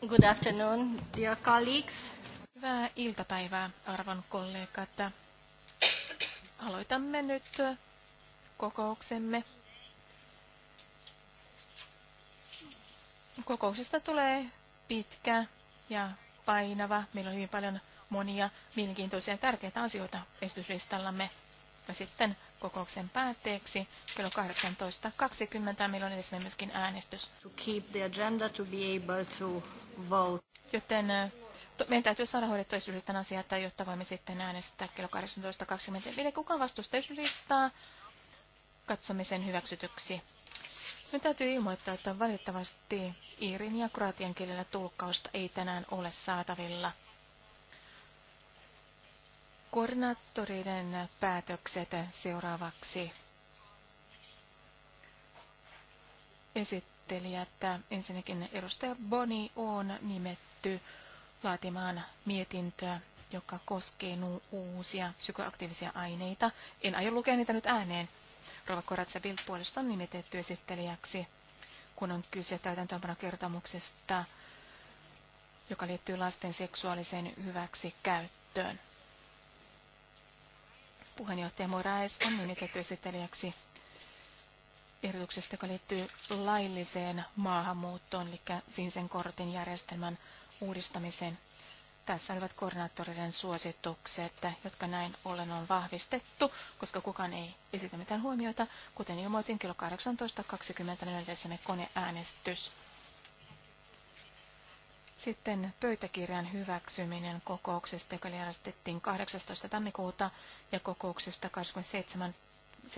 Good afternoon, dear colleagues. Hyvää iltapäivää, arvon kollegat. Aloitamme nyt kokouksemme. Kokouksesta tulee pitkä ja painava. Meillä on hyvin paljon monia mielenkiintoisia ja tärkeitä asioita esityslistallamme. Ja sitten kokouksen päätteeksi kello 18.20, milloin edes myöskin äänestys. To keep the agenda to be able to vote. Joten äh, meidän täytyy saada hoidettua esityslistan asiaa, että jotta voimme sitten äänestää kello 18.20. Eli kuka vastustaa esityslistaa, katsomisen hyväksytyksi. Nyt täytyy ilmoittaa, että valitettavasti Iirin ja kroatian kielellä tulkkausta ei tänään ole saatavilla. Koordinaattoreiden päätökset seuraavaksi. Esittelijät. Ensinnäkin edustaja Boni on nimetty laatimaan mietintöä, joka koskee uusia psykoaktiivisia aineita. En aio lukea niitä nyt ääneen. Rova Koratsa Bild on nimetetty esittelijäksi, kun on kyse täytäntöönpanokertomuksesta, joka liittyy lasten seksuaaliseen hyväksikäyttöön. Puheenjohtaja Moraes on nimitetty esittelijäksi ehdotuksesta, joka liittyy lailliseen maahanmuuttoon, eli sinisen kortin järjestelmän uudistamiseen. Tässä olivat koordinaattoreiden suositukset, jotka näin ollen on vahvistettu, koska kukaan ei esitä mitään huomiota. Kuten ilmoitin, kello 18.20 menetelmämme koneäänestys. Sitten pöytäkirjan hyväksyminen kokouksesta, joka järjestettiin 18. tammikuuta ja kokouksesta 27.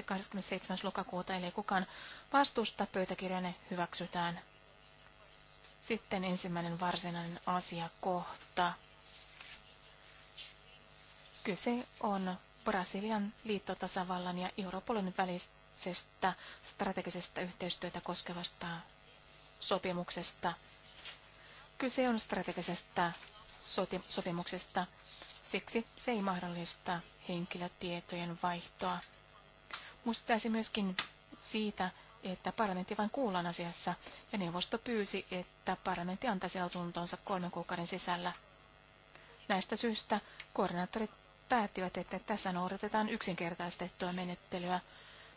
27. lokakuuta, eli kukaan vastusta pöytäkirjanne hyväksytään. Sitten ensimmäinen varsinainen asiakohta. Kyse on Brasilian liittotasavallan ja Europolin välisestä strategisesta yhteistyötä koskevasta sopimuksesta – Kyse on strategisesta sopimuksesta, siksi se ei mahdollista henkilötietojen vaihtoa. Muistuttaisi myöskin siitä, että parlamentti vain kuullaan asiassa, ja neuvosto pyysi, että parlamentti antaisi lausuntonsa kolmen kuukauden sisällä. Näistä syistä koordinaattorit päättivät, että tässä noudatetaan yksinkertaistettua menettelyä,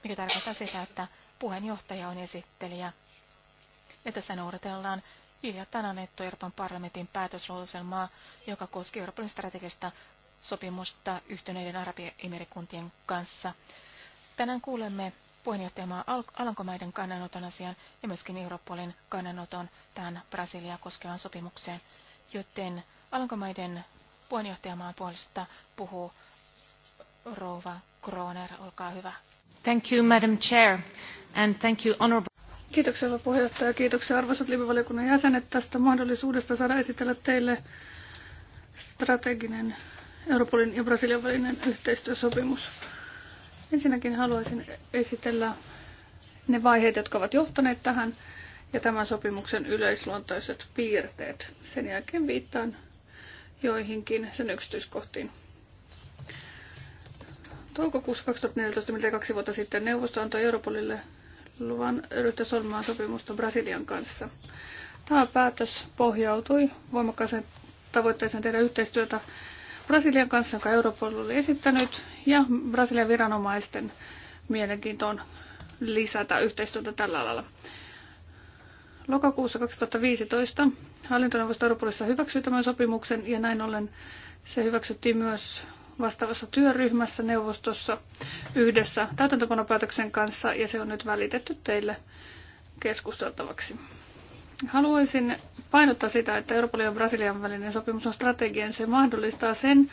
mikä tarkoittaa sitä, että puheenjohtaja on esittelijä. Ja tässä noudatellaan hiljattain annettu Euroopan parlamentin päätöslauselmaa, joka koski Euroopan strategista sopimusta yhtyneiden Arabiemiirikuntien kanssa. Tänään kuulemme puheenjohtajamaa Al- Alankomaiden kannanoton asian ja myöskin Europolin kannanoton tähän Brasiliaa koskevaan sopimukseen, joten Alankomaiden puheenjohtajamaan puolesta puhuu Rova Kroner. Olkaa hyvä. Thank you, Madam Chair, and thank you, honorable... Kiitoksia hyvä puheenjohtaja. Kiitoksia arvoisat liivivaliokunnan jäsenet tästä mahdollisuudesta saada esitellä teille strateginen Europolin ja Brasilian välinen yhteistyösopimus. Ensinnäkin haluaisin esitellä ne vaiheet, jotka ovat johtaneet tähän ja tämän sopimuksen yleisluontoiset piirteet. Sen jälkeen viittaan joihinkin sen yksityiskohtiin. Toukokuussa 2014, miltei kaksi vuotta sitten, neuvosto antoi Europolille luvan ryhtyä solmaan sopimusta Brasilian kanssa. Tämä päätös pohjautui voimakkaaseen tavoitteeseen tehdä yhteistyötä Brasilian kanssa, jonka Europol oli esittänyt, ja Brasilian viranomaisten mielenkiintoon lisätä yhteistyötä tällä alalla. Lokakuussa 2015 hallintoneuvosto Europolissa hyväksyi tämän sopimuksen ja näin ollen se hyväksyttiin myös vastaavassa työryhmässä neuvostossa yhdessä täytäntöpanopäätöksen kanssa ja se on nyt välitetty teille keskusteltavaksi. Haluaisin painottaa sitä, että Euroopan ja Brasilian välinen sopimus on strategian. Se mahdollistaa sen,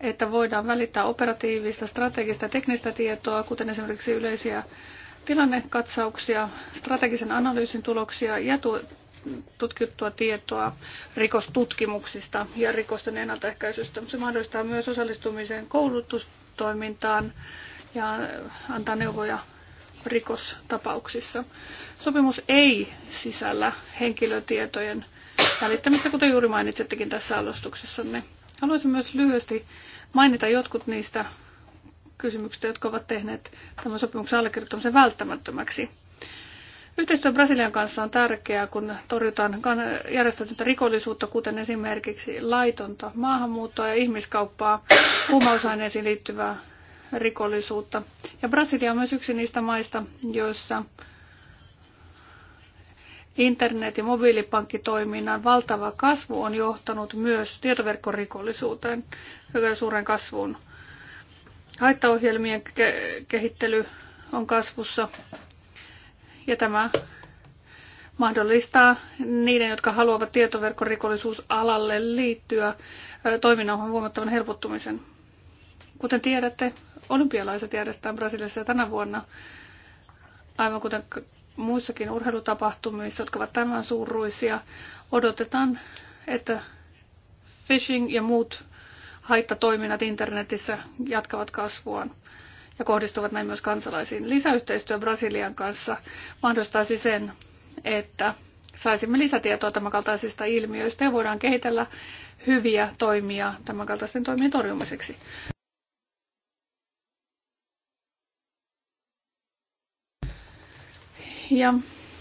että voidaan välittää operatiivista, strategista ja teknistä tietoa, kuten esimerkiksi yleisiä tilannekatsauksia, strategisen analyysin tuloksia ja tutkittua tietoa rikostutkimuksista ja rikosten ennaltaehkäisystä. Se mahdollistaa myös osallistumisen koulutustoimintaan ja antaa neuvoja rikostapauksissa. Sopimus ei sisällä henkilötietojen välittämistä, kuten juuri mainitsettekin tässä alustuksessanne. Haluaisin myös lyhyesti mainita jotkut niistä kysymyksistä, jotka ovat tehneet tämän sopimuksen allekirjoittamisen välttämättömäksi. Yhteistyö Brasilian kanssa on tärkeää, kun torjutaan järjestäytynyttä rikollisuutta, kuten esimerkiksi laitonta maahanmuuttoa ja ihmiskauppaa, huumausaineisiin liittyvää rikollisuutta. Ja Brasilia on myös yksi niistä maista, joissa internet- ja mobiilipankkitoiminnan valtava kasvu on johtanut myös tietoverkkorikollisuuteen, joka suuren kasvuun. Haittaohjelmien ke- kehittely on kasvussa ja tämä mahdollistaa niiden, jotka haluavat tietoverkkorikollisuusalalle liittyä toiminnan huomattavan helpottumisen. Kuten tiedätte, olympialaiset järjestetään Brasiliassa tänä vuonna, aivan kuten muissakin urheilutapahtumissa, jotka ovat tämän suuruisia. Odotetaan, että phishing ja muut haittatoiminnat internetissä jatkavat kasvuaan ja kohdistuvat näin myös kansalaisiin. Lisäyhteistyö Brasilian kanssa mahdollistaisi sen, että saisimme lisätietoa tämänkaltaisista ilmiöistä ja voidaan kehitellä hyviä toimia tämänkaltaisten toimien torjumiseksi. Ja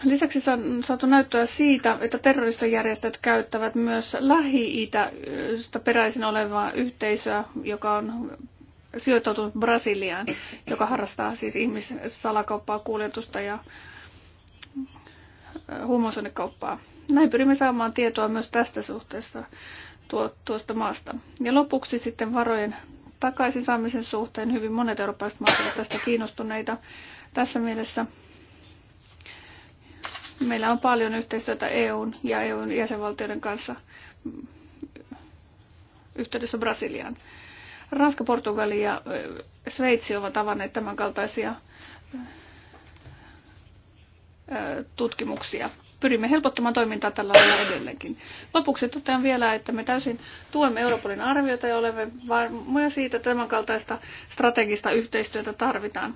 lisäksi on saatu näyttöä siitä, että terroristijärjestöt käyttävät myös Lähi-Itästä peräisin olevaa yhteisöä, joka on sijoittautunut Brasiliaan, joka harrastaa siis ihmissalakauppaa, kuljetusta ja huumausainekauppaa. Näin pyrimme saamaan tietoa myös tästä suhteesta tuo, tuosta maasta. Ja lopuksi sitten varojen takaisin saamisen suhteen hyvin monet eurooppalaiset maat ovat tästä kiinnostuneita. Tässä mielessä meillä on paljon yhteistyötä EUn ja EUn jäsenvaltioiden kanssa yhteydessä Brasiliaan. Ranska, Portugali ja Sveitsi ovat avanneet tämän kaltaisia tutkimuksia. Pyrimme helpottamaan toimintaa tällä lailla edelleenkin. Lopuksi totean vielä, että me täysin tuemme Europolin arviota ja olemme varmoja siitä, että tämän kaltaista strategista yhteistyötä tarvitaan.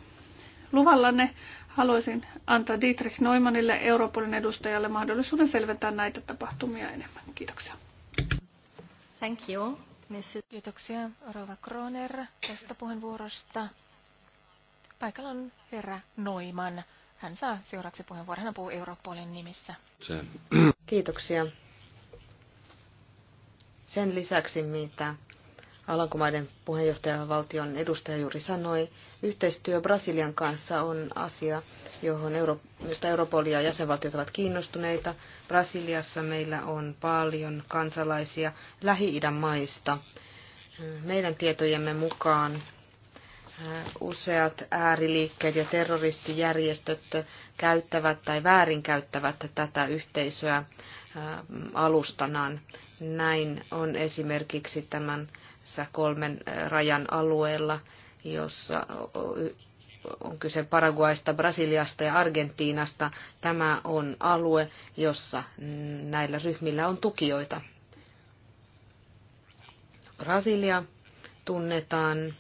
Luvallanne haluaisin antaa Dietrich Neumannille, Europolin edustajalle, mahdollisuuden selventää näitä tapahtumia enemmän. Kiitoksia. Thank you. Kiitoksia Rova Kroner tästä puheenvuorosta. Paikalla on herra Noiman. Hän saa seuraavaksi puheenvuoron. Hän puhuu Europolin nimissä. Kiitoksia. Sen lisäksi, mitä Alankomaiden puheenjohtajavaltion edustaja juuri sanoi, Yhteistyö Brasilian kanssa on asia, johon Euro- josta Europol ja jäsenvaltiot ovat kiinnostuneita. Brasiliassa meillä on paljon kansalaisia Lähi-idän maista. Meidän tietojemme mukaan äh, useat ääriliikkeet ja terroristijärjestöt käyttävät tai väärinkäyttävät tätä yhteisöä äh, alustanaan. Näin on esimerkiksi tämän kolmen äh, rajan alueella jossa on kyse Paraguaista, Brasiliasta ja Argentiinasta. Tämä on alue, jossa näillä ryhmillä on tukijoita. Brasilia tunnetaan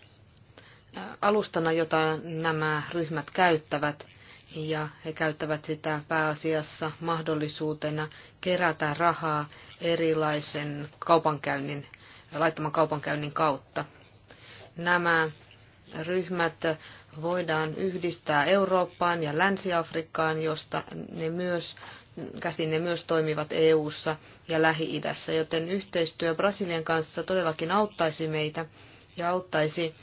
alustana, jota nämä ryhmät käyttävät, ja he käyttävät sitä pääasiassa mahdollisuutena kerätä rahaa erilaisen kaupankäynnin, laittoman kaupankäynnin kautta. Nämä ryhmät voidaan yhdistää Eurooppaan ja Länsi-Afrikkaan, josta ne myös, käsin ne myös toimivat EU-ssa ja Lähi-idässä, joten yhteistyö Brasilian kanssa todellakin auttaisi meitä ja auttaisi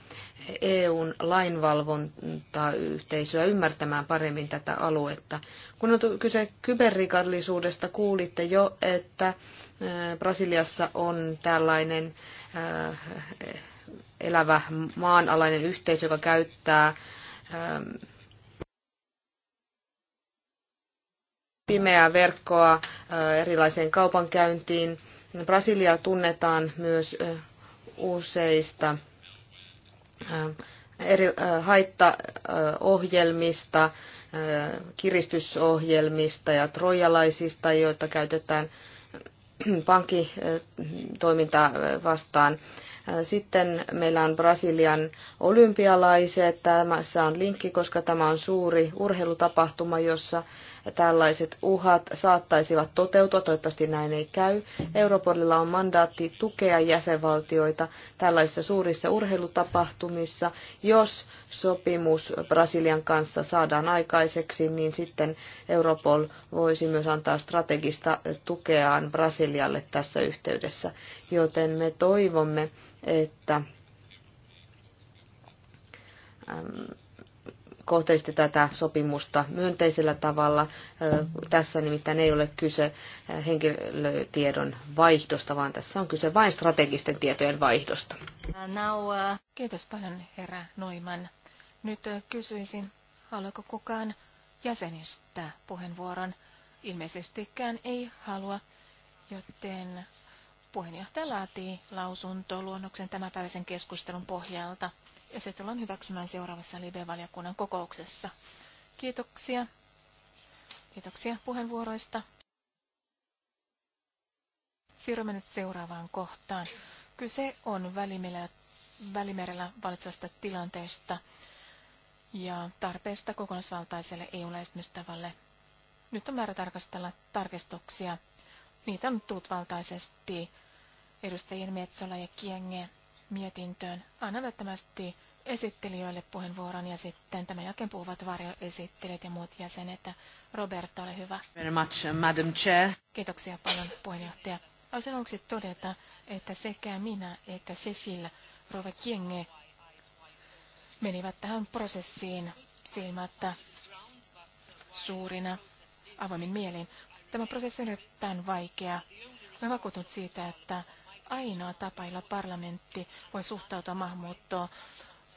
EUn lainvalvontaa yhteisöä ymmärtämään paremmin tätä aluetta. Kun on kyse kyberrikallisuudesta, kuulitte jo, että Brasiliassa on tällainen elävä maanalainen yhteisö, joka käyttää ähm, pimeää verkkoa äh, erilaiseen kaupankäyntiin. Brasilia tunnetaan myös äh, useista äh, eri haittaohjelmista, kiristysohjelmista ja trojalaisista, joita käytetään pankkitoimintaa vastaan. Sitten meillä on Brasilian olympialaiset. Tämässä on linkki, koska tämä on suuri urheilutapahtuma, jossa tällaiset uhat saattaisivat toteutua. Toivottavasti näin ei käy. Europolilla on mandaatti tukea jäsenvaltioita tällaisissa suurissa urheilutapahtumissa. Jos sopimus Brasilian kanssa saadaan aikaiseksi, niin sitten Europol voisi myös antaa strategista tukeaan Brasilialle tässä yhteydessä. Joten me toivomme, että kohtelisitte tätä sopimusta myönteisellä tavalla. Tässä nimittäin ei ole kyse henkilötiedon vaihdosta, vaan tässä on kyse vain strategisten tietojen vaihdosta. Now, uh... Kiitos paljon, herra Noiman. Nyt kysyisin, haluaako kukaan jäsenistä puheenvuoron? Ilmeisestikään ei halua, joten puheenjohtaja laatii lausuntoluonnoksen tämänpäiväisen keskustelun pohjalta ja se tullaan hyväksymään seuraavassa live-valiokunnan kokouksessa. Kiitoksia. Kiitoksia puheenvuoroista. Siirrymme nyt seuraavaan kohtaan. Kyse on Välimerellä, välimerellä valitsevasta tilanteesta ja tarpeesta kokonaisvaltaiselle EU-lähestymistavalle. Nyt on määrä tarkastella tarkistuksia. Niitä on tullut valtaisesti edustajien Metsola ja Kienge mietintöön. Annan välttämättä esittelijöille puheenvuoron ja sitten tämän jälkeen puhuvat varjoesittelijät ja muut jäsenet. Roberta, ole hyvä. Very much, Madam Chair. Kiitoksia paljon puheenjohtaja. Olisin aluksi todeta, että sekä minä että Cecil Rove Kienge menivät tähän prosessiin silmättä suurina avoimin mielin. Tämä prosessi on erittäin vaikea. Olen vakuutunut siitä, että ainoa tapa, jolla parlamentti voi suhtautua maahanmuuttoon.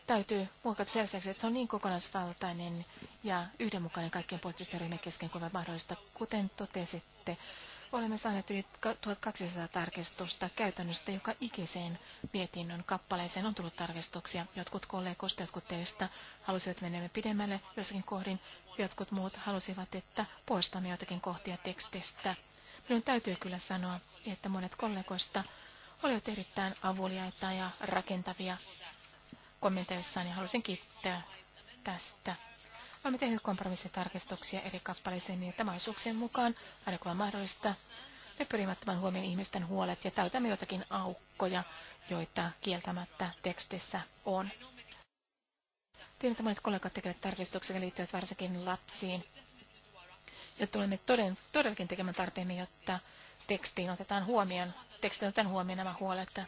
Täytyy muokata sellaiseksi, että se on niin kokonaisvaltainen ja yhdenmukainen kaikkien poliittisten ryhmien kesken kuin mahdollista. Kuten totesitte, olemme saaneet yli 1200 tarkistusta käytännöstä, joka ikiseen mietinnön kappaleeseen on tullut tarkistuksia. Jotkut kollegoista, jotkut teistä halusivat mennä pidemmälle jossakin kohdin, jotkut muut halusivat, että poistamme jotakin kohtia tekstistä. Minun täytyy kyllä sanoa, että monet kollegoista olivat erittäin avuliaita ja rakentavia kommenteissaan ja halusin kiittää tästä. Olemme tehneet kompromissitarkistuksia eri kappaleisiin niin, että mahdollisuuksien mukaan, aina kun on mahdollista, me pyrimme tämän huomioon ihmisten huolet ja täytämme jotakin aukkoja, joita kieltämättä tekstissä on. Tiedän, että monet kollegat tekevät tarkistuksia liittyvät varsinkin lapsiin. Ja tulemme toden, todellakin tekemään tarpeemme, jotta tekstiin otetaan huomioon, tekstiin otetaan huomioon nämä huolet.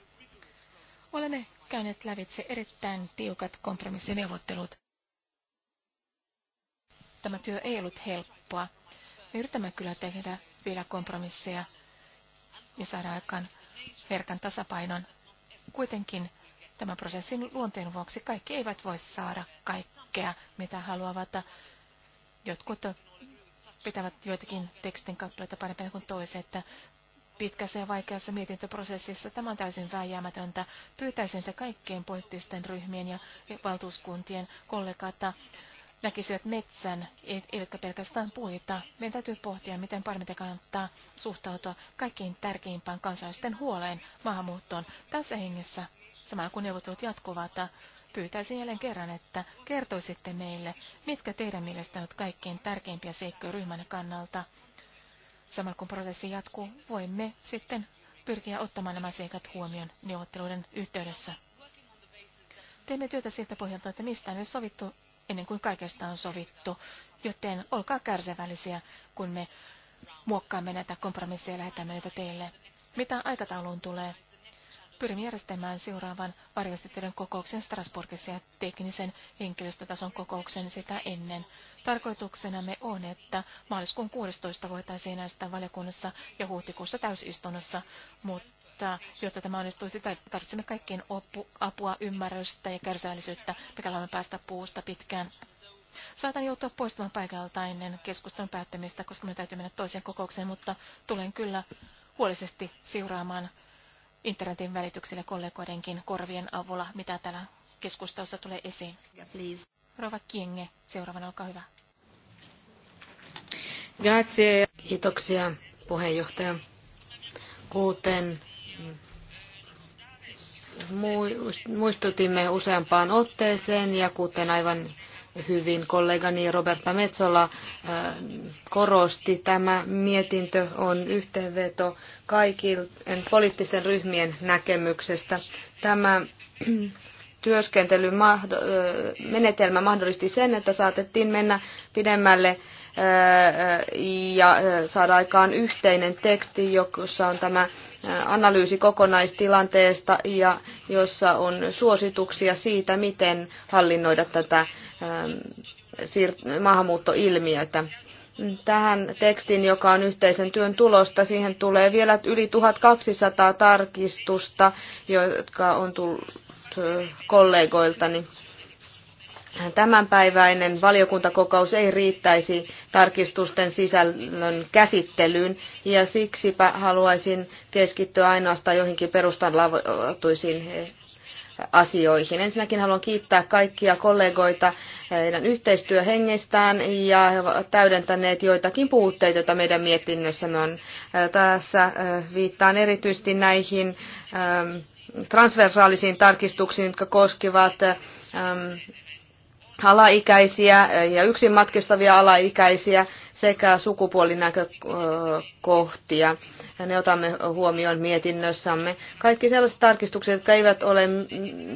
Olemme käyneet lävitse erittäin tiukat kompromissineuvottelut. Tämä työ ei ollut helppoa. Me yritämme kyllä tehdä vielä kompromisseja ja saada aikaan verkan tasapainon. Kuitenkin tämän prosessin luonteen vuoksi kaikki eivät voi saada kaikkea, mitä haluavat. Jotkut pitävät joitakin tekstin kappaleita parempia kuin toiset. Pitkässä ja vaikeassa mietintöprosessissa tämä on täysin vääjäämätöntä. Pyytäisin, että kaikkien poliittisten ryhmien ja valtuuskuntien kollegat näkisivät metsän, e- eivätkä pelkästään puita. Meidän täytyy pohtia, miten parempi kannattaa suhtautua kaikkein tärkeimpään kansalaisten huoleen maahanmuuttoon. Tässä hengessä, samalla kun neuvottelut jatkuvat, pyytäisin jälleen kerran, että kertoisitte meille, mitkä teidän mielestä ovat kaikkein tärkeimpiä seikkoja ryhmän kannalta. Samalla kun prosessi jatkuu, voimme sitten pyrkiä ottamaan nämä seikat huomioon neuvotteluiden yhteydessä. Teemme työtä siltä pohjalta, että mistä on sovittu ennen kuin kaikesta on sovittu, joten olkaa kärsivällisiä, kun me muokkaamme näitä kompromisseja ja lähetämme niitä teille. Mitä aikatauluun tulee, Pyrimme järjestämään seuraavan varjostettujen kokouksen Strasbourgissa ja teknisen henkilöstötason kokouksen sitä ennen. Tarkoituksenamme on, että maaliskuun 16. voitaisiin näistä valiokunnassa ja huhtikuussa täysistunnossa, mutta jotta tämä onnistuisi, tarvitsemme kaikkien apua, ymmärrystä ja kärsällisyyttä, mikä olemme päästä puusta pitkään. Saatan joutua poistumaan paikalta ennen keskustelun päättämistä, koska me täytyy mennä toiseen kokoukseen, mutta tulen kyllä huolisesti seuraamaan internetin välityksellä kollegoidenkin korvien avulla, mitä täällä keskustelussa tulee esiin. Rova Kienge, seuraavana olkaa hyvä. Grazie. Kiitoksia puheenjohtaja. Kuten muistutimme useampaan otteeseen ja kuten aivan hyvin kollegani Roberta Metsola äh, korosti. Tämä mietintö on yhteenveto kaikilta poliittisten ryhmien näkemyksestä. Tämä työskentelymenetelmä mahdollisti sen, että saatettiin mennä pidemmälle ja saada aikaan yhteinen teksti, jossa on tämä analyysi kokonaistilanteesta ja jossa on suosituksia siitä, miten hallinnoida tätä maahanmuuttoilmiötä. Tähän tekstin, joka on yhteisen työn tulosta, siihen tulee vielä yli 1200 tarkistusta, jotka on tullut kollegoiltani. Tämänpäiväinen valiokuntakokous ei riittäisi tarkistusten sisällön käsittelyyn ja siksipä haluaisin keskittyä ainoastaan joihinkin perustanlaatuisiin eh, asioihin. Ensinnäkin haluan kiittää kaikkia kollegoita eh, heidän yhteistyöhengestään ja he ovat täydentäneet joitakin puutteita, joita meidän mietinnössämme on. Eh, tässä viittaan erityisesti näihin transversaalisiin tarkistuksiin, jotka koskivat ähm, alaikäisiä ja yksin matkistavia alaikäisiä sekä sukupuolinäkökohtia. Ja ne otamme huomioon mietinnössämme. Kaikki sellaiset tarkistukset, jotka eivät ole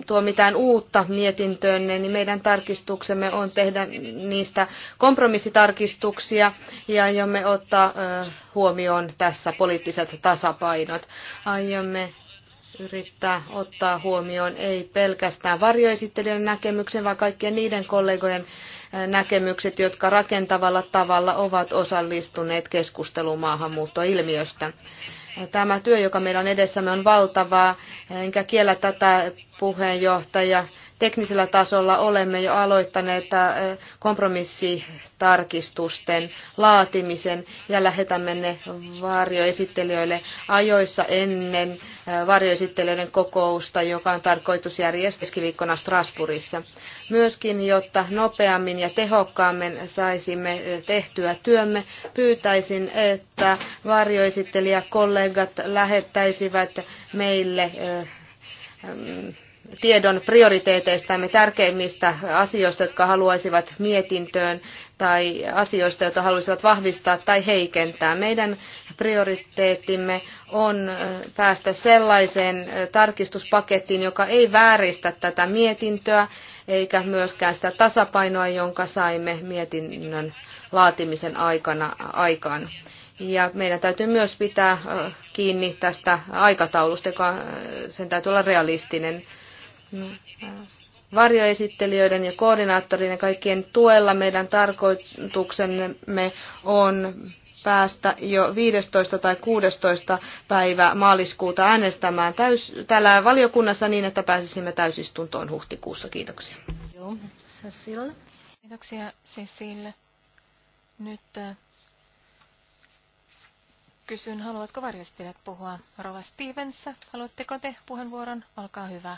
tuo mitään uutta mietintöön, niin meidän tarkistuksemme on tehdä niistä kompromissitarkistuksia ja aiomme ottaa äh, huomioon tässä poliittiset tasapainot. Aiomme yrittää ottaa huomioon ei pelkästään varjoesittelijöiden näkemyksen, vaan kaikkien niiden kollegojen eh, näkemykset, jotka rakentavalla tavalla ovat osallistuneet keskusteluun maahanmuuttoilmiöstä. Tämä työ, joka meillä on edessämme, on valtavaa, enkä kiellä tätä puheenjohtaja teknisellä tasolla olemme jo aloittaneet kompromissitarkistusten laatimisen ja lähetämme ne varjoesittelijöille ajoissa ennen varjoesittelijöiden kokousta, joka on tarkoitus järjestää keskiviikkona Strasbourgissa. Myöskin, jotta nopeammin ja tehokkaammin saisimme tehtyä työmme, pyytäisin, että varjoesittelijäkollegat lähettäisivät meille tiedon ja tärkeimmistä asioista, jotka haluaisivat mietintöön tai asioista, joita haluaisivat vahvistaa tai heikentää. Meidän prioriteettimme on päästä sellaiseen tarkistuspakettiin, joka ei vääristä tätä mietintöä eikä myöskään sitä tasapainoa, jonka saimme mietinnön laatimisen aikana aikaan. Ja meidän täytyy myös pitää kiinni tästä aikataulusta, joka sen täytyy olla realistinen varjoesittelijöiden ja koordinaattorien ja kaikkien tuella meidän tarkoituksemme on päästä jo 15 tai 16 päivä maaliskuuta äänestämään täys, täällä valiokunnassa niin, että pääsisimme täysistuntoon huhtikuussa. Kiitoksia. Joo, Cecil. Kiitoksia Cecil. Nyt äh, kysyn, haluatko varjostelijat puhua? Rova Stevens, haluatteko te puheenvuoron? Olkaa hyvä.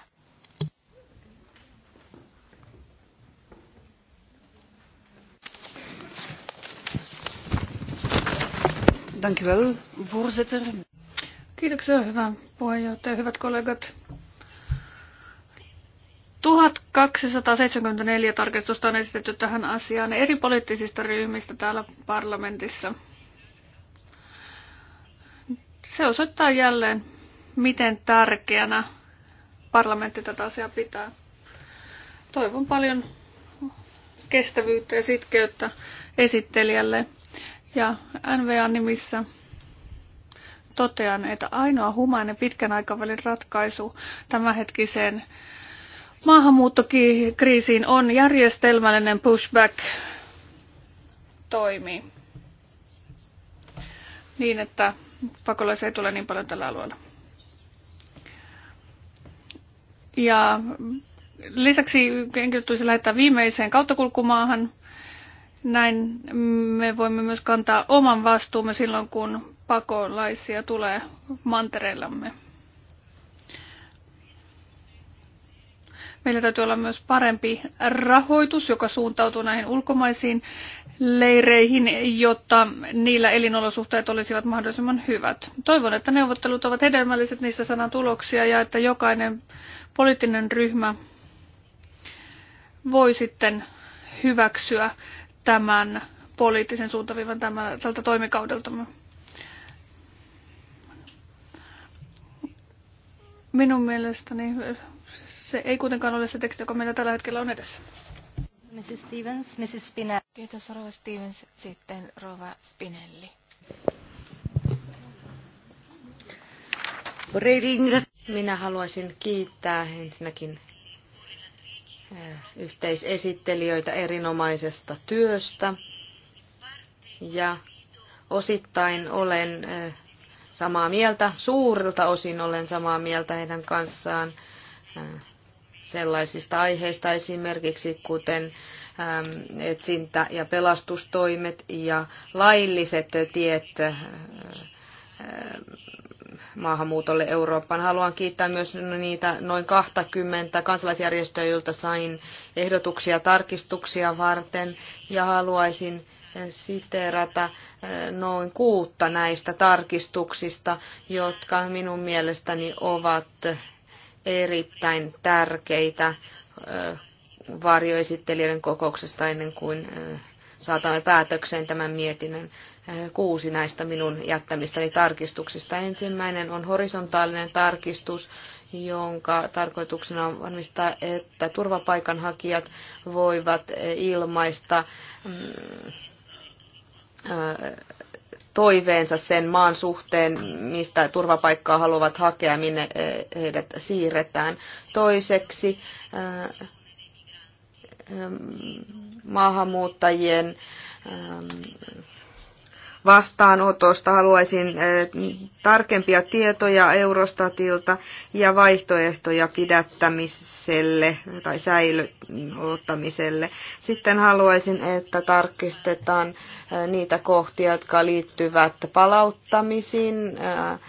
Dank u wel, voorzitter. Kiitoksia, hyvä puheenjohtaja, hyvät kollegat. 1274 tarkistusta on esitetty tähän asiaan eri poliittisista ryhmistä täällä parlamentissa. Se osoittaa jälleen, miten tärkeänä parlamentti tätä asiaa pitää. Toivon paljon kestävyyttä ja sitkeyttä esittelijälle. Ja NVA-nimissä totean, että ainoa humainen pitkän aikavälin ratkaisu tämänhetkiseen maahanmuuttokriisiin on järjestelmällinen pushback toimi niin, että pakolaisia ei tule niin paljon tällä alueella. Ja lisäksi henkilöt tulisi lähettää viimeiseen kauttakulkumaahan – näin me voimme myös kantaa oman vastuumme silloin, kun pakolaisia tulee mantereillamme. Meillä täytyy olla myös parempi rahoitus, joka suuntautuu näihin ulkomaisiin leireihin, jotta niillä elinolosuhteet olisivat mahdollisimman hyvät. Toivon, että neuvottelut ovat hedelmälliset, niistä sanan tuloksia ja että jokainen poliittinen ryhmä voi sitten hyväksyä tämän poliittisen suuntaviivan tämän, tältä toimikaudelta. Minun mielestäni se ei kuitenkaan ole se teksti, joka meillä tällä hetkellä on edessä. Mrs. Stevens, Mrs. Spinelli. Kiitos Rova Stevens, sitten Rova Spinelli. Minä haluaisin kiittää ensinnäkin yhteisesittelijöitä erinomaisesta työstä. Ja osittain olen samaa mieltä, suurilta osin olen samaa mieltä heidän kanssaan sellaisista aiheista esimerkiksi kuten etsintä- ja pelastustoimet ja lailliset tiet maahanmuutolle Eurooppaan. Haluan kiittää myös niitä noin 20 kansalaisjärjestöä, joilta sain ehdotuksia tarkistuksia varten ja haluaisin eh, siteerata eh, noin kuutta näistä tarkistuksista, jotka minun mielestäni ovat eh, erittäin tärkeitä varjoesittelijöiden kokouksesta ennen kuin saatamme päätökseen tämän mietinnön kuusi näistä minun jättämistäni tarkistuksista. Ensimmäinen on horisontaalinen tarkistus, jonka tarkoituksena on varmistaa, että turvapaikanhakijat voivat ilmaista mm, toiveensa sen maan suhteen, mistä turvapaikkaa haluavat hakea minne heidät siirretään. Toiseksi maahanmuuttajien vastaanotosta. Haluaisin eh, tarkempia tietoja Eurostatilta ja vaihtoehtoja pidättämiselle tai säilyttämiselle. Sitten haluaisin, että tarkistetaan eh, niitä kohtia, jotka liittyvät palauttamisiin eh,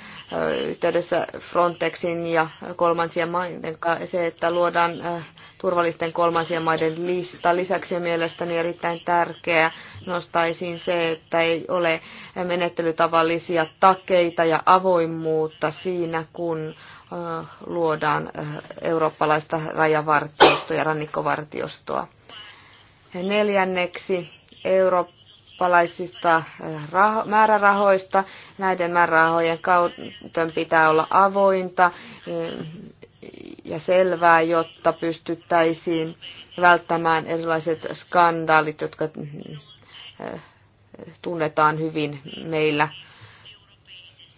yhteydessä Frontexin ja kolmansien maiden se, että luodaan turvallisten kolmansien maiden lista. Lisäksi on mielestäni erittäin tärkeää nostaisin se, että ei ole menettelytavallisia takeita ja avoimuutta siinä, kun luodaan eurooppalaista rajavartiostoa ja rannikkovartiostoa. Neljänneksi Euroop eurooppalaisista eh, raho- määrärahoista. Näiden määrärahojen kautta pitää olla avointa eh, ja selvää, jotta pystyttäisiin välttämään erilaiset skandaalit, jotka eh, tunnetaan hyvin meillä.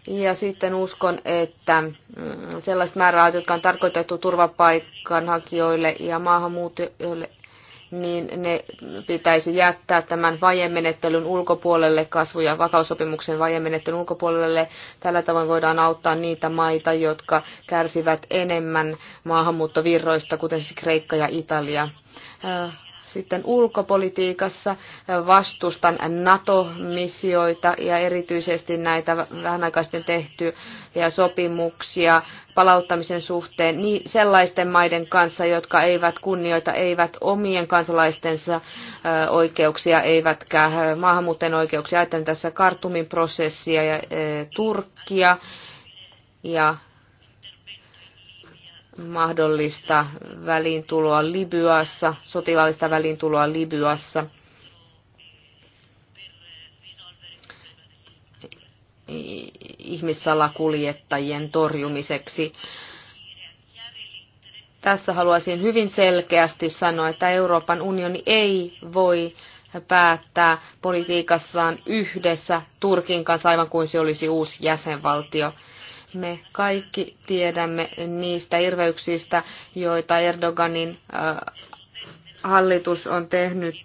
Ja sitten uskon, että mm, sellaiset määrärahat, jotka on tarkoitettu turvapaikanhakijoille ja maahanmuuttajille, niin ne pitäisi jättää tämän vajemenettelyn ulkopuolelle, kasvu- ja vakaussopimuksen vajemenettelyn ulkopuolelle. Tällä tavoin voidaan auttaa niitä maita, jotka kärsivät enemmän maahanmuuttovirroista, kuten siis Kreikka ja Italia. Äh, sitten ulkopolitiikassa vastustan NATO-missioita ja erityisesti näitä vähän aikaisten tehtyjä sopimuksia palauttamisen suhteen niin sellaisten maiden kanssa, jotka eivät kunnioita, eivät omien kansalaistensa oikeuksia, eivätkä maahanmuuttajien oikeuksia. Ajattelen tässä kartumin prosessia ja Turkkia ja mahdollista väliintuloa Libyassa, sotilaallista väliintuloa Libyassa. ihmissalakuljettajien torjumiseksi. Tässä haluaisin hyvin selkeästi sanoa, että Euroopan unioni ei voi päättää politiikassaan yhdessä Turkin kanssa, aivan kuin se olisi uusi jäsenvaltio. Me kaikki tiedämme niistä irveyksistä, joita Erdoganin hallitus on tehnyt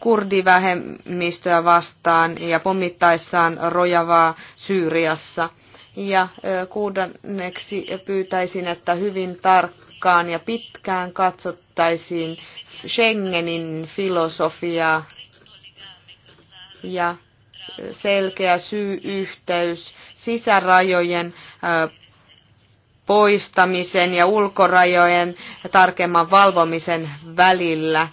kurdivähemmistöä vastaan ja pommittaessaan rojavaa Syyriassa. Ja kuudanneksi pyytäisin, että hyvin tarkkaan ja pitkään katsottaisiin Schengenin filosofiaa ja selkeä syy-yhteys sisärajojen poistamisen ja ulkorajojen tarkemman valvomisen välillä.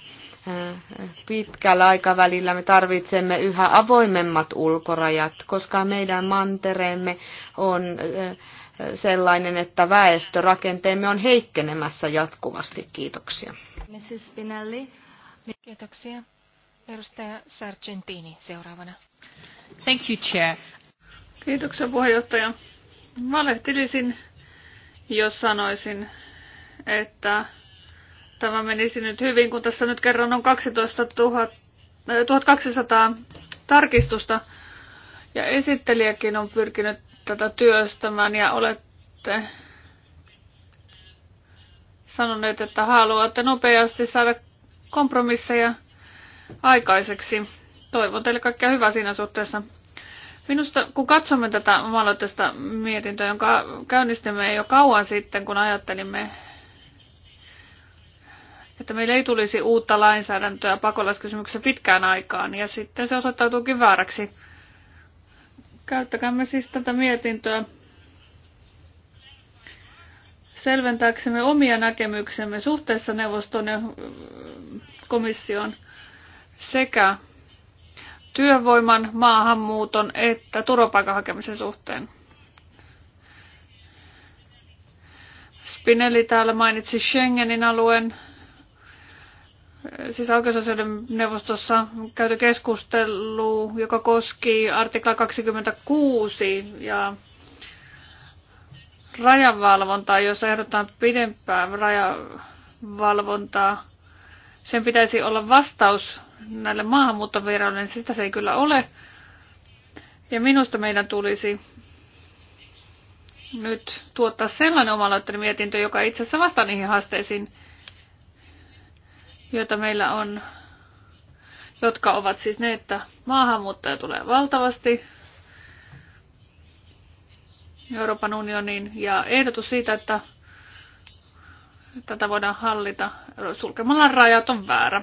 Pitkällä aikavälillä me tarvitsemme yhä avoimemmat ulkorajat, koska meidän mantereemme on sellainen, että väestörakenteemme on heikkenemässä jatkuvasti. Kiitoksia. Mrs. Spinelli. Kiitoksia. Edustaja Sargentini seuraavana. Thank you, Chair. Kiitoksia puheenjohtaja. Valehtelisin, jos sanoisin, että tämä menisi nyt hyvin, kun tässä nyt kerran on 12 000, 1200 tarkistusta ja esittelijäkin on pyrkinyt tätä työstämään ja olette sanoneet, että haluatte nopeasti saada kompromisseja aikaiseksi toivon teille kaikkea hyvää siinä suhteessa. Minusta, kun katsomme tätä maaloitteista mietintöä, jonka käynnistimme jo kauan sitten, kun ajattelimme, että meillä ei tulisi uutta lainsäädäntöä pakolaiskysymyksessä pitkään aikaan, ja sitten se osoittautuukin vääräksi. Käyttäkäämme siis tätä mietintöä selventääksemme omia näkemyksemme suhteessa neuvoston ja komission sekä työvoiman, maahanmuuton että turvapaikan hakemisen suhteen. Spinelli täällä mainitsi Schengenin alueen. Siis oikeusasioiden neuvostossa käyty keskustelu, joka koski artikla 26 ja rajavalvontaa, jossa ehdotetaan pidempää rajavalvontaa sen pitäisi olla vastaus näille maahanmuuttovirroille, niin sitä se ei kyllä ole. Ja minusta meidän tulisi nyt tuottaa sellainen omaloitteinen mietintö, joka itse asiassa vastaa niihin haasteisiin, joita meillä on, jotka ovat siis ne, että maahanmuuttaja tulee valtavasti Euroopan unioniin ja ehdotus siitä, että tätä voidaan hallita. Sulkemalla rajat on väärä.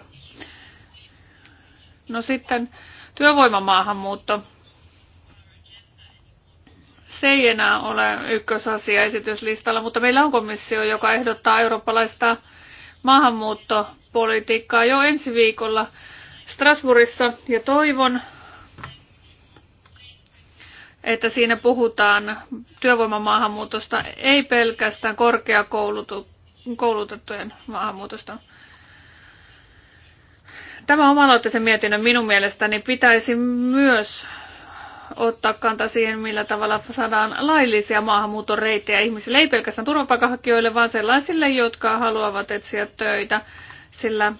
No sitten työvoimamaahanmuutto. Se ei enää ole ykkösasia esityslistalla, mutta meillä on komissio, joka ehdottaa eurooppalaista maahanmuuttopolitiikkaa jo ensi viikolla Strasbourgissa ja toivon, että siinä puhutaan työvoimamaahanmuutosta ei pelkästään korkeakoulutettu koulutettujen maahanmuutosta. Tämä omaloitteisen mietinnön minun mielestäni pitäisi myös ottaa kanta siihen, millä tavalla saadaan laillisia maahanmuuton reittejä ihmisille, ei pelkästään turvapaikanhakijoille, vaan sellaisille, jotka haluavat etsiä töitä. Sillä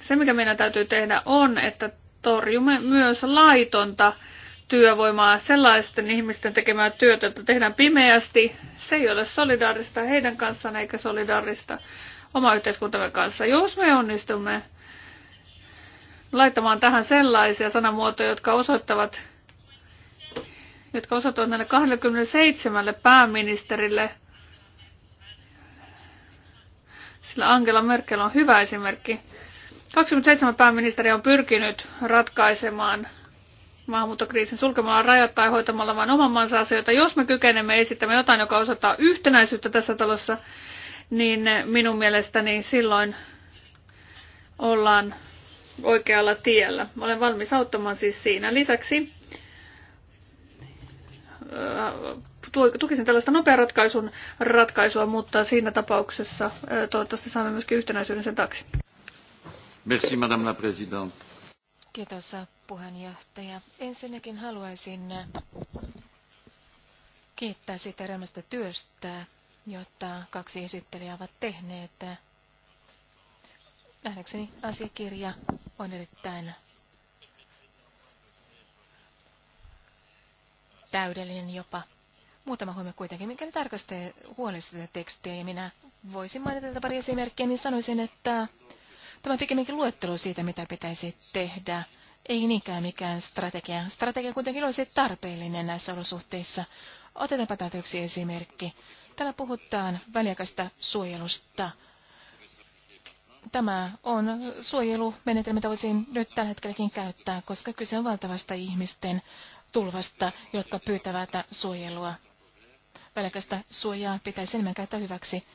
se, mikä meidän täytyy tehdä, on, että torjumme myös laitonta työvoimaa, sellaisten ihmisten tekemään työtä, että tehdään pimeästi. Se ei ole solidaarista heidän kanssaan eikä solidaarista oma yhteiskuntamme kanssa. Jos me onnistumme laittamaan tähän sellaisia sanamuotoja, jotka osoittavat, jotka osoittavat näille 27 pääministerille, sillä Angela Merkel on hyvä esimerkki. 27 pääministeri on pyrkinyt ratkaisemaan maahanmuuttokriisin sulkemalla rajat tai hoitamalla vain oman maansa asioita. Jos me kykenemme esittämään jotain, joka osoittaa yhtenäisyyttä tässä talossa, niin minun mielestäni silloin ollaan oikealla tiellä. Olen valmis auttamaan siis siinä. Lisäksi äh, tukisin tällaista nopean ratkaisun ratkaisua, mutta siinä tapauksessa äh, toivottavasti saamme myöskin yhtenäisyyden sen taksi. Merci, Madame la Présidente. Kiitos puheenjohtaja. Ensinnäkin haluaisin kiittää sitä elämästä työstä, jota kaksi esittelijää ovat tehneet. Nähdäkseni asiakirja on erittäin täydellinen jopa. Muutama huomio kuitenkin, mikäli tarkastaa huolesta tätä tekstiä, ja minä voisin mainita tätä pari esimerkkiä, niin sanoisin, että tämä on pikemminkin luettelo siitä, mitä pitäisi tehdä ei niinkään mikään strategia. Strategia kuitenkin olisi tarpeellinen näissä olosuhteissa. Otetaanpa täältä yksi esimerkki. Täällä puhutaan väliaikaista suojelusta. Tämä on suojelumenetelmä, mitä voisin nyt tällä hetkelläkin käyttää, koska kyse on valtavasta ihmisten tulvasta, jotka pyytävät suojelua. Väliaikaista suojaa pitäisi enemmän käyttää hyväksi.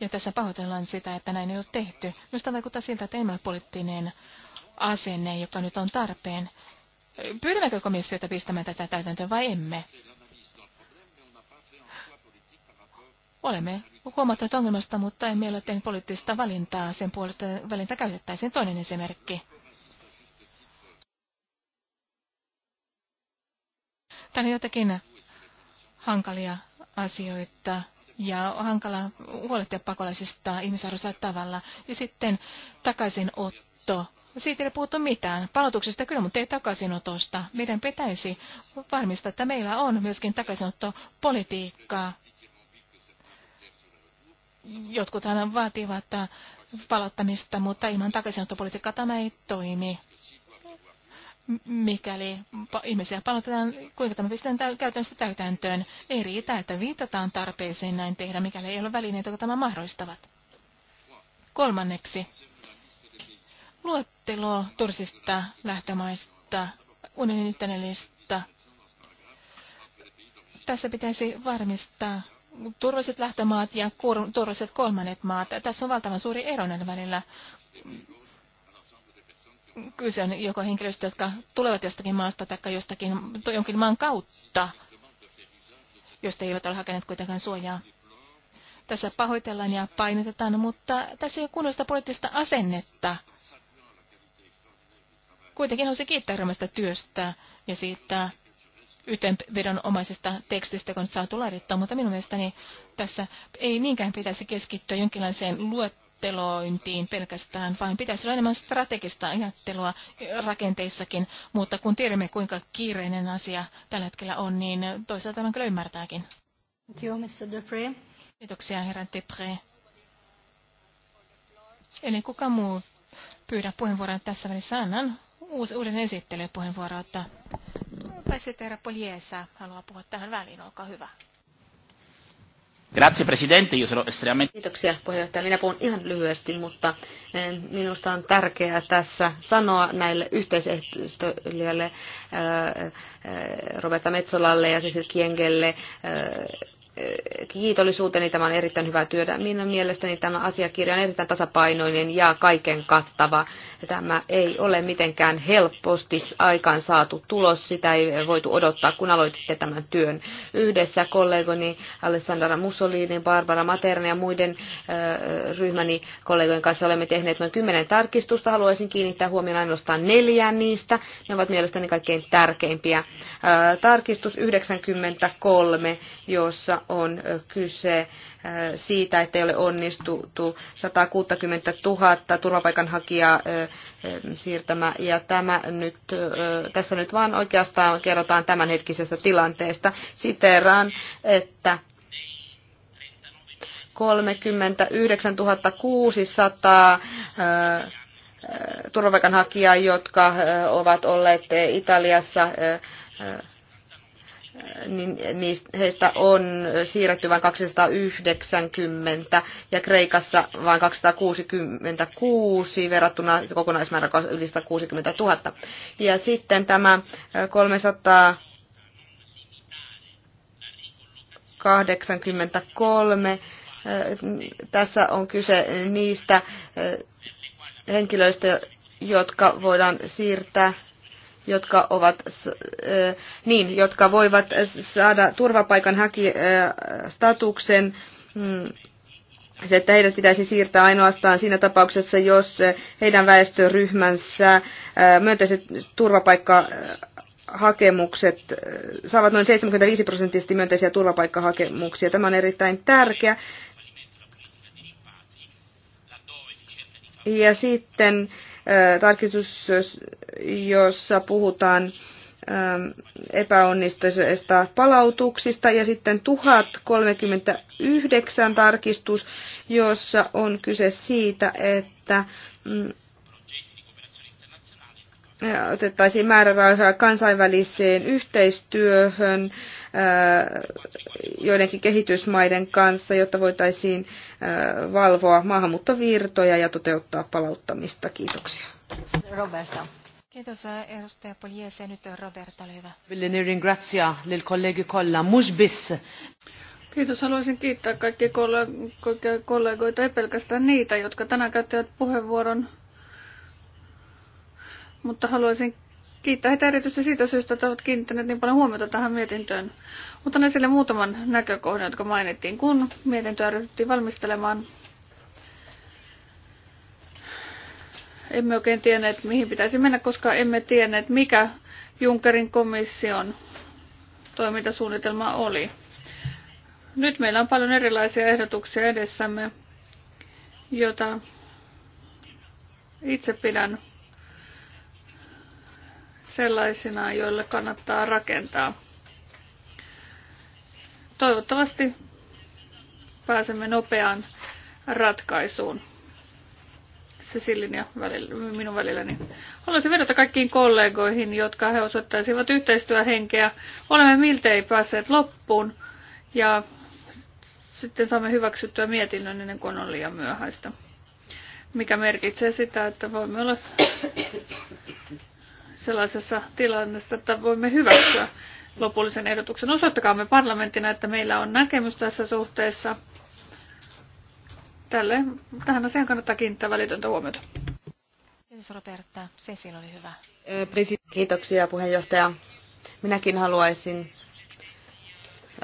Ja tässä pahoitellaan sitä, että näin ei ole tehty. Minusta vaikuttaa siltä, että ole poliittinen asenne, joka nyt on tarpeen. Pyydämmekö komissiota pistämään tätä täytäntöön vai emme? Olemme huomattaneet ongelmasta, mutta emme ole tehneet poliittista valintaa sen puolesta, valinta käytettäisiin. Toinen esimerkki. Täällä on jotakin hankalia asioita ja on hankala huolehtia pakolaisista ihmisarvoisella tavalla. Ja sitten takaisinotto No, siitä ei puhuttu mitään. Palautuksesta kyllä, mutta ei takaisinotosta. Meidän pitäisi varmistaa, että meillä on myöskin takaisinottopolitiikkaa. Jotkuthan vaativat palauttamista, mutta ilman takaisinottopolitiikkaa tämä ei toimi. Mikäli ihmisiä palautetaan, kuinka tämä pistetään käytännössä täytäntöön, ei riitä, että viitataan tarpeeseen näin tehdä, mikäli ei ole välineitä, jotka tämä mahdollistavat. Kolmanneksi luettelo torsista lähtömaista, unionin Tässä pitäisi varmistaa turvalliset lähtömaat ja turvalliset kolmannet maat. Tässä on valtavan suuri ero näiden välillä. Kyse on joko henkilöistä, jotka tulevat jostakin maasta tai jostakin, jonkin maan kautta, josta eivät ole hakeneet kuitenkaan suojaa. Tässä pahoitellaan ja painotetaan, mutta tässä ei ole kunnollista poliittista asennetta Kuitenkin haluaisin kiittää Ramasta työstä ja siitä yhteenvedonomaisesta tekstistä, kun on saatu laadittua, mutta minun mielestäni tässä ei niinkään pitäisi keskittyä jonkinlaiseen luettelointiin pelkästään, vaan pitäisi olla enemmän strategista ajattelua rakenteissakin, mutta kun tiedämme, kuinka kiireinen asia tällä hetkellä on, niin toisaalta tämän kyllä ymmärtääkin. Kiitoksia, herra Depré. Eli kuka muu pyydä puheenvuoron tässä välissä annan uusi, uuden esittelypuheenvuoro, että Pesetera Poliesa haluaa puhua tähän väliin. Olkaa hyvä. Grazie Presidente, io sono estremamente... Kiitoksia puheenjohtaja. Minä puhun ihan lyhyesti, mutta eh, minusta on tärkeää tässä sanoa näille yhteisehtöille eh, eh, Roberta Metsolalle ja Cecil Kiengelle kiitollisuuteni. Tämä on erittäin hyvä työtä. Minun mielestäni tämä asiakirja on erittäin tasapainoinen ja kaiken kattava. Tämä ei ole mitenkään helposti aikaan saatu tulos. Sitä ei voitu odottaa, kun aloititte tämän työn yhdessä kollegoni Alessandra Mussolini, Barbara Materna ja muiden äh, ryhmäni kollegojen kanssa olemme tehneet noin kymmenen tarkistusta. Haluaisin kiinnittää huomioon ainoastaan neljään niistä. Ne ovat mielestäni kaikkein tärkeimpiä. Äh, tarkistus 93, jossa on kyse siitä, että ei ole onnistuttu 160 000 turvapaikanhakijaa siirtämä. Ja tämä nyt, tässä nyt vaan oikeastaan kerrotaan tämänhetkisestä tilanteesta. Siteeraan, että 39 600 turvapaikanhakijaa, jotka ovat olleet Italiassa niin heistä on siirretty vain 290 ja Kreikassa vain 266 verrattuna kokonaismäärä yli 160 000. Ja sitten tämä 383, tässä on kyse niistä henkilöistä, jotka voidaan siirtää jotka ovat, niin, jotka voivat saada turvapaikan haki statuksen mm, se, että heidät pitäisi siirtää ainoastaan siinä tapauksessa, jos heidän väestöryhmänsä myönteiset turvapaikkahakemukset saavat noin 75 prosenttisesti myönteisiä turvapaikkahakemuksia. Tämä on erittäin tärkeä. Ja sitten tarkistus jossa puhutaan ähm, epäonnistuneista palautuksista ja sitten 1039 tarkistus, jossa on kyse siitä, että mm, otettaisiin määrärahoja kansainväliseen yhteistyöhön äh, joidenkin kehitysmaiden kanssa, jotta voitaisiin äh, valvoa maahanmuuttovirtoja ja toteuttaa palauttamista. Kiitoksia. Roberta. Kiitos edustaja Nyt Roberta, ole Kiitos. Haluaisin kiittää kaikkia kollegoita, ei pelkästään niitä, jotka tänään käyttävät puheenvuoron. Mutta haluaisin kiittää heitä erityisesti siitä syystä, että ovat kiinnittäneet niin paljon huomiota tähän mietintöön. Mutta sille muutaman näkökohdan, jotka mainittiin, kun mietintöä ryhdyttiin valmistelemaan. emme oikein tienneet, mihin pitäisi mennä, koska emme tienneet, mikä Junckerin komission toimintasuunnitelma oli. Nyt meillä on paljon erilaisia ehdotuksia edessämme, jota itse pidän sellaisina, joille kannattaa rakentaa. Toivottavasti pääsemme nopeaan ratkaisuun. Cecilin ja välillä, minun välilläni. Haluaisin vedota kaikkiin kollegoihin, jotka he osoittaisivat yhteistyöhenkeä. Olemme miltei päässeet loppuun ja sitten saamme hyväksyttyä mietinnön ennen kuin on liian myöhäistä. Mikä merkitsee sitä, että voimme olla sellaisessa tilanteessa, että voimme hyväksyä lopullisen ehdotuksen. Osoittakaamme parlamenttina, että meillä on näkemys tässä suhteessa Tälle, tähän asiaan kannattaa kiinnittää välitöntä huomiota. Kiitos Roberta. Cecil oli hyvä. Äh, Kiitoksia puheenjohtaja. Minäkin haluaisin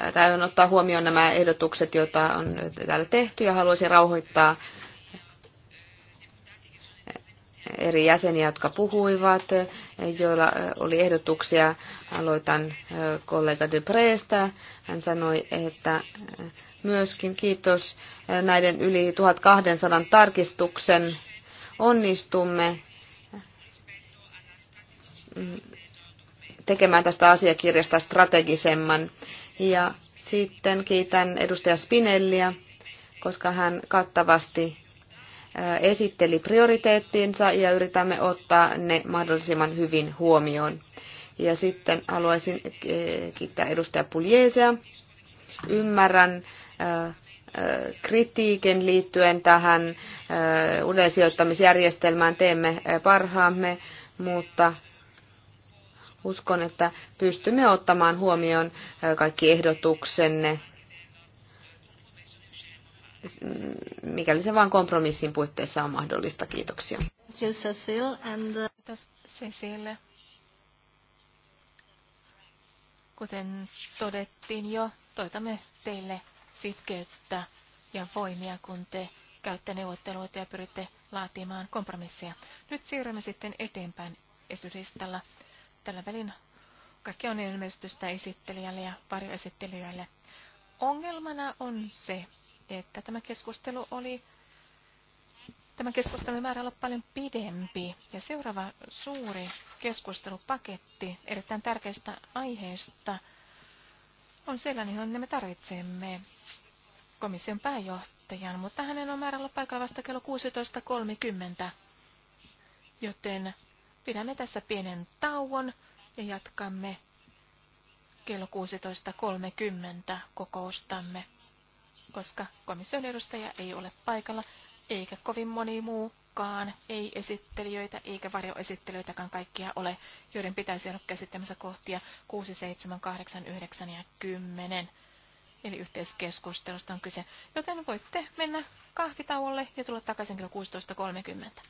äh, täytyy ottaa huomioon nämä ehdotukset, joita on täällä tehty ja haluaisin rauhoittaa äh, eri jäseniä, jotka puhuivat, joilla oli ehdotuksia. Aloitan kollega Dupreestä. Hän sanoi, että myöskin kiitos eh, näiden yli 1200 tarkistuksen. Onnistumme mm, tekemään tästä asiakirjasta strategisemman. Ja sitten kiitän edustaja Spinellia, koska hän kattavasti eh, esitteli prioriteettinsa ja yritämme ottaa ne mahdollisimman hyvin huomioon. Ja sitten haluaisin eh, kiittää edustaja Puljeesea. Ymmärrän kritiikin liittyen tähän uuden sijoittamisjärjestelmään. Teemme parhaamme, mutta uskon, että pystymme ottamaan huomioon kaikki ehdotuksenne, mikäli se vain kompromissin puitteissa on mahdollista. Kiitoksia. Uh, Kiitos Cecile. Kuten todettiin jo, toitamme teille sitkeyttä ja voimia, kun te käytte neuvotteluita ja pyritte laatimaan kompromisseja. Nyt siirrymme sitten eteenpäin esityslistalla. Tällä välin kaikki on ilmestystä esittelijälle ja varjoesittelijöille. Ongelmana on se, että tämä keskustelu oli Tämä keskustelu määrä olla paljon pidempi ja seuraava suuri keskustelupaketti erittäin tärkeistä aiheista on sellainen, johon me tarvitsemme komission pääjohtajan, mutta hänen on määrä olla paikalla vasta kello 16.30. Joten pidämme tässä pienen tauon ja jatkamme kello 16.30 kokoustamme, koska komission edustaja ei ole paikalla, eikä kovin moni muukaan, ei esittelijöitä eikä varjoesittelijöitäkään kaikkia ole, joiden pitäisi olla käsittämässä kohtia 6, 7, 8, 9 ja 10. Eli yhteiskeskustelusta on kyse. Joten voitte mennä kahvitauolle ja tulla takaisin kello 16.30.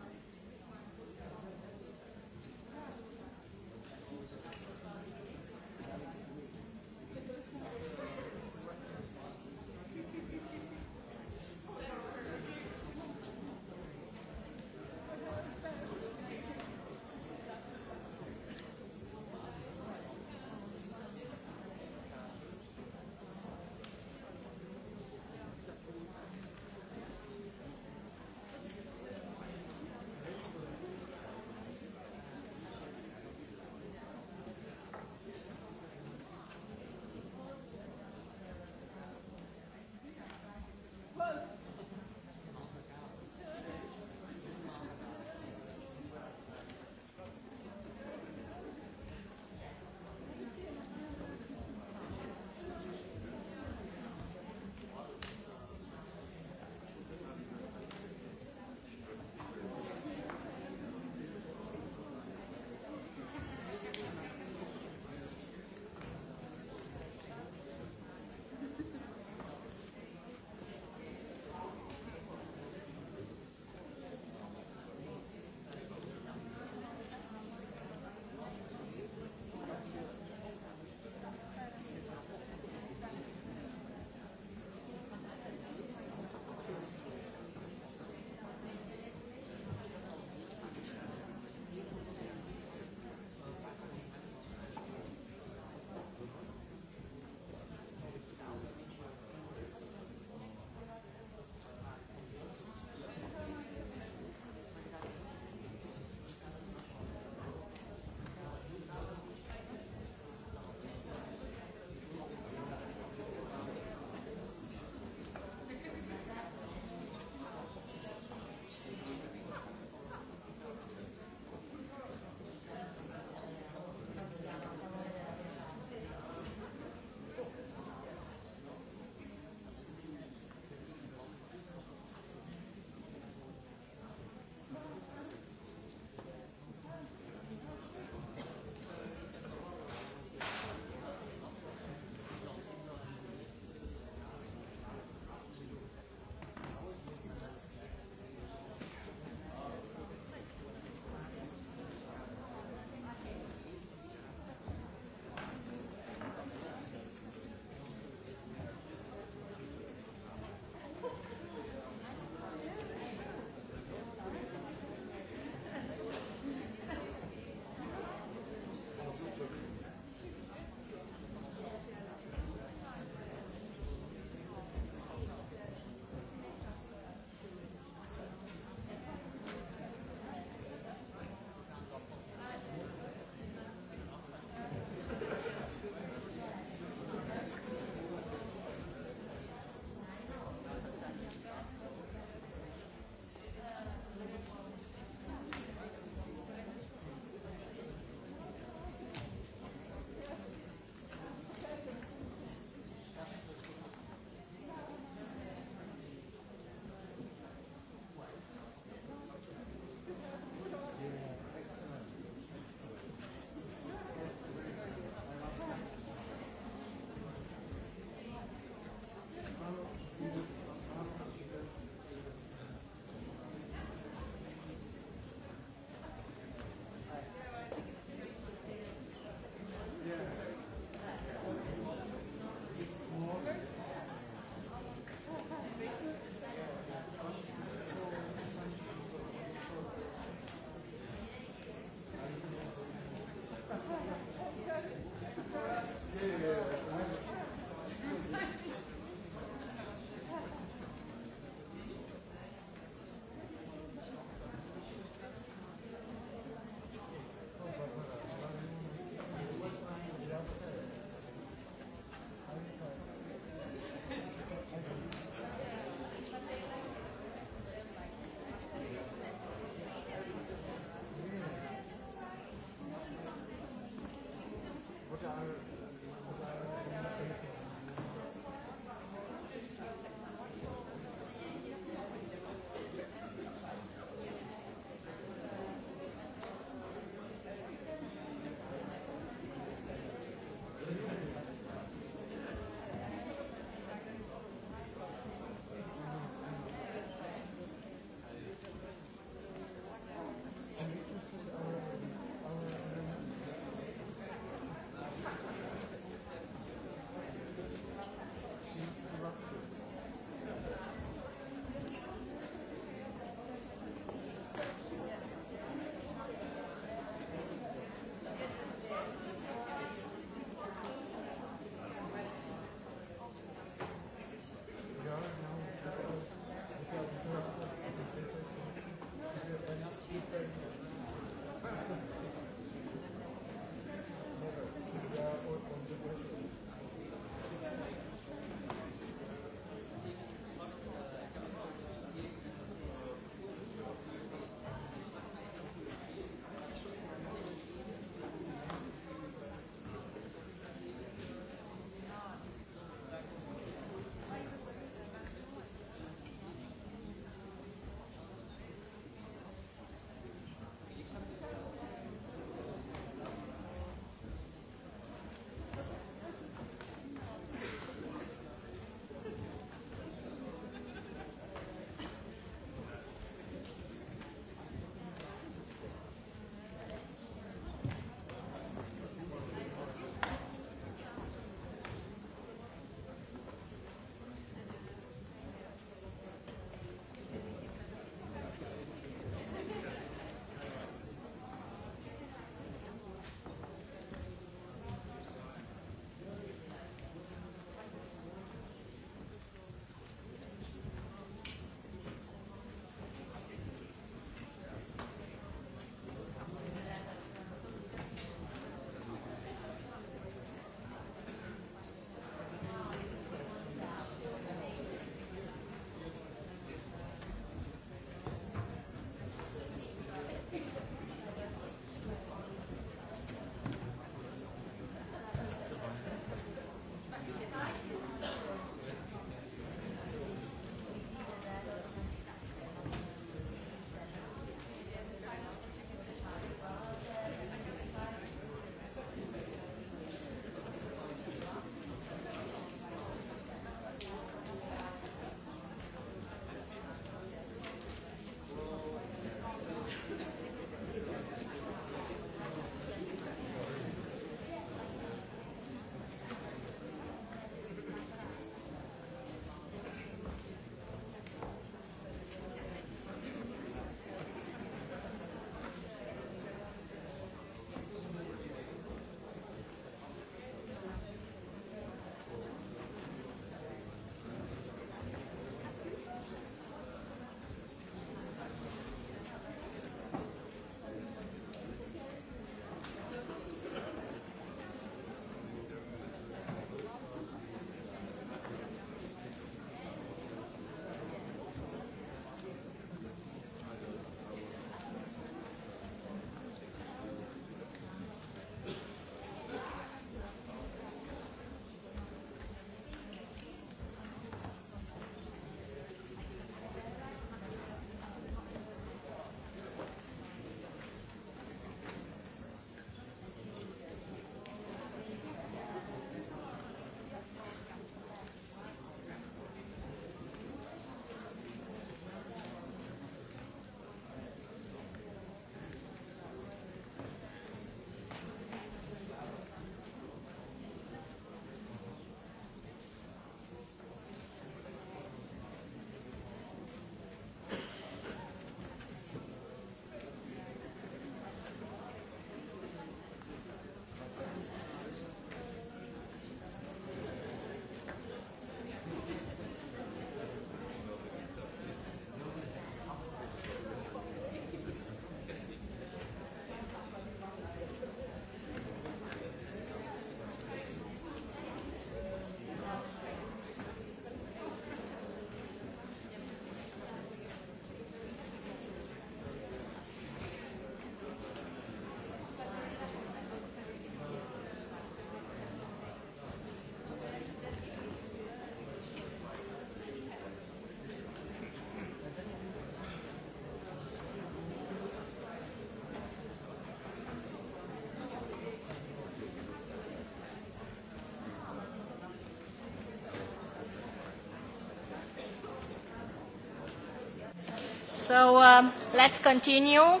So, uh, let's continue.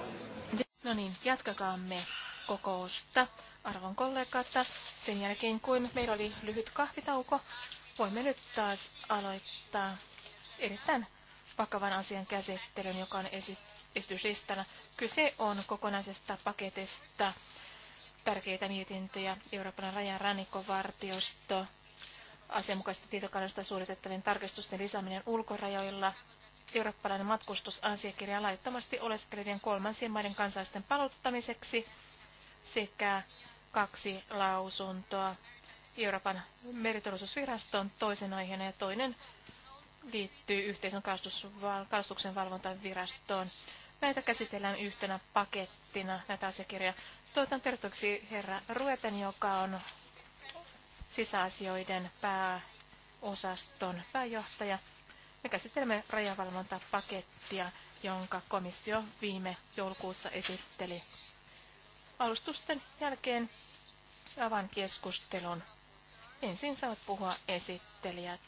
No niin, jatkakaamme kokousta, arvon kollegat. Sen jälkeen, kun meillä oli lyhyt kahvitauko, voimme nyt taas aloittaa erittäin vakavan asian käsittelyn, joka on esityslistana. Kyse on kokonaisesta paketista tärkeitä mietintöjä Euroopan rajan rannikkovartiosto, asianmukaisesta tietokannasta suoritettavien tarkistusten lisääminen ulkorajoilla, eurooppalainen matkustusasiakirja laittomasti oleskelevien kolmansien maiden kansalaisten palauttamiseksi sekä kaksi lausuntoa Euroopan meriturvallisuusviraston toisen aiheena ja toinen liittyy yhteisön kalastuksen valvontavirastoon. Näitä käsitellään yhtenä pakettina, näitä asiakirjoja. Toivotan tervetulleeksi herra Rueten, joka on sisäasioiden pääosaston pääjohtaja käsittelemme rajavalvontapakettia, jonka komissio viime joulukuussa esitteli. Alustusten jälkeen avaan keskustelun. Ensin saavat puhua esittelijät,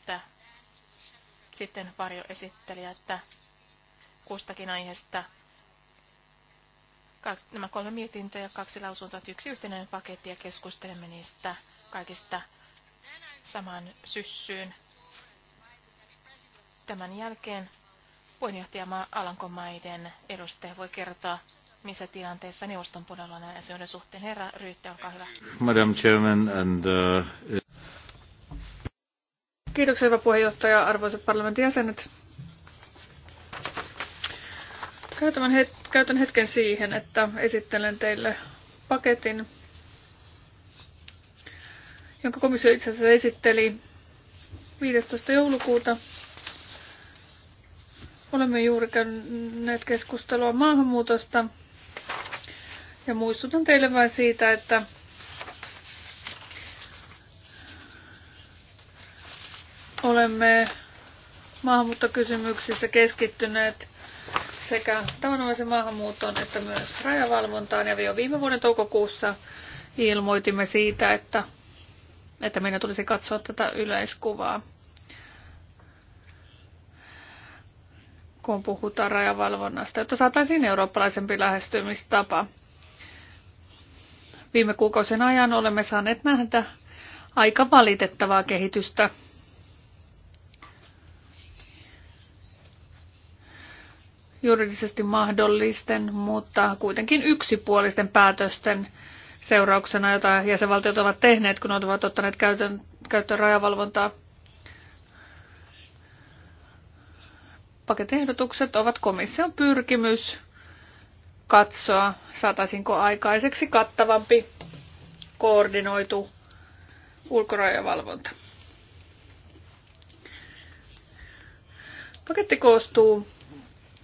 sitten varjoesittelijät kustakin aiheesta. Nämä kolme mietintöä ja kaksi lausuntoa, yksi yhtenäinen paketti ja keskustelemme niistä kaikista samaan syssyyn. Tämän jälkeen puheenjohtaja Alankomaiden edustaja voi kertoa, missä tilanteessa neuvoston puolella on asioiden suhteen. Herra Ryytte, olkaa hyvä. Madam Chairman and, uh... Kiitoksia, hyvä puheenjohtaja, arvoisat parlamentin jäsenet. Käytän, het- käytän hetken siihen, että esittelen teille paketin, jonka komissio itse asiassa esitteli 15. joulukuuta Olemme juuri käyneet keskustelua maahanmuutosta ja muistutan teille vain siitä, että olemme maahanmuuttokysymyksissä keskittyneet sekä tavanomaisen maahanmuuttoon että myös rajavalvontaan. Ja jo viime vuoden toukokuussa ilmoitimme siitä, että, että meidän tulisi katsoa tätä yleiskuvaa kun puhutaan rajavalvonnasta, jotta saataisiin eurooppalaisempi lähestymistapa. Viime kuukausien ajan olemme saaneet nähdä aika valitettavaa kehitystä. Juridisesti mahdollisten, mutta kuitenkin yksipuolisten päätösten seurauksena, jota jäsenvaltiot ovat tehneet, kun ovat ottaneet käyttöön rajavalvontaa Paketehdotukset ovat komission pyrkimys katsoa, saataisinko aikaiseksi kattavampi koordinoitu ulkorajavalvonta. Paketti koostuu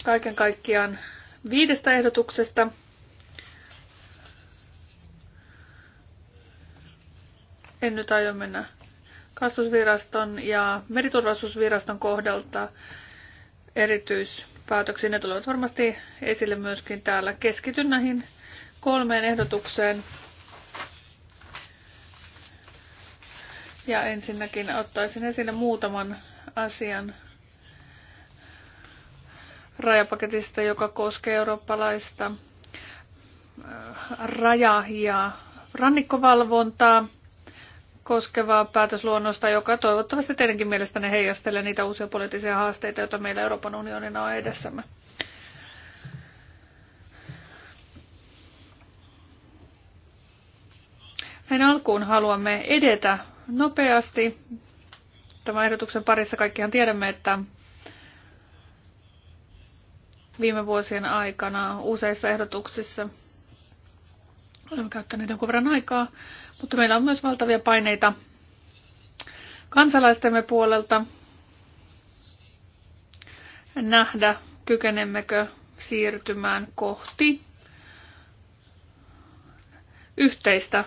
kaiken kaikkiaan viidestä ehdotuksesta. En nyt aio mennä kastusviraston ja meriturvallisuusviraston kohdalta erityispäätöksiin. Ne tulevat varmasti esille myöskin täällä. Keskityn näihin kolmeen ehdotukseen. Ja ensinnäkin ottaisin esille muutaman asian rajapaketista, joka koskee eurooppalaista äh, raja- ja rannikkovalvontaa koskevaa päätösluonnosta, joka toivottavasti teidänkin mielestänne heijastelee niitä uusia poliittisia haasteita, joita meillä Euroopan unionina on edessämme. Näin alkuun haluamme edetä nopeasti. Tämän ehdotuksen parissa kaikkihan tiedämme, että viime vuosien aikana useissa ehdotuksissa – Olemme käyttäneet jonkun verran aikaa, mutta meillä on myös valtavia paineita kansalaistemme puolelta nähdä, kykenemmekö siirtymään kohti yhteistä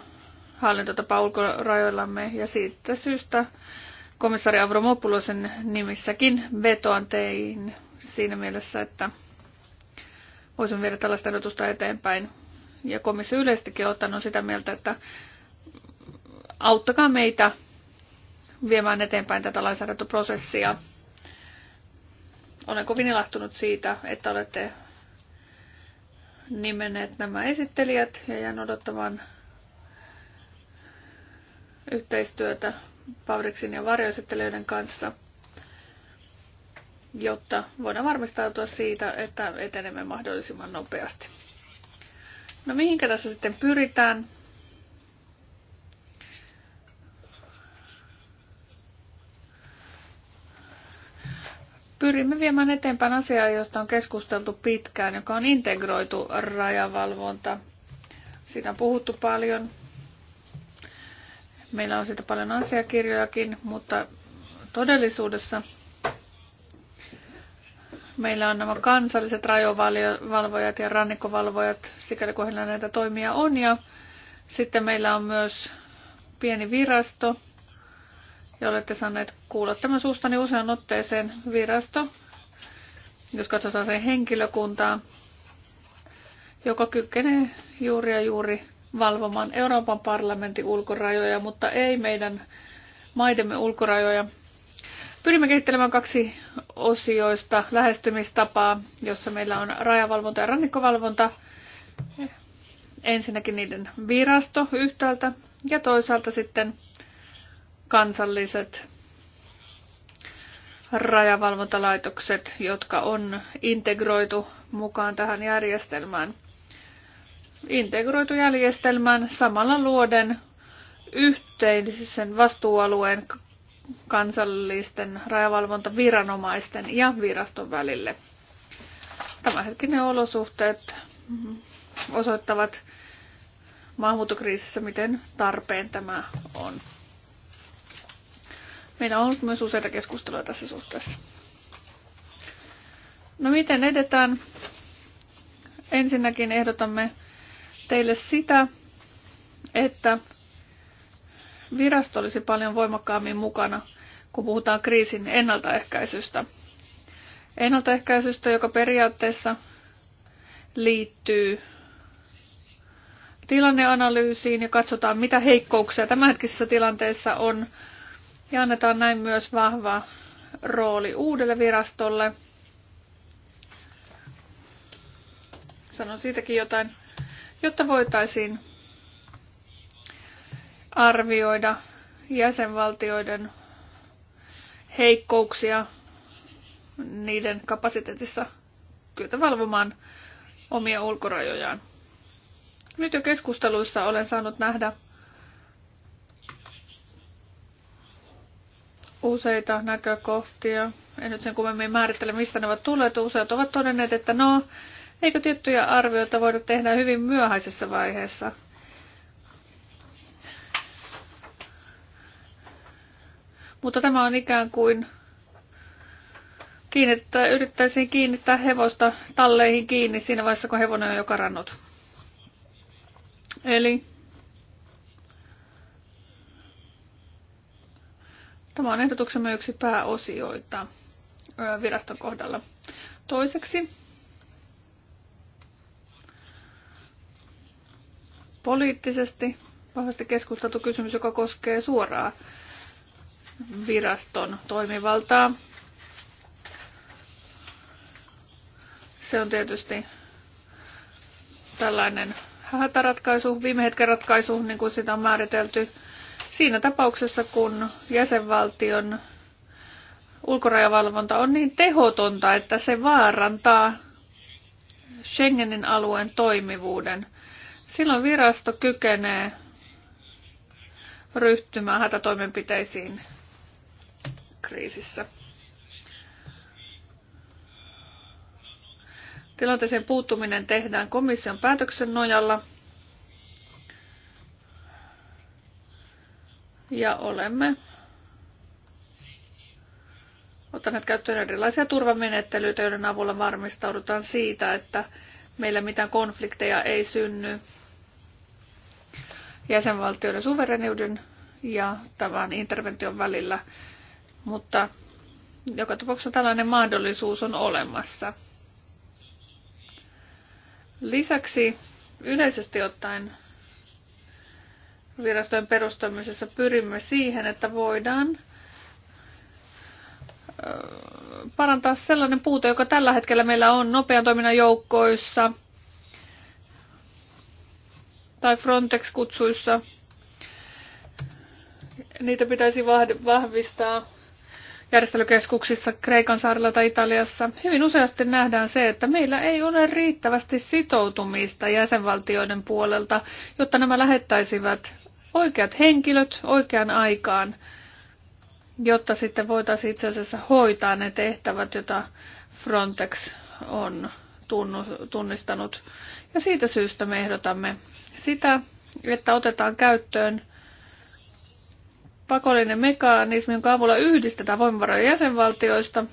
hallintotapaa ulkorajoillamme ja siitä syystä komissaari Avromopulosen nimissäkin vetoan tein siinä mielessä, että voisimme viedä tällaista edotusta eteenpäin ja komissio yleisestikin on ottanut sitä mieltä, että auttakaa meitä viemään eteenpäin tätä lainsäädäntöprosessia. Olen kovin ilahtunut siitä, että olette nimenneet nämä esittelijät ja jään odottamaan yhteistyötä Pavriksin ja varjoesittelijöiden kanssa, jotta voidaan varmistautua siitä, että etenemme mahdollisimman nopeasti. No mihinkä tässä sitten pyritään? Pyrimme viemään eteenpäin asiaa, josta on keskusteltu pitkään, joka on integroitu rajavalvonta. Siitä on puhuttu paljon. Meillä on siitä paljon asiakirjojakin, mutta todellisuudessa Meillä on nämä kansalliset rajovalvojat ja rannikkovalvojat, sikäli kun heillä näitä toimia on. Ja sitten meillä on myös pieni virasto, ja olette saaneet kuulla tämän suustani usean otteeseen virasto, jos katsotaan sen henkilökuntaa, joka kykenee juuri ja juuri valvomaan Euroopan parlamentin ulkorajoja, mutta ei meidän maidemme ulkorajoja. Pyrimme kehittelemään kaksi osioista lähestymistapaa, jossa meillä on rajavalvonta ja rannikkovalvonta. Ensinnäkin niiden virasto yhtäältä ja toisaalta sitten kansalliset rajavalvontalaitokset, jotka on integroitu mukaan tähän järjestelmään. Integroitu järjestelmään samalla luoden yhteisen vastuualueen kansallisten rajavalvontaviranomaisten ja viraston välille. Tämänhetkinen olosuhteet osoittavat maahanmuuttokriisissä, miten tarpeen tämä on. Meillä on ollut myös useita keskusteluja tässä suhteessa. No miten edetään? Ensinnäkin ehdotamme teille sitä, että virasto olisi paljon voimakkaammin mukana, kun puhutaan kriisin ennaltaehkäisystä. Ennaltaehkäisystä, joka periaatteessa liittyy tilanneanalyysiin ja katsotaan, mitä heikkouksia tämänhetkisessä tilanteessa on. Ja annetaan näin myös vahva rooli uudelle virastolle. Sanon siitäkin jotain, jotta voitaisiin arvioida jäsenvaltioiden heikkouksia niiden kapasiteetissa kyetä valvomaan omia ulkorajojaan. Nyt jo keskusteluissa olen saanut nähdä useita näkökohtia. En nyt sen kummemmin määrittele, mistä ne ovat tulleet. Useat ovat todenneet, että no, eikö tiettyjä arvioita voida tehdä hyvin myöhäisessä vaiheessa – Mutta tämä on ikään kuin kiinnittää, yrittäisiin kiinnittää hevosta talleihin kiinni siinä vaiheessa, kun hevonen on jo karannut. Eli tämä on ehdotuksemme yksi pääosioita viraston kohdalla. Toiseksi poliittisesti vahvasti keskusteltu kysymys, joka koskee suoraa viraston toimivaltaa. Se on tietysti tällainen hätäratkaisu, viime hetken ratkaisu, niin kuin sitä on määritelty, siinä tapauksessa, kun jäsenvaltion ulkorajavalvonta on niin tehotonta, että se vaarantaa Schengenin alueen toimivuuden. Silloin virasto kykenee ryhtymään hätätoimenpiteisiin kriisissä. Tilanteeseen puuttuminen tehdään komission päätöksen nojalla. Ja olemme ottaneet käyttöön erilaisia turvamenettelyitä, joiden avulla varmistaudutaan siitä, että meillä mitään konflikteja ei synny jäsenvaltioiden suvereniuden ja tämän intervention välillä mutta joka tapauksessa tällainen mahdollisuus on olemassa. Lisäksi yleisesti ottaen virastojen perustamisessa pyrimme siihen, että voidaan parantaa sellainen puute, joka tällä hetkellä meillä on nopean toiminnan joukkoissa tai Frontex-kutsuissa. Niitä pitäisi vahvistaa järjestelykeskuksissa Kreikan saarella tai Italiassa, hyvin useasti nähdään se, että meillä ei ole riittävästi sitoutumista jäsenvaltioiden puolelta, jotta nämä lähettäisivät oikeat henkilöt oikeaan aikaan, jotta sitten voitaisiin itse asiassa hoitaa ne tehtävät, joita Frontex on tunnistanut. Ja siitä syystä me ehdotamme sitä, että otetaan käyttöön pakollinen mekanismi, jonka avulla yhdistetään voimavaroja jäsenvaltioista.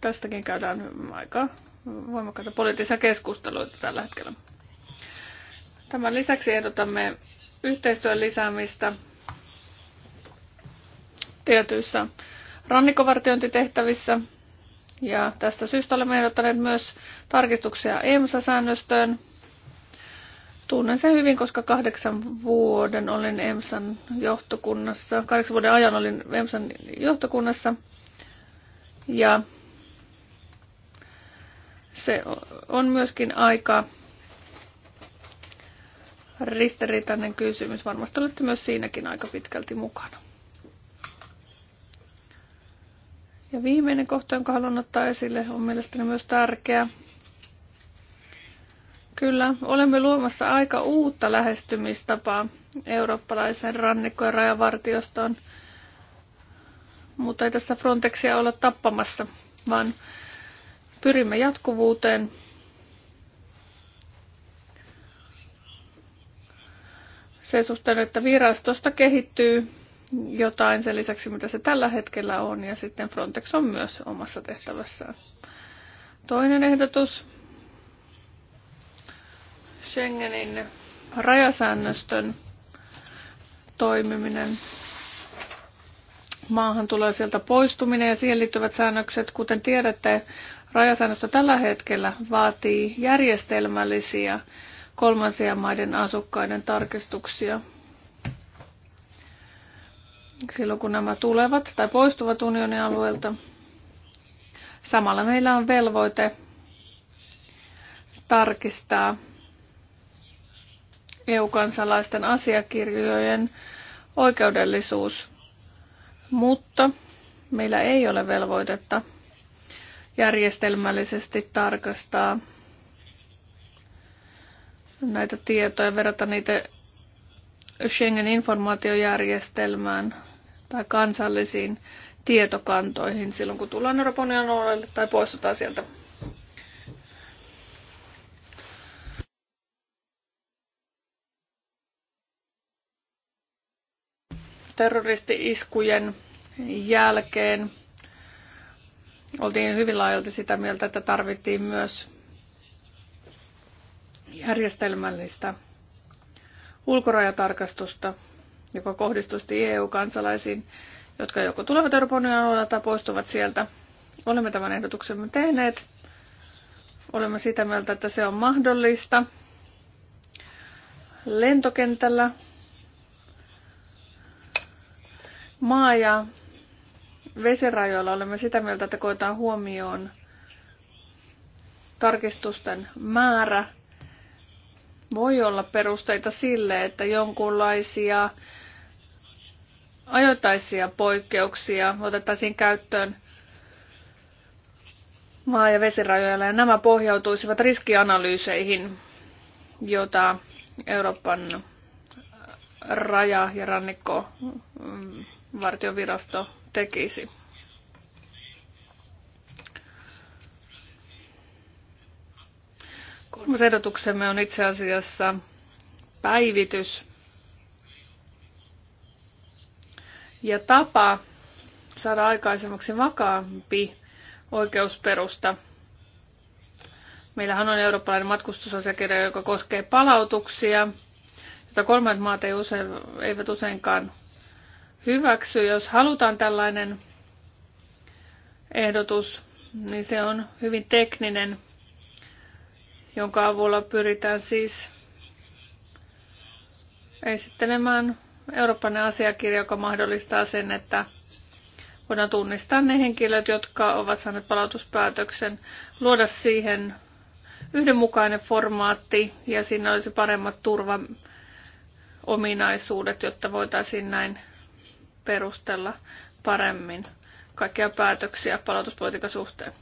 Tästäkin käydään aika voimakkaita poliittisia keskusteluita tällä hetkellä. Tämän lisäksi ehdotamme yhteistyön lisäämistä tietyissä rannikkovartiointitehtävissä. Ja tästä syystä olemme ehdottaneet myös tarkistuksia EMSA-säännöstöön, Tunnen sen hyvin, koska kahdeksan vuoden olin EMSan johtokunnassa. Kahdeksan vuoden ajan olin EMSan johtokunnassa. Ja se on myöskin aika ristiriitainen kysymys. Varmasti olette myös siinäkin aika pitkälti mukana. Ja viimeinen kohta, jonka haluan ottaa esille, on mielestäni myös tärkeä. Kyllä, olemme luomassa aika uutta lähestymistapaa eurooppalaisen rannikko- ja rajavartiostoon, mutta ei tässä Frontexia olla tappamassa, vaan pyrimme jatkuvuuteen. Se suhteen, että virastosta kehittyy jotain sen lisäksi, mitä se tällä hetkellä on, ja sitten Frontex on myös omassa tehtävässään. Toinen ehdotus Schengenin rajasäännöstön toimiminen, maahan tulee sieltä poistuminen ja siihen liittyvät säännökset, kuten tiedätte, rajasäännöstö tällä hetkellä vaatii järjestelmällisiä kolmansien maiden asukkaiden tarkistuksia. Silloin kun nämä tulevat tai poistuvat unionin alueelta, samalla meillä on velvoite tarkistaa EU-kansalaisten asiakirjojen oikeudellisuus, mutta meillä ei ole velvoitetta järjestelmällisesti tarkastaa näitä tietoja, verrata niitä Schengen-informaatiojärjestelmään tai kansallisiin tietokantoihin silloin, kun tullaan Euroopan unionin alueelle tai poistutaan sieltä. terroristi-iskujen jälkeen oltiin hyvin laajalti sitä mieltä, että tarvittiin myös järjestelmällistä ulkorajatarkastusta, joka kohdistusti EU-kansalaisiin, jotka joko tulevat Euroopan alueelta tai poistuvat sieltä. Olemme tämän ehdotuksemme tehneet. Olemme sitä mieltä, että se on mahdollista lentokentällä Maa- ja vesirajoilla olemme sitä mieltä, että koetaan huomioon tarkistusten määrä. Voi olla perusteita sille, että jonkunlaisia ajoittaisia poikkeuksia otettaisiin käyttöön maa- ja vesirajoilla, ja nämä pohjautuisivat riskianalyyseihin, jota Euroopan raja- ja rannikko vartiovirasto tekisi. Kolmas ehdotuksemme on itse asiassa päivitys ja tapa saada aikaisemmaksi vakaampi oikeusperusta. Meillähän on eurooppalainen matkustusasiakirja, joka koskee palautuksia, jota kolmannet maat ei usein, eivät useinkaan hyväksy. Jos halutaan tällainen ehdotus, niin se on hyvin tekninen, jonka avulla pyritään siis esittelemään Euroopan asiakirja, joka mahdollistaa sen, että voidaan tunnistaa ne henkilöt, jotka ovat saaneet palautuspäätöksen, luoda siihen yhdenmukainen formaatti ja siinä olisi paremmat turvaominaisuudet, jotta voitaisiin näin perustella paremmin kaikkia päätöksiä palautuspolitiikan suhteen.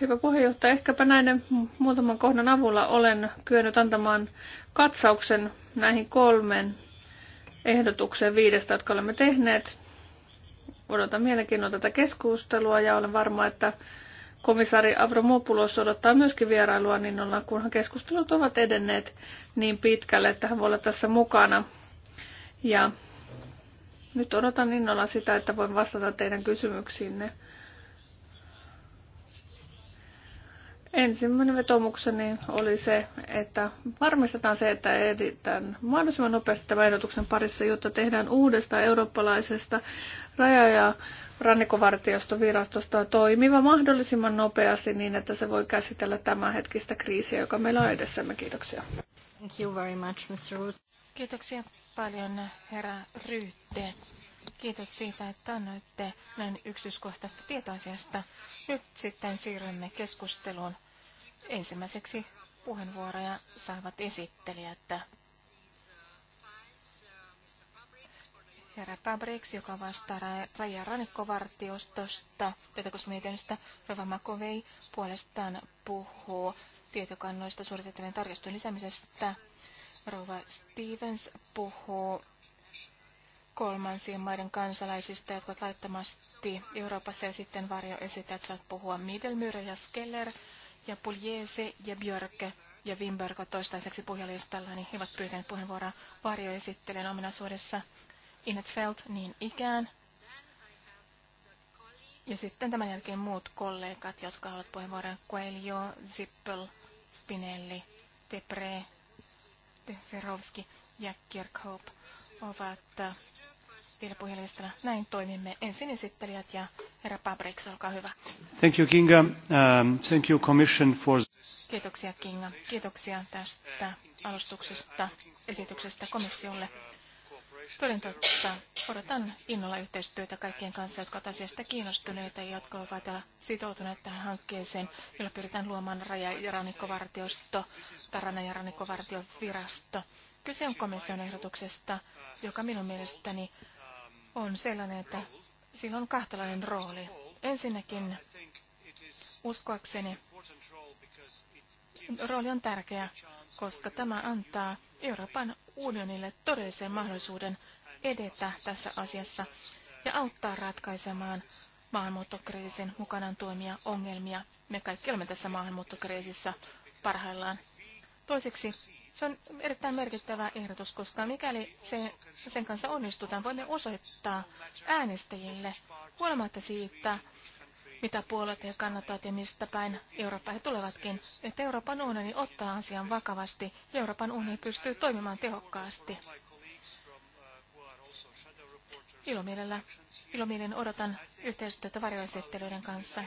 Hyvä puheenjohtaja, ehkäpä näiden muutaman kohdan avulla olen kyennyt antamaan katsauksen näihin kolmen ehdotukseen viidestä, jotka olemme tehneet. Odotan mielenkiinnolla tätä keskustelua ja olen varma, että komissaari Avramopoulos odottaa myöskin vierailua niin ollaan, kunhan keskustelut ovat edenneet niin pitkälle, että hän voi olla tässä mukana. Ja nyt odotan innolla sitä, että voin vastata teidän kysymyksiinne. Ensimmäinen vetomukseni oli se, että varmistetaan se, että editään mahdollisimman nopeasti tämän ehdotuksen parissa, jotta tehdään uudesta eurooppalaisesta raja- ja rannikovartiostovirastosta toimiva mahdollisimman nopeasti niin, että se voi käsitellä tämän hetkistä kriisiä, joka meillä on edessämme. Kiitoksia. Thank you very much, Mr. Ruth. Kiitoksia paljon, herra Ryytte. Kiitos siitä, että annoitte näin yksityiskohtaista tietoasiasta. Nyt sitten siirrymme keskusteluun. Ensimmäiseksi puheenvuoroja saavat esittelijät. Herra Pabrix, joka vastaa Raja Rannikkovartiostosta, tätä kosmietinnöstä Rova Makovei puolestaan puhuu tietokannoista suoritettavien tarkastujen lisäämisestä. Rova Stevens puhuu kolmansien maiden kansalaisista, jotka laittomasti Euroopassa ja sitten varjoesittäjät saavat puhua Middelmyr ja Skeller ja Puljese ja Björk ja Wimberg on toistaiseksi puhujalistalla, niin he ovat pyytäneet puheenvuoroa varjoesittelijän ominaisuudessa. Felt niin ikään. Ja sitten tämän jälkeen muut kollegat, jotka haluavat puheenvuoroa Coelho, Zippel, Spinelli, Tepre. Perovski ja Kirkhope ovat äh, teillä Näin toimimme. Ensin esittelijät ja herra Pabriks, olkaa hyvä. Thank you, Kinga. Um, thank you, Commission, for... Kiitoksia, Kinga. Kiitoksia tästä alustuksesta, esityksestä komissiolle. Toden totta, odotan innolla yhteistyötä kaikkien kanssa, jotka ovat asiasta kiinnostuneita ja jotka ovat äh, sitoutuneet tähän hankkeeseen, jolla pyritään luomaan raja- ja rannikkovartiosto, tarana- ja rannikkovartiovirasto. Kyse on komission ehdotuksesta, joka minun mielestäni on sellainen, että sillä on kahtalainen rooli. Ensinnäkin uskoakseni rooli on tärkeä, koska tämä antaa Euroopan unionille todellisen mahdollisuuden edetä tässä asiassa ja auttaa ratkaisemaan maahanmuuttokriisin mukanaan tuomia ongelmia. Me kaikki olemme tässä maahanmuuttokriisissä parhaillaan. Toiseksi se on erittäin merkittävä ehdotus, koska mikäli se, sen kanssa onnistutaan, voimme osoittaa äänestäjille huolimatta siitä, mitä puolet he kannattavat ja mistä päin Eurooppa he tulevatkin, että Euroopan unioni ottaa asian vakavasti ja Euroopan unioni pystyy toimimaan tehokkaasti. Ilomielellä, ilomielen odotan yhteistyötä varjoesittelyiden kanssa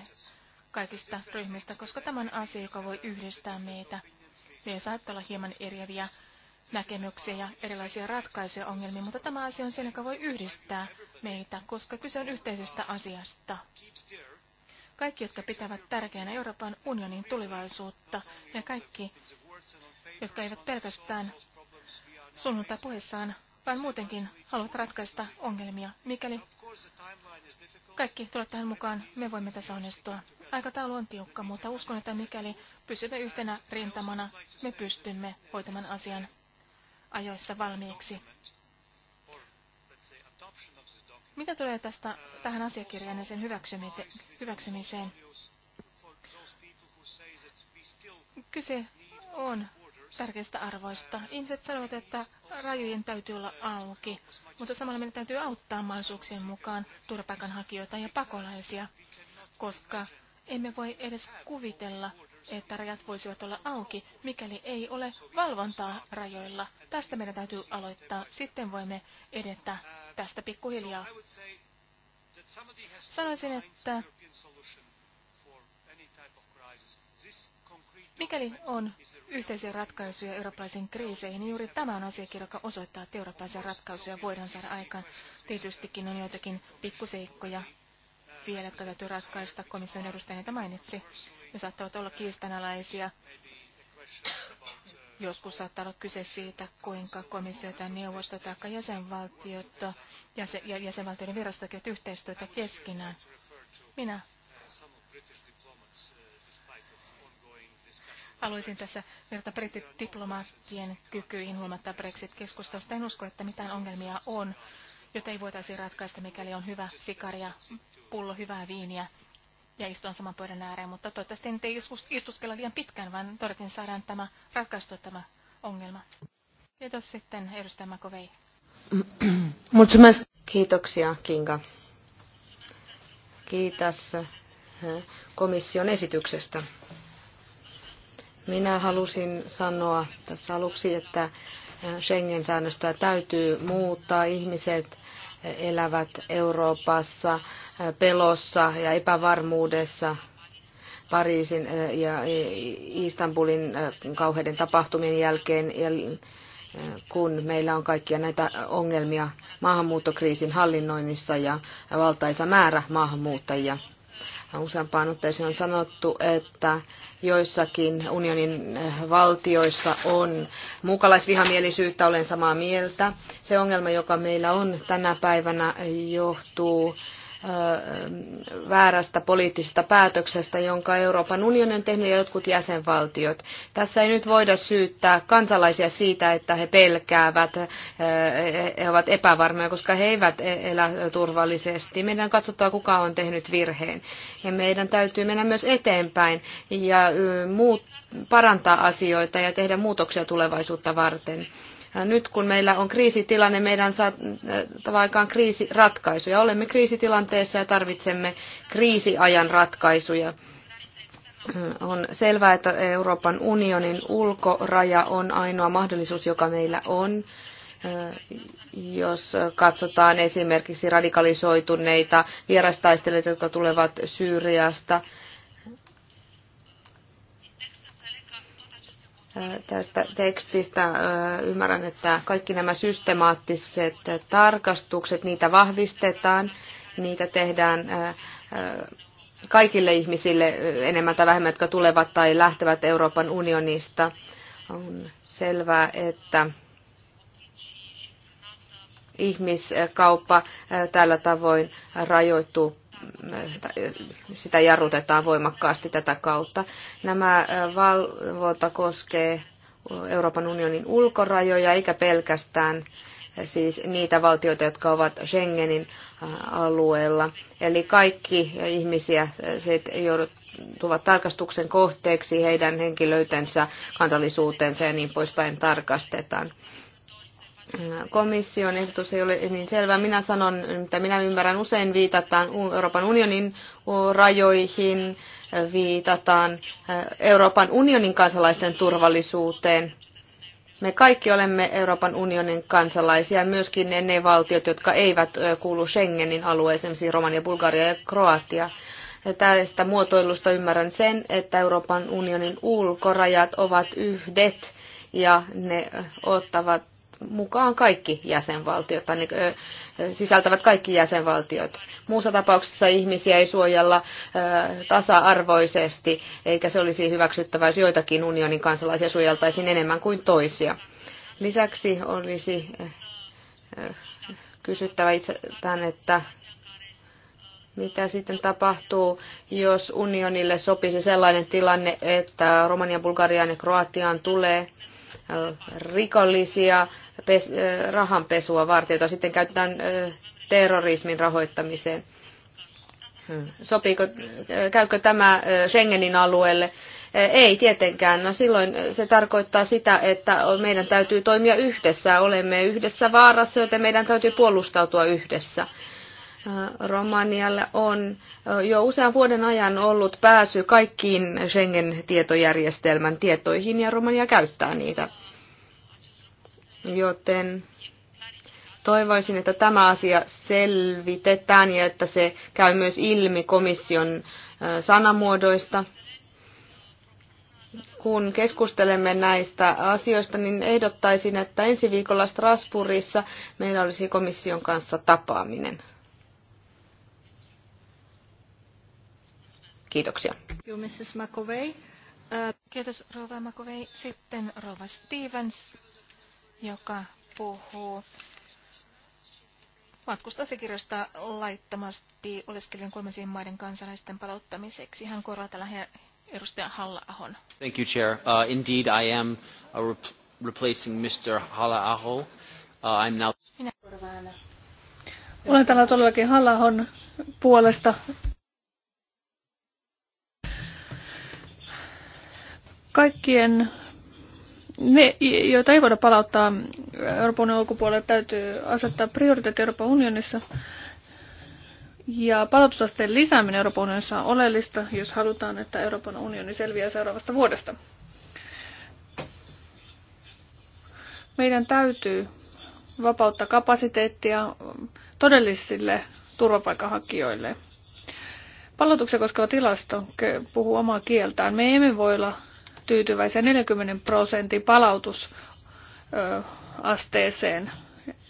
kaikista ryhmistä, koska tämä on asia, joka voi yhdistää meitä. Meillä saattaa olla hieman eriäviä näkemyksiä ja erilaisia ratkaisuja ongelmiin, mutta tämä asia on se, joka voi yhdistää meitä, koska kyse on yhteisestä asiasta. Kaikki, jotka pitävät tärkeänä Euroopan unionin tulevaisuutta ja kaikki, jotka eivät pelkästään sunnuntai puheessaan, vaan muutenkin haluavat ratkaista ongelmia. Mikäli kaikki tulevat tähän mukaan, me voimme tässä onnistua. Aikataulu on tiukka, mutta uskon, että mikäli pysymme yhtenä rintamana, me pystymme hoitamaan asian ajoissa valmiiksi. Mitä tulee tästä, tähän asiakirjaan ja sen hyväksymiseen? Kyse on tärkeistä arvoista. Ihmiset sanovat, että rajojen täytyy olla auki, mutta samalla meidän täytyy auttaa mahdollisuuksien mukaan turvapaikanhakijoita ja pakolaisia, koska emme voi edes kuvitella, että rajat voisivat olla auki, mikäli ei ole valvontaa rajoilla. Tästä meidän täytyy aloittaa. Sitten voimme edetä tästä pikkuhiljaa. Sanoisin, että Mikäli on yhteisiä ratkaisuja eurooppalaisiin kriiseihin, niin juuri tämä on asiakirja, joka osoittaa, että eurooppalaisia ratkaisuja voidaan saada aikaan. Tietystikin on joitakin pikkuseikkoja vielä, jotka täytyy ratkaista, komission edustajana mainitsi. Ne saattavat olla kiistanalaisia. Joskus saattaa olla kyse siitä, kuinka komissio tai neuvosto tai jäsenvaltiot ja jäsenvaltioiden virasto yhteistyötä keskenään. Minä haluaisin tässä verrata brittidiplomaattien kykyihin huomatta Brexit-keskustelusta. En usko, että mitään ongelmia on, joita ei voitaisiin ratkaista, mikäli on hyvä sikaria, pullo hyvää viiniä ja istuin saman pöydän ääreen, mutta toivottavasti en tee istuskella liian pitkään, vaan todettiin saadaan tämä ratkaistua tämä ongelma. Kiitos sitten edustaja Makovei. Kiitoksia, Kinga. Kiitos eh, komission esityksestä. Minä halusin sanoa tässä aluksi, että eh, Schengen-säännöstöä täytyy muuttaa. Ihmiset elävät Euroopassa äh, pelossa ja epävarmuudessa Pariisin äh, ja äh, Istanbulin kauheiden tapahtumien jälkeen, kun meillä on kaikkia näitä ongelmia maahanmuuttokriisin hallinnoinnissa ja valtaisa määrä maahanmuuttajia. Useampaan otteeseen on sanottu, että joissakin unionin eh, valtioissa on muukalaisvihamielisyyttä, olen samaa mieltä. Se ongelma, joka meillä on tänä päivänä, johtuu väärästä poliittisesta päätöksestä, jonka Euroopan unioni on tehnyt ja jotkut jäsenvaltiot. Tässä ei nyt voida syyttää kansalaisia siitä, että he pelkäävät, he ovat epävarmoja, koska he eivät e- elä turvallisesti. Meidän on katsottava, kuka on tehnyt virheen. Ja meidän täytyy mennä myös eteenpäin ja muut, parantaa asioita ja tehdä muutoksia tulevaisuutta varten. Nyt kun meillä on kriisitilanne, meidän on saatava aikaan kriisiratkaisuja. Olemme kriisitilanteessa ja tarvitsemme kriisiajan ratkaisuja. On selvää, että Euroopan unionin ulkoraja on ainoa mahdollisuus, joka meillä on. Jos katsotaan esimerkiksi radikalisoituneita vierastaistelijoita, jotka tulevat Syyriasta, tästä tekstistä. Ymmärrän, että kaikki nämä systemaattiset tarkastukset, niitä vahvistetaan, niitä tehdään kaikille ihmisille enemmän tai vähemmän, jotka tulevat tai lähtevät Euroopan unionista. On selvää, että ihmiskauppa tällä tavoin rajoittuu sitä jarrutetaan voimakkaasti tätä kautta. Nämä valvonta koskee Euroopan unionin ulkorajoja, eikä pelkästään siis niitä valtioita, jotka ovat Schengenin alueella. Eli kaikki ihmisiä sit joutuvat tarkastuksen kohteeksi, heidän henkilöitensä, kansallisuutensa ja niin poispäin tarkastetaan komission ehdotus ei ole niin selvä. Minä sanon, että minä ymmärrän, usein viitataan Euroopan unionin rajoihin, viitataan eh, Euroopan unionin kansalaisten turvallisuuteen. Me kaikki olemme Euroopan unionin kansalaisia, myöskin ne valtiot, jotka eivät eh, kuulu Schengenin alueeseen, siis Romania, Bulgaria ja Kroatia. Tästä muotoilusta ymmärrän sen, että Euroopan unionin ulkorajat ovat yhdet ja ne eh, ottavat mukaan kaikki jäsenvaltiot, tai sisältävät kaikki jäsenvaltiot. Muussa tapauksessa ihmisiä ei suojella tasa-arvoisesti, eikä se olisi hyväksyttävää, jos joitakin unionin kansalaisia suojeltaisiin enemmän kuin toisia. Lisäksi olisi kysyttävä tämän, että mitä sitten tapahtuu, jos unionille sopisi sellainen tilanne, että Romanian, Bulgariaan ja Kroatiaan tulee Äh, rikollisia pes, äh, rahanpesua varten, jota sitten käytetään äh, terrorismin rahoittamiseen. Hmm. Sopiiko, käykö tämä Schengenin alueelle? Ei tietenkään. No silloin se tarkoittaa sitä, että meidän täytyy toimia yhdessä. Olemme yhdessä vaarassa, joten meidän täytyy puolustautua yhdessä. Romanialla on jo usean vuoden ajan ollut pääsy kaikkiin Schengen-tietojärjestelmän tietoihin ja Romania käyttää niitä. Joten toivoisin, että tämä asia selvitetään ja että se käy myös ilmi komission sanamuodoista. Kun keskustelemme näistä asioista, niin ehdottaisin, että ensi viikolla Strasbourgissa meillä olisi komission kanssa tapaaminen. Kiitoksia. Uh, Kiitos Rova Makovei. Sitten Rova Stevens joka puhuu matkustasekirjoista laittomasti oleskelevien kolmansien maiden kansalaisten palauttamiseksi. Hän korvaa tällä edustaja Halla-ahon. Thank you, Chair. Uh, indeed, I am uh, re- replacing Mr. Halla-aho. Uh, I'm now... Minä korvaan. Olen täällä todellakin Halla-ahon puolesta. Kaikkien ne, joita ei voida palauttaa Euroopan unionin ulkopuolelle, täytyy asettaa prioriteetti Euroopan unionissa. Ja palautusasteen lisääminen Euroopan unionissa on oleellista, jos halutaan, että Euroopan unioni selviää seuraavasta vuodesta. Meidän täytyy vapauttaa kapasiteettia todellisille turvapaikanhakijoille. Palautuksia koskeva tilasto puhuu omaa kieltään. Me emme voi olla tyytyväisiä 40 prosentin palautusasteeseen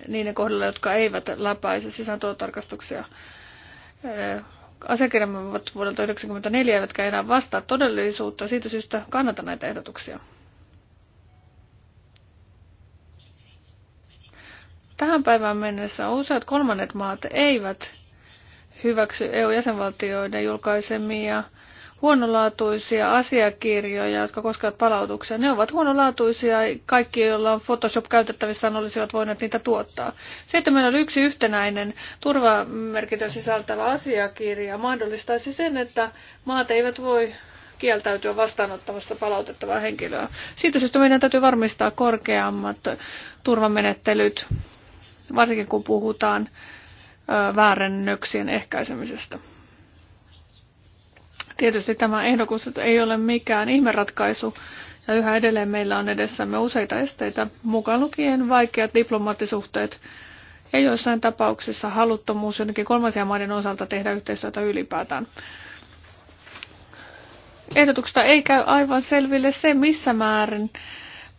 niiden kohdalla, jotka eivät läpäise sisääntulotarkastuksia. Asiakirjamme ovat vuodelta 1994 eivätkä enää vastaa todellisuutta. Siitä syystä kannatan näitä ehdotuksia. Tähän päivään mennessä useat kolmannet maat eivät hyväksy EU-jäsenvaltioiden julkaisemia huonolaatuisia asiakirjoja, jotka koskevat palautuksia. Ne ovat huonolaatuisia, kaikki, joilla on Photoshop käytettävissään, olisivat voineet niitä tuottaa. Se, että meillä oli yksi yhtenäinen turvamerkitön sisältävä asiakirja, mahdollistaisi sen, että maat eivät voi kieltäytyä vastaanottamasta palautettavaa henkilöä. Siitä syystä meidän täytyy varmistaa korkeammat turvamenettelyt, varsinkin kun puhutaan väärennöksien ehkäisemisestä. Tietysti tämä ehdokkuus ei ole mikään ihmeratkaisu, ja yhä edelleen meillä on edessämme useita esteitä, mukaan lukien vaikeat diplomaattisuhteet ja joissain tapauksissa haluttomuus jonnekin kolmansien maiden osalta tehdä yhteistyötä ylipäätään. Ehdotuksesta ei käy aivan selville se, missä määrin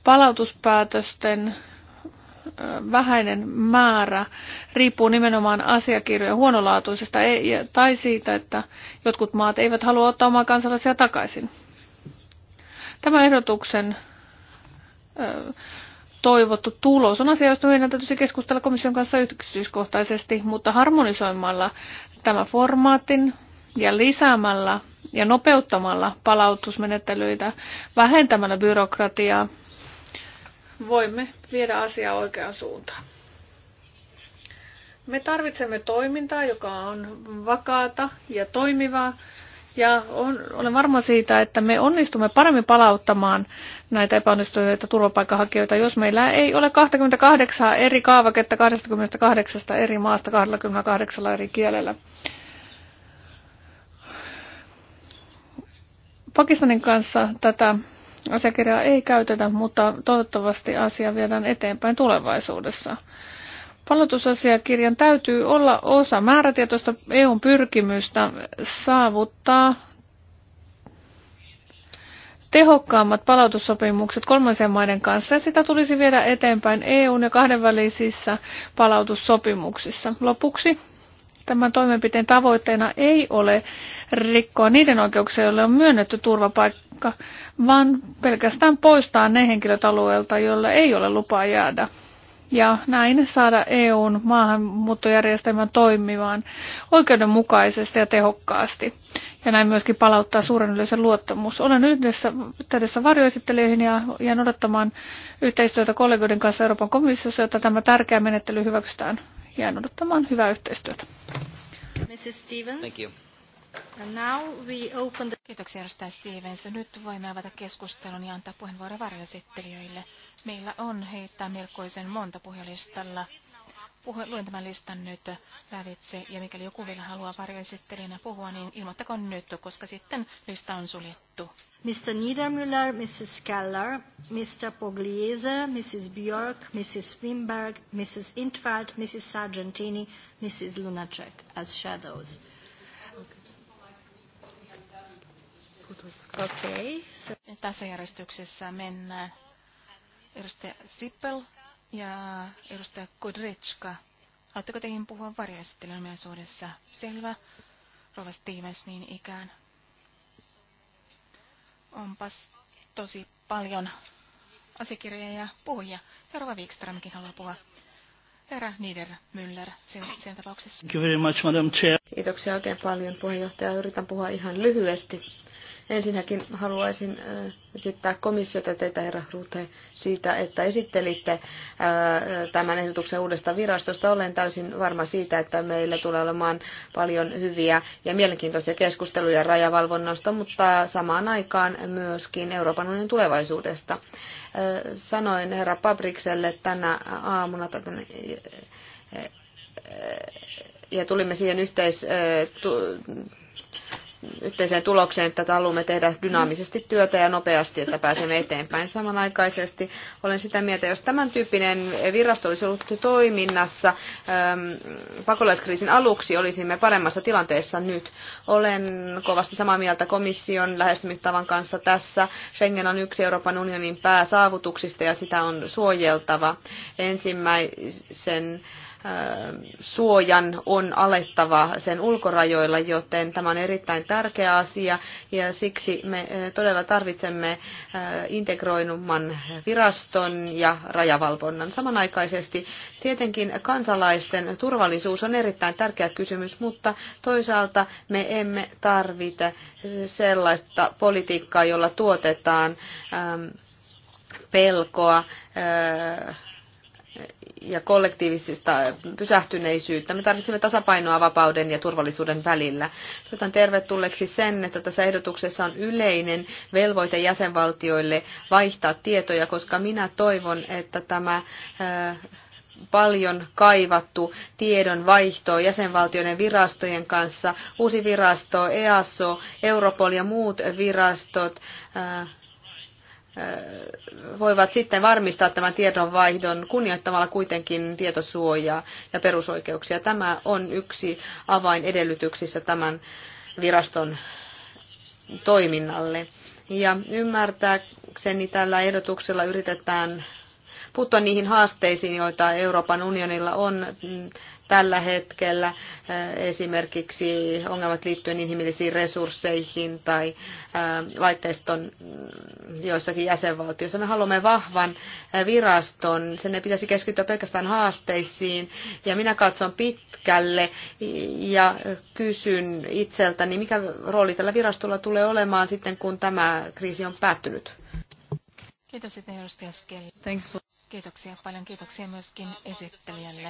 palautuspäätösten vähäinen määrä riippuu nimenomaan asiakirjojen huonolaatuisesta e- tai siitä, että jotkut maat eivät halua ottaa omaa kansalaisia takaisin. Tämä ehdotuksen toivottu tulos on asia, josta meidän täytyisi keskustella komission kanssa yksityiskohtaisesti, mutta harmonisoimalla tämä formaatin ja lisäämällä ja nopeuttamalla palautusmenettelyitä, vähentämällä byrokratiaa – voimme viedä asiaa oikeaan suuntaan. Me tarvitsemme toimintaa, joka on vakaata ja toimivaa. Ja on, olen varma siitä, että me onnistumme paremmin palauttamaan näitä epäonnistuneita turvapaikanhakijoita, jos meillä ei ole 28 eri kaavaketta 28 eri maasta 28 eri kielellä. Pakistanin kanssa tätä asiakirjaa ei käytetä, mutta toivottavasti asia viedään eteenpäin tulevaisuudessa. Palautusasiakirjan täytyy olla osa määrätietoista EUn pyrkimystä saavuttaa tehokkaammat palautussopimukset kolmansien maiden kanssa ja sitä tulisi viedä eteenpäin EUn ja kahdenvälisissä palautussopimuksissa. Lopuksi tämän toimenpiteen tavoitteena ei ole rikkoa niiden oikeuksia, joille on myönnetty turvapaikka paikka, vaan pelkästään poistaa ne henkilöt alueelta, joilla ei ole lupaa jäädä. Ja näin saada EUn maahanmuuttojärjestelmän toimimaan oikeudenmukaisesti ja tehokkaasti. Ja näin myöskin palauttaa suuren yleisen luottamus. Olen yhdessä tässä varjoesittelijöihin ja jään odottamaan yhteistyötä kollegoiden kanssa Euroopan komissiossa, jotta tämä tärkeä menettely hyväksytään. Jään odottamaan hyvää yhteistyötä. Mrs. Stevens. Thank you now we open the... Kiitoksia edustaja Stevens. Nyt voimme avata keskustelun ja antaa puheenvuoro varjoesittelijöille. Meillä on heittää melkoisen monta puhelistalla. Puhe, luen tämän listan nyt lävitse ja mikäli joku vielä haluaa varjoesittelijänä puhua, niin ilmoittakoon nyt, koska sitten lista on suljettu. Mr. Niedermüller, Mrs. Keller, Mr. Pogliese, Mrs. Björk, Mrs. Wimberg, Mrs. Intveld, Mrs. Sargentini, Mrs. Lunacek as shadows. Okay, so. Tässä järjestyksessä mennään edustaja Sippel ja edustaja Kudritska. Haluatteko teihin puhua varjoesittelymielisuudessa? Selvä. Rova Stevens niin ikään. Onpas tosi paljon asiakirjoja ja puhujia. Ja Rova Wikströmkin haluaa puhua. Herra Niedermüller, sen, sen tapauksessa. Thank you very much, Madam Chair. Kiitoksia oikein paljon puheenjohtaja. Yritän puhua ihan lyhyesti. Ensinnäkin haluaisin kiittää äh, komissiota teitä, herra Rute, siitä, että esittelitte äh, tämän ehdotuksen uudesta virastosta. Olen täysin varma siitä, että meillä tulee olemaan paljon hyviä ja mielenkiintoisia keskusteluja rajavalvonnasta, mutta samaan aikaan myöskin Euroopan unionin tulevaisuudesta. Äh, sanoin herra Pabrikselle tänä aamuna, ja tulimme siihen yhteis yhteiseen tulokseen, että haluamme tehdä dynaamisesti työtä ja nopeasti, että pääsemme eteenpäin samanaikaisesti. Olen sitä mieltä, jos tämän tyyppinen virasto olisi ollut toiminnassa ähm, pakolaiskriisin aluksi, olisimme paremmassa tilanteessa nyt. Olen kovasti samaa mieltä komission lähestymistavan kanssa tässä. Schengen on yksi Euroopan unionin pääsaavutuksista ja sitä on suojeltava. Ensimmäisen suojan on alettava sen ulkorajoilla, joten tämä on erittäin tärkeä asia ja siksi me eh, todella tarvitsemme eh, integroinumman viraston ja rajavalvonnan. Samanaikaisesti tietenkin kansalaisten turvallisuus on erittäin tärkeä kysymys, mutta toisaalta me emme tarvita sellaista politiikkaa, jolla tuotetaan ehm, pelkoa eh, ja kollektiivisista pysähtyneisyyttä. Me tarvitsemme tasapainoa vapauden ja turvallisuuden välillä. Jotan tervetulleeksi sen, että tässä ehdotuksessa on yleinen velvoite jäsenvaltioille vaihtaa tietoja, koska minä toivon, että tämä paljon kaivattu tiedon vaihto jäsenvaltioiden virastojen kanssa, uusi virasto, EASO, Europol ja muut virastot, voivat sitten varmistaa tämän tiedonvaihdon kunnioittamalla kuitenkin tietosuojaa ja perusoikeuksia. Tämä on yksi avain edellytyksissä tämän viraston toiminnalle. Ja ymmärtääkseni tällä ehdotuksella yritetään puuttua niihin haasteisiin, joita Euroopan unionilla on tällä hetkellä, äh, esimerkiksi ongelmat liittyen inhimillisiin resursseihin tai äh, laitteiston mm, joissakin jäsenvaltioissa. Me haluamme vahvan äh, viraston, sen ei pitäisi keskittyä pelkästään haasteisiin, ja minä katson pitkälle ja kysyn itseltäni, mikä rooli tällä virastolla tulee olemaan sitten, kun tämä kriisi on päättynyt. Kiitos, että edustaja Kiitoksia paljon. Kiitoksia myöskin esittelijälle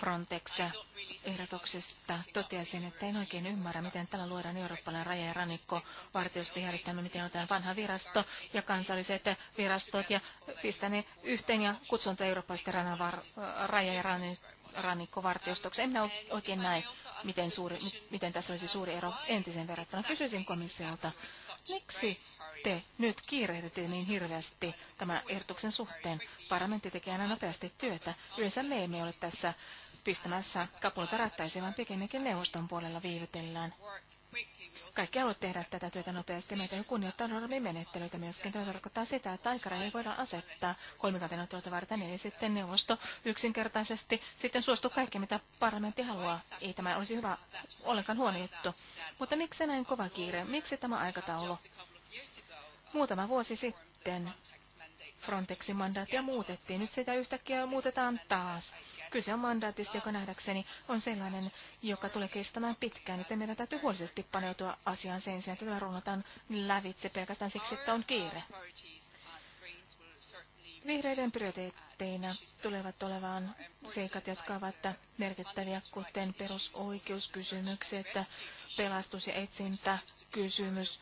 Frontex-ehdotuksesta toteaisin, että en oikein ymmärrä, miten tällä luodaan eurooppalainen raja- ja rannikko vartiosta järjestelmä, miten otetaan vanha virasto ja kansalliset virastot ja pistää ne yhteen ja kutsunta eurooppalaista raja- ja rannikkovartiostoksi. En oikein näe, miten, suuri, miten tässä olisi suuri ero entisen verrattuna. Kysyisin komissiolta, miksi te nyt kiirehditte niin hirveästi tämän ehdotuksen suhteen? Parlamentti tekee aina nopeasti työtä. Yleensä me emme ole tässä pistämässä kapulta rattaisiin, vaan pikemminkin neuvoston puolella viivytellään. Kaikki haluavat tehdä tätä työtä nopeasti. Meitä ei kunnioittaa normimenettelyitä myöskin. Tämä tarkoittaa sitä, että aikaraja voidaan asettaa kolmikantaneuvotteluita varten, eli sitten neuvosto yksinkertaisesti sitten suostuu kaikkeen, mitä parlamentti haluaa. Ei tämä olisi hyvä ollenkaan huono juttu. Mutta miksi näin kova kiire? Miksi tämä aikataulu? Muutama vuosi sitten Frontexin mandaattia muutettiin. Nyt sitä yhtäkkiä muutetaan taas. Kyse on mandaatista, joka nähdäkseni on sellainen, joka tulee kestämään pitkään, joten meidän täytyy huolisesti paneutua asiaan sen sijaan, että runnataan lävitse pelkästään siksi, että on kiire. Vihreiden prioriteetteina tulevat olevaan seikat, jotka ovat merkittäviä, kuten perusoikeuskysymykset, pelastus- ja etsintäkysymys,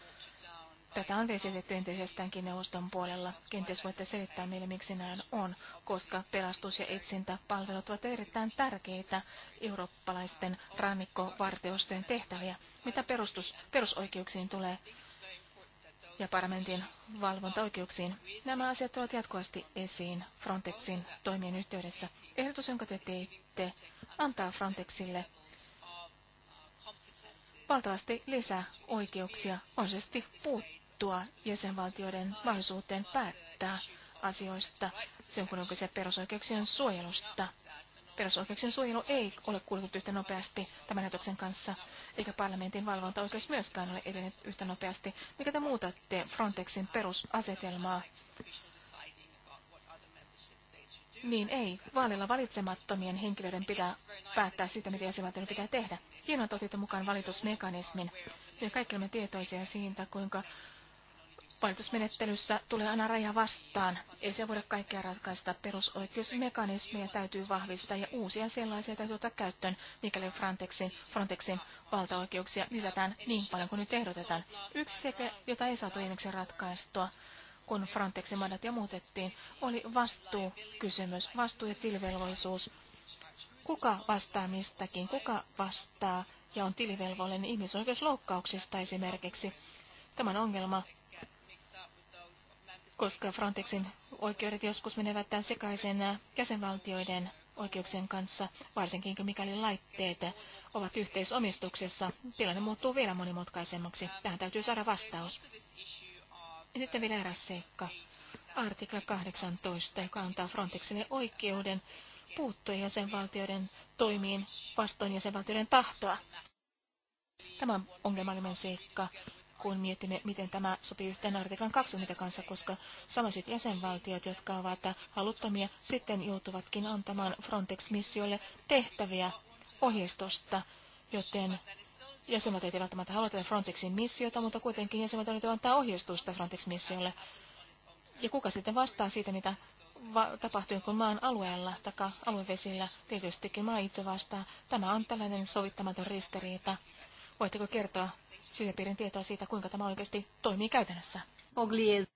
Tätä on esitetty entisestäänkin neuvoston puolella. Kenties voitte selittää meille, miksi näin on, koska pelastus- ja etsintäpalvelut ovat erittäin tärkeitä eurooppalaisten rannikkovartiostojen tehtäviä, mitä perustus, perusoikeuksiin tulee ja parlamentin valvontaoikeuksiin. Nämä asiat tulevat jatkuvasti esiin Frontexin toimien yhteydessä. Ehdotus, jonka te teitte, antaa Frontexille valtavasti lisää oikeuksia, on siis puuttua jäsenvaltioiden mahdollisuuteen päättää asioista, sen kun on kyse perusoikeuksien suojelusta. Perusoikeuksien suojelu ei ole kulkenut yhtä nopeasti tämän näytöksen kanssa, eikä parlamentin valvontaoikeus myöskään ole edennyt yhtä nopeasti, mikä te muutatte Frontexin perusasetelmaa. Niin ei. Vaalilla valitsemattomien henkilöiden pitää päättää siitä, mitä jäsenvaltioiden pitää tehdä. Hienoa, totiutta mukaan valitusmekanismin. Me kaikki olemme tietoisia siitä, kuinka Valitusmenettelyssä tulee aina raja vastaan. Ei se voida kaikkea ratkaista. Perusoikeusmekanismeja täytyy vahvistaa ja uusia sellaisia täytyy ottaa käyttöön, mikäli Frontexin, Frontexin valtaoikeuksia lisätään niin paljon kuin nyt ehdotetaan. Yksi sekä, jota ei saatu viimeksi ratkaistua, kun Frontexin mandaattia muutettiin, oli vastuukysymys, vastuu ja tilivelvollisuus. Kuka vastaa mistäkin? Kuka vastaa ja on tilivelvollinen ihmisoikeusloukkauksista esimerkiksi? Tämän ongelma koska Frontexin oikeudet joskus menevät tämän sekaisen jäsenvaltioiden oikeuksien kanssa, varsinkin mikäli laitteet ovat yhteisomistuksessa. Tilanne muuttuu vielä monimutkaisemmaksi. Tähän täytyy saada vastaus. Ja sitten vielä eräs seikka. Artikla 18, joka antaa Frontexille oikeuden puuttua jäsenvaltioiden toimiin vastoin jäsenvaltioiden tahtoa. Tämä on ongelmallinen seikka kun mietimme, miten tämä sopii yhteen artikan 20 kanssa, koska samaiset jäsenvaltiot, jotka ovat haluttomia, sitten joutuvatkin antamaan Frontex-missiolle tehtäviä ohjeistosta, joten jäsenvaltiot eivät välttämättä halua tätä Frontexin missiota, mutta kuitenkin jäsenvaltiot antaa ohjeistusta Frontex-missiolle. Ja kuka sitten vastaa siitä, mitä va- tapahtuu kun maan alueella tai aluevesillä? Tietystikin maa itse vastaa. Tämä on tällainen sovittamaton ristiriita. Voitteko kertoa sisäpiirin tietoa siitä, kuinka tämä oikeasti toimii käytännössä? Ogliese.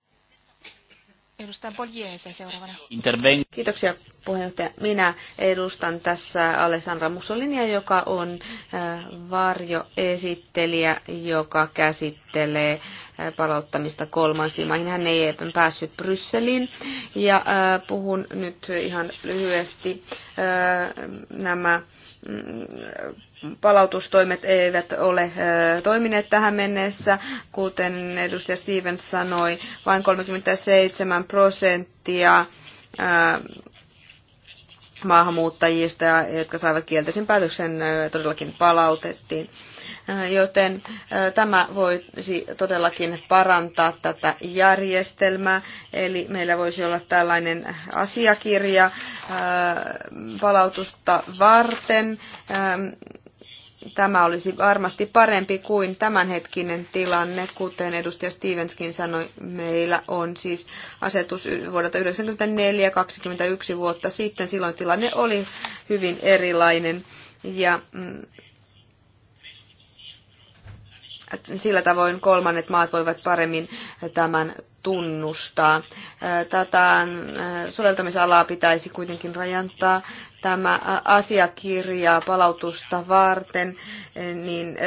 Edustaja Boljeese seuraavana. Interven... Kiitoksia puheenjohtaja. Minä edustan tässä Alessandra Mussolinia, joka on äh, varjoesittelijä, joka käsittelee äh, palauttamista kolmansiin maihin. Hän ei päässyt Brysseliin ja äh, puhun nyt ihan lyhyesti nämä palautustoimet eivät ole toimineet tähän mennessä. Kuten edustaja Stevens sanoi, vain 37 prosenttia maahanmuuttajista, jotka saivat kielteisen päätöksen, todellakin palautettiin joten tämä voisi todellakin parantaa tätä järjestelmää. Eli meillä voisi olla tällainen asiakirja palautusta varten. Tämä olisi varmasti parempi kuin tämänhetkinen tilanne, kuten edustaja Stevenskin sanoi, meillä on siis asetus vuodelta 1994 21 vuotta sitten. Silloin tilanne oli hyvin erilainen ja mm, sillä tavoin kolmannet maat voivat paremmin tämän tunnustaa. Tätä soveltamisalaa pitäisi kuitenkin rajantaa tämä asiakirja palautusta varten, niin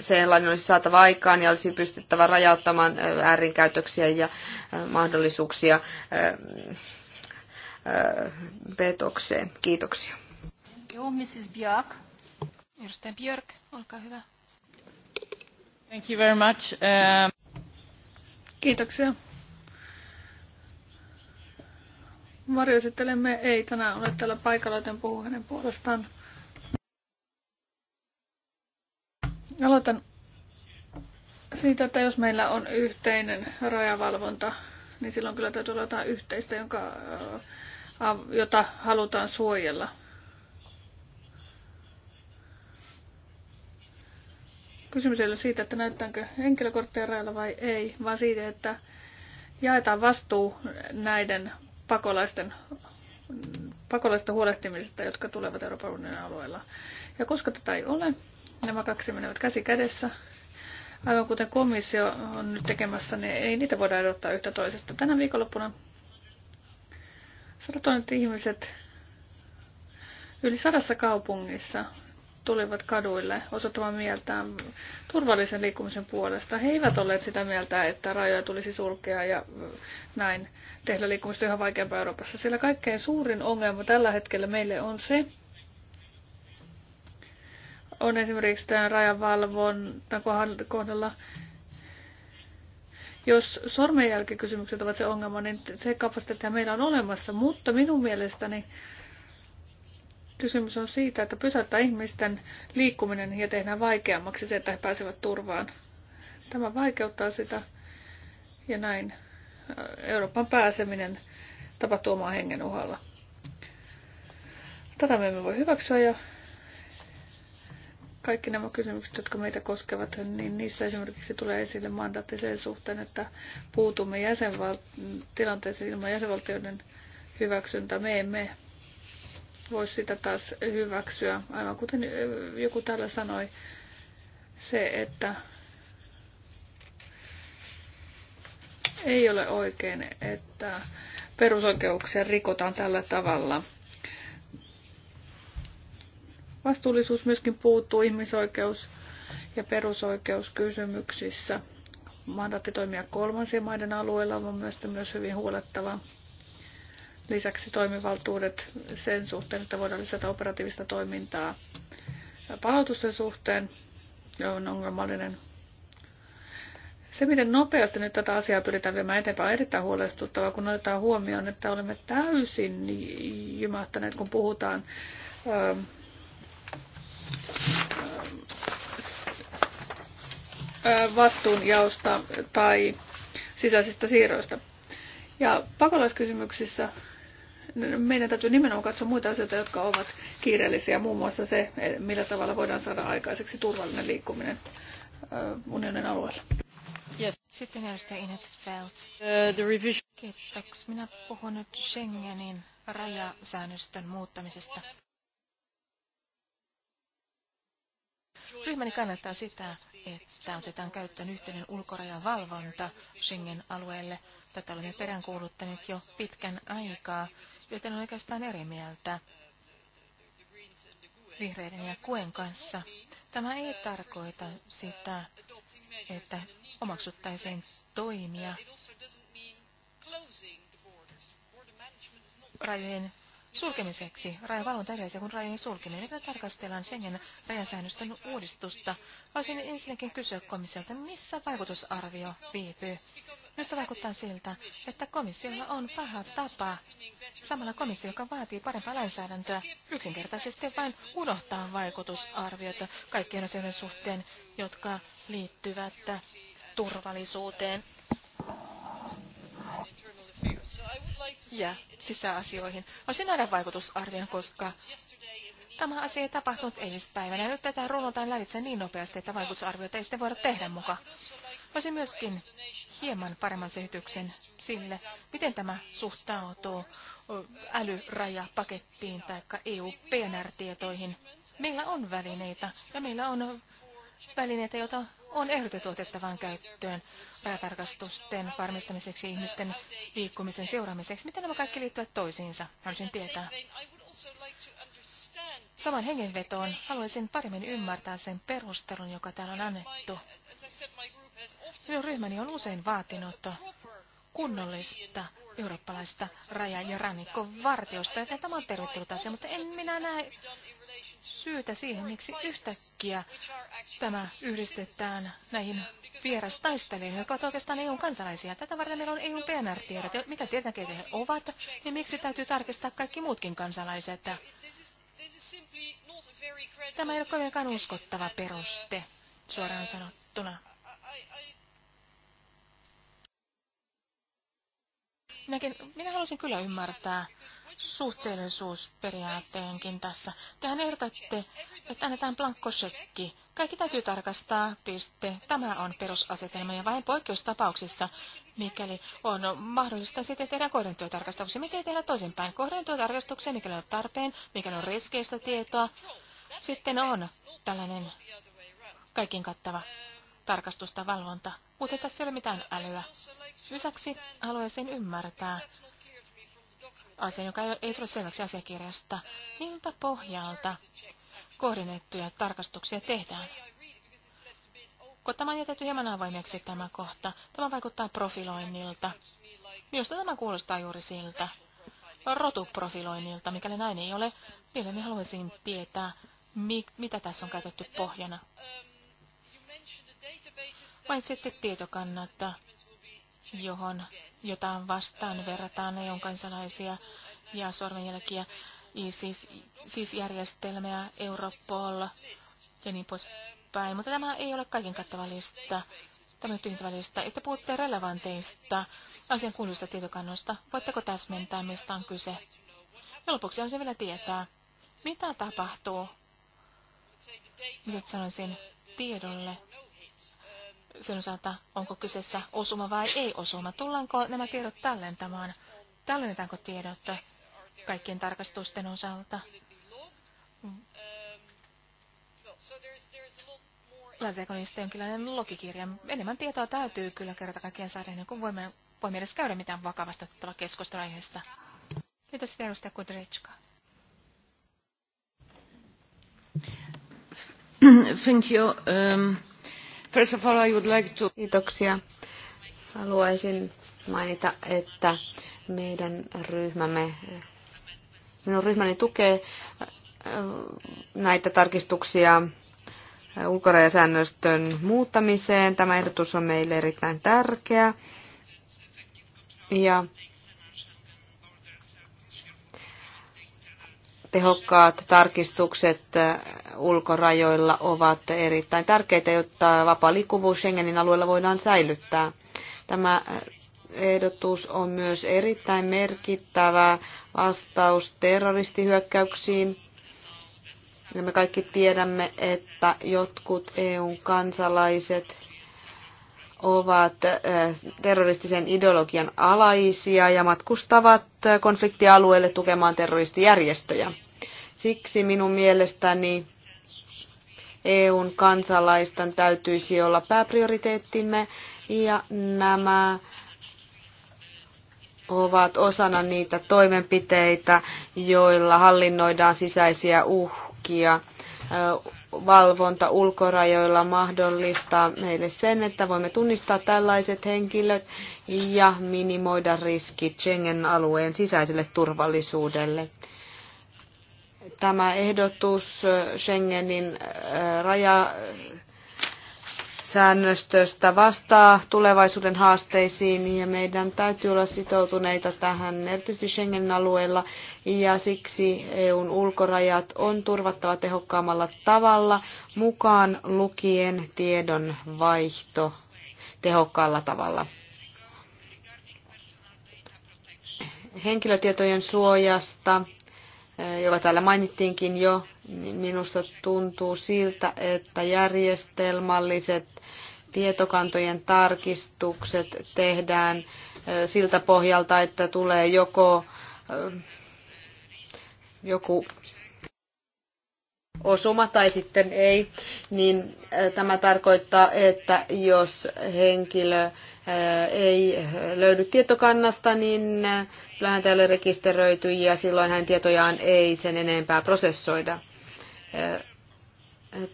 sellainen olisi saatava aikaan ja olisi pystyttävä rajauttamaan äärinkäytöksiä ja mahdollisuuksia petokseen. Kiitoksia. Joo, Mrs. Björk. Edustaja Björk, olkaa hyvä. Thank you very much. Uh... Kiitoksia. Varjoesittelemme ei tänään ole täällä paikalla, joten puhun hänen puolestaan. Aloitan siitä, että jos meillä on yhteinen rajavalvonta, niin silloin kyllä täytyy olla jotain yhteistä, jonka, äh, jota halutaan suojella. Kysymys ei ole siitä, että näyttääkö henkilökortteja rajalla vai ei, vaan siitä, että jaetaan vastuu näiden pakolaisten, pakolaisten huolehtimisesta, jotka tulevat Euroopan unionin alueella. Ja koska tätä ei ole, nämä kaksi menevät käsi kädessä. Aivan kuten komissio on nyt tekemässä, niin ei niitä voida erottaa yhtä toisesta. Tänä viikonloppuna sadat ihmiset yli sadassa kaupungissa tulivat kaduille osoittamaan mieltään turvallisen liikkumisen puolesta. He eivät olleet sitä mieltä, että rajoja tulisi sulkea ja mm, näin tehdä liikkumista yhä vaikeampaa Euroopassa. Sillä kaikkein suurin ongelma tällä hetkellä meille on se, on esimerkiksi tämän rajavalvon kohdalla, jos sormenjälkikysymykset ovat se ongelma, niin se kapasiteettihan meillä on olemassa, mutta minun mielestäni Kysymys on siitä, että pysäyttää ihmisten liikkuminen ja tehdään vaikeammaksi se, että he pääsevät turvaan. Tämä vaikeuttaa sitä ja näin äh, Euroopan pääseminen tapahtuu omaa hengen uhalla. Tätä me emme voi hyväksyä ja kaikki nämä kysymykset, jotka meitä koskevat, niin niissä esimerkiksi tulee esille mandaatti sen suhteen, että puutumme jäsenval- tilanteeseen ilman jäsenvaltioiden hyväksyntää. Me emme voi sitä taas hyväksyä. Aivan kuten joku täällä sanoi, se, että ei ole oikein, että perusoikeuksia rikotaan tällä tavalla. Vastuullisuus myöskin puuttuu ihmisoikeus- ja perusoikeuskysymyksissä. Mandaatti toimia kolmansien maiden alueella on myös, myös hyvin huolettava. Lisäksi toimivaltuudet sen suhteen, että voidaan lisätä operatiivista toimintaa palautusten suhteen on ongelmallinen. Se, miten nopeasti nyt tätä asiaa pyritään viemään eteenpäin, on erittäin huolestuttavaa, kun otetaan huomioon, että olemme täysin jymähtäneet, kun puhutaan öö, vastuunjaosta tai sisäisistä siirroista. Ja pakolaiskysymyksissä meidän täytyy nimenomaan katsoa muita asioita, jotka ovat kiireellisiä, muun muassa se, millä tavalla voidaan saada aikaiseksi turvallinen liikkuminen äh, unionin alueella. Yes. Sitten edustaja Inet Felt. Uh, the revision. Kiitos. Minä puhun nyt Schengenin rajasäännöstön muuttamisesta. Ryhmäni kannattaa sitä, että otetaan käyttöön yhteinen ulkorajavalvonta valvonta Schengen-alueelle. Tätä olemme peräänkuuluttaneet jo pitkän aikaa joten on oikeastaan eri mieltä vihreiden ja kuen kanssa. Tämä ei tarkoita sitä, että omaksuttaisiin toimia rajojen sulkemiseksi. Rajavalvonta edellisiä kuin rajojen sulkeminen. Mitä tarkastellaan Schengen rajasäännöstön uudistusta? Voisin ensinnäkin kysyä komissiolta, missä vaikutusarvio viipyy? Minusta vaikuttaa siltä, että komissiolla on paha tapa. Samalla komissio, joka vaatii parempaa lainsäädäntöä, yksinkertaisesti vain unohtaa vaikutusarviota kaikkien asioiden suhteen, jotka liittyvät turvallisuuteen ja sisäasioihin. Olisin nähdä vaikutusarvion, koska tämä asia ei tapahtunut eilispäivänä. Nyt tätä runotaan lävitse niin nopeasti, että vaikutusarvioita ei sitten voida tehdä mukaan. Olisi myöskin hieman paremman selityksen sille, miten tämä suhtautuu älyrajapakettiin tai EU-PNR-tietoihin. Meillä on välineitä ja meillä on välineitä, joita on ehdotettu otettavaan käyttöön rajatarkastusten varmistamiseksi ihmisten liikkumisen seuraamiseksi. Miten nämä kaikki liittyvät toisiinsa? Haluaisin tietää. Saman hengenvetoon haluaisin paremmin ymmärtää sen perustelun, joka täällä on annettu. Minun ryhmäni on usein vaatinut kunnollista eurooppalaista raja- ja rannikkovartiosta, ja tämä on tervetullut asia, mutta en minä näe syytä siihen, miksi yhtäkkiä tämä yhdistetään näihin vierastaistelijoihin, jotka ovat oikeastaan EUn kansalaisia. Tätä varten meillä on EUn PNR-tiedot, mitä tietenkin he ovat, niin miksi täytyy tarkistaa kaikki muutkin kansalaiset. Tämä ei ole kovinkaan uskottava peruste, suoraan sanottuna. Minäkin, minä haluaisin kyllä ymmärtää suhteellisuusperiaatteenkin tässä. Tehän ehdotatte, että annetaan blankkosekki. Kaikki täytyy tarkastaa, piste. Tämä on perusasetelma ja vain poikkeustapauksissa, mikäli on mahdollista sitten tehdä kohdentyötarkastuksia. Miten tehdä toisinpäin? Kohdentyötarkastuksia, mikäli on tarpeen, mikäli on riskeistä tietoa. Sitten on tällainen kaikin kattava tarkastusta valvonta, mutta tässä ei ole mitään älyä. Lisäksi haluaisin ymmärtää asian, joka ei tule selväksi asiakirjasta, miltä pohjalta kohdennettuja tarkastuksia tehdään. Kun tämä on jätetty hieman avoimeksi tämä kohta, tämä vaikuttaa profiloinnilta. Minusta tämä kuulostaa juuri siltä. Rotuprofiloinnilta, mikäli näin ei ole, niin haluaisin tietää, mitä tässä on käytetty pohjana sitten tietokannatta, johon, jotain vastaan verrataan ne on kansalaisia ja sormenjälkiä, siis, siis järjestelmää, Europol ja niin poispäin. Mutta tämä ei ole kaiken kattava lista, tämä tyhjentävä lista, että puhutte relevanteista asian kuuluista tietokannoista. Voitteko täsmentää, mistä on kyse? Ja no lopuksi on se vielä tietää, mitä tapahtuu, mitä sanoisin, tiedolle sen osalta, onko kyseessä osuma vai ei osuma. Tullaanko nämä tiedot tallentamaan? Tallennetaanko tiedot kaikkien tarkastusten osalta? Laitetaanko niistä jonkinlainen logikirja? Enemmän tietoa täytyy kyllä kerta kaikkien saada ennen kuin voimme, voimme edes käydä mitään vakavasta tuttavaa keskustelua aiheesta. Kiitos, edustaja Kudrechka. Thank you. Um... First of all, I would like to... Kiitoksia. Haluaisin mainita, että meidän ryhmämme, minun ryhmäni tukee äh, näitä tarkistuksia ulkorajasäännöstön muuttamiseen. Tämä ehdotus on meille erittäin tärkeä. Ja tehokkaat tarkistukset äh, ulkorajoilla ovat erittäin tärkeitä, jotta vapaa liikkuvuus Schengenin alueella voidaan säilyttää. Tämä äh, ehdotus on myös erittäin merkittävä vastaus terroristihyökkäyksiin. Ja me kaikki tiedämme, että jotkut eu kansalaiset ovat eh, terroristisen ideologian alaisia ja matkustavat konfliktialueelle tukemaan terroristijärjestöjä. Siksi minun mielestäni EUn kansalaisten täytyisi olla pääprioriteettimme ja nämä ovat osana niitä toimenpiteitä, joilla hallinnoidaan sisäisiä uhkia. Eh, valvonta ulkorajoilla mahdollistaa meille sen, että voimme tunnistaa tällaiset henkilöt ja minimoida riskit Schengen-alueen sisäiselle turvallisuudelle. Tämä ehdotus Schengenin äh, raja säännöstöstä vastaa tulevaisuuden haasteisiin ja meidän täytyy olla sitoutuneita tähän erityisesti schengen alueella ja siksi EUn ulkorajat on turvattava tehokkaammalla tavalla mukaan lukien tiedon vaihto tehokkaalla tavalla. Henkilötietojen suojasta, joka täällä mainittiinkin jo, niin minusta tuntuu siltä, että järjestelmälliset tietokantojen tarkistukset tehdään siltä pohjalta, että tulee joko joku osuma tai sitten ei, niin tämä tarkoittaa, että jos henkilö ei löydy tietokannasta, niin silloin häntä ei ole rekisteröity ja silloin hänen tietojaan ei sen enempää prosessoida.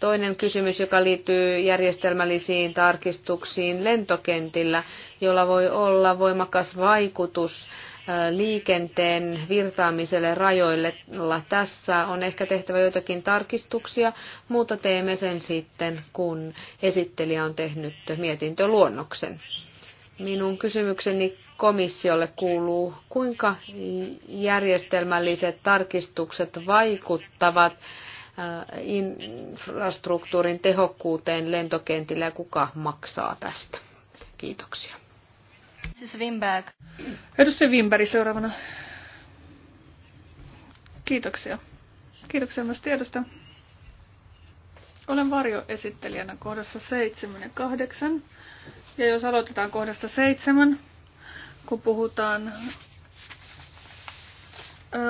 Toinen kysymys, joka liittyy järjestelmällisiin tarkistuksiin lentokentillä, jolla voi olla voimakas vaikutus liikenteen virtaamiselle rajoille. Tässä on ehkä tehtävä joitakin tarkistuksia, mutta teemme sen sitten, kun esittelijä on tehnyt mietintöluonnoksen. Minun kysymykseni komissiolle kuuluu, kuinka järjestelmälliset tarkistukset vaikuttavat Äh, infrastruktuurin tehokkuuteen lentokentillä ja kuka maksaa tästä. Kiitoksia. Edustaja Wimberg seuraavana. Kiitoksia. Kiitoksia myös tiedosta. Olen varjoesittelijänä kohdassa 7 ja 8. Ja jos aloitetaan kohdasta 7, kun puhutaan ö,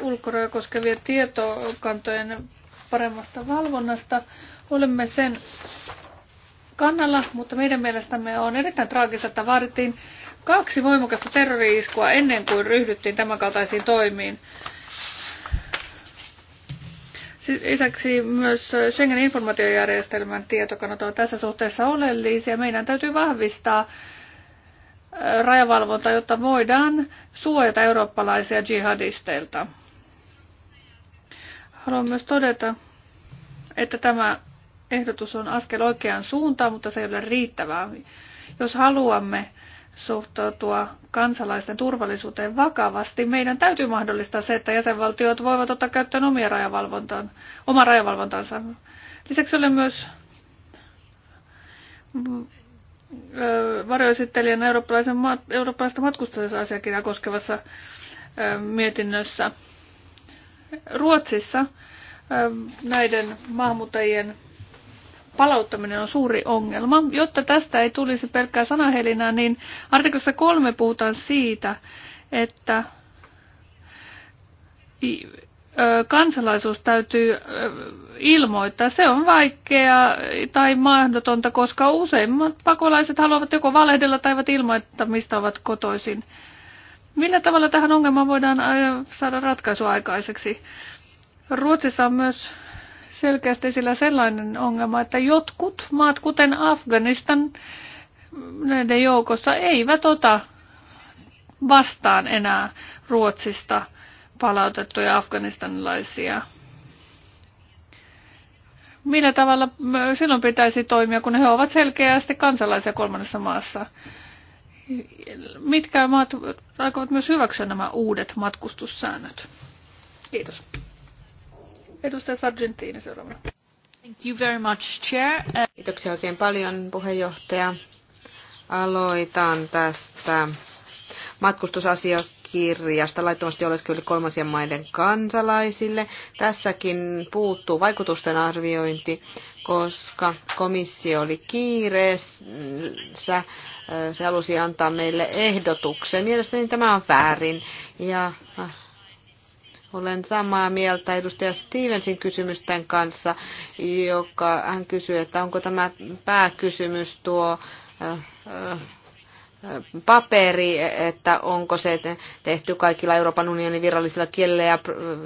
ulkoraja koskevien tietokantojen paremmasta valvonnasta. Olemme sen kannalla, mutta meidän mielestämme on erittäin traagista, että vaadittiin kaksi voimakasta terrori-iskua ennen kuin ryhdyttiin tämänkaltaisiin toimiin. Lisäksi myös Schengen informaatiojärjestelmän tietokannat ovat tässä suhteessa oleellisia. Meidän täytyy vahvistaa rajavalvonta, jotta voidaan suojata eurooppalaisia jihadisteilta. Haluan myös todeta, että tämä ehdotus on askel oikeaan suuntaan, mutta se ei ole riittävää. Jos haluamme suhtautua kansalaisten turvallisuuteen vakavasti, meidän täytyy mahdollistaa se, että jäsenvaltiot voivat ottaa käyttöön omia rajavalvontaan, oma rajavalvontansa. Lisäksi olen myös varjoesittelijän eurooppalaisen, eurooppalaista matkustusasiakirjaa koskevassa mietinnössä Ruotsissa näiden maahanmuuttajien palauttaminen on suuri ongelma. Jotta tästä ei tulisi pelkkää sanahelinää, niin artiklassa kolme puhutaan siitä, että kansalaisuus täytyy ilmoittaa. Se on vaikeaa tai mahdotonta, koska useimmat pakolaiset haluavat joko valehdella tai ilmoittaa, mistä ovat kotoisin. Millä tavalla tähän ongelmaan voidaan äh, saada ratkaisu aikaiseksi? Ruotsissa on myös selkeästi sillä sellainen ongelma, että jotkut maat, kuten Afganistan, näiden joukossa eivät ota vastaan enää Ruotsista palautettuja afganistanilaisia. Millä tavalla äh, silloin pitäisi toimia, kun he ovat selkeästi kansalaisia kolmannessa maassa? mitkä maat aikovat myös hyväksyä nämä uudet matkustussäännöt? Kiitos. Edustaja Sargentini seuraavana. Thank you very much, Chair. Kiitoksia oikein paljon, puheenjohtaja. Aloitan tästä matkustusasiasta kirjasta laittomasti oleskeluille kolmansien maiden kansalaisille. Tässäkin puuttuu vaikutusten arviointi, koska komissio oli kiireessä. Se halusi antaa meille ehdotuksen. Mielestäni tämä on väärin. Ja äh, olen samaa mieltä edustaja Stevensin kysymysten kanssa, joka hän kysyy, että onko tämä pääkysymys tuo paperi, että onko se tehty kaikilla Euroopan unionin virallisilla kielillä ja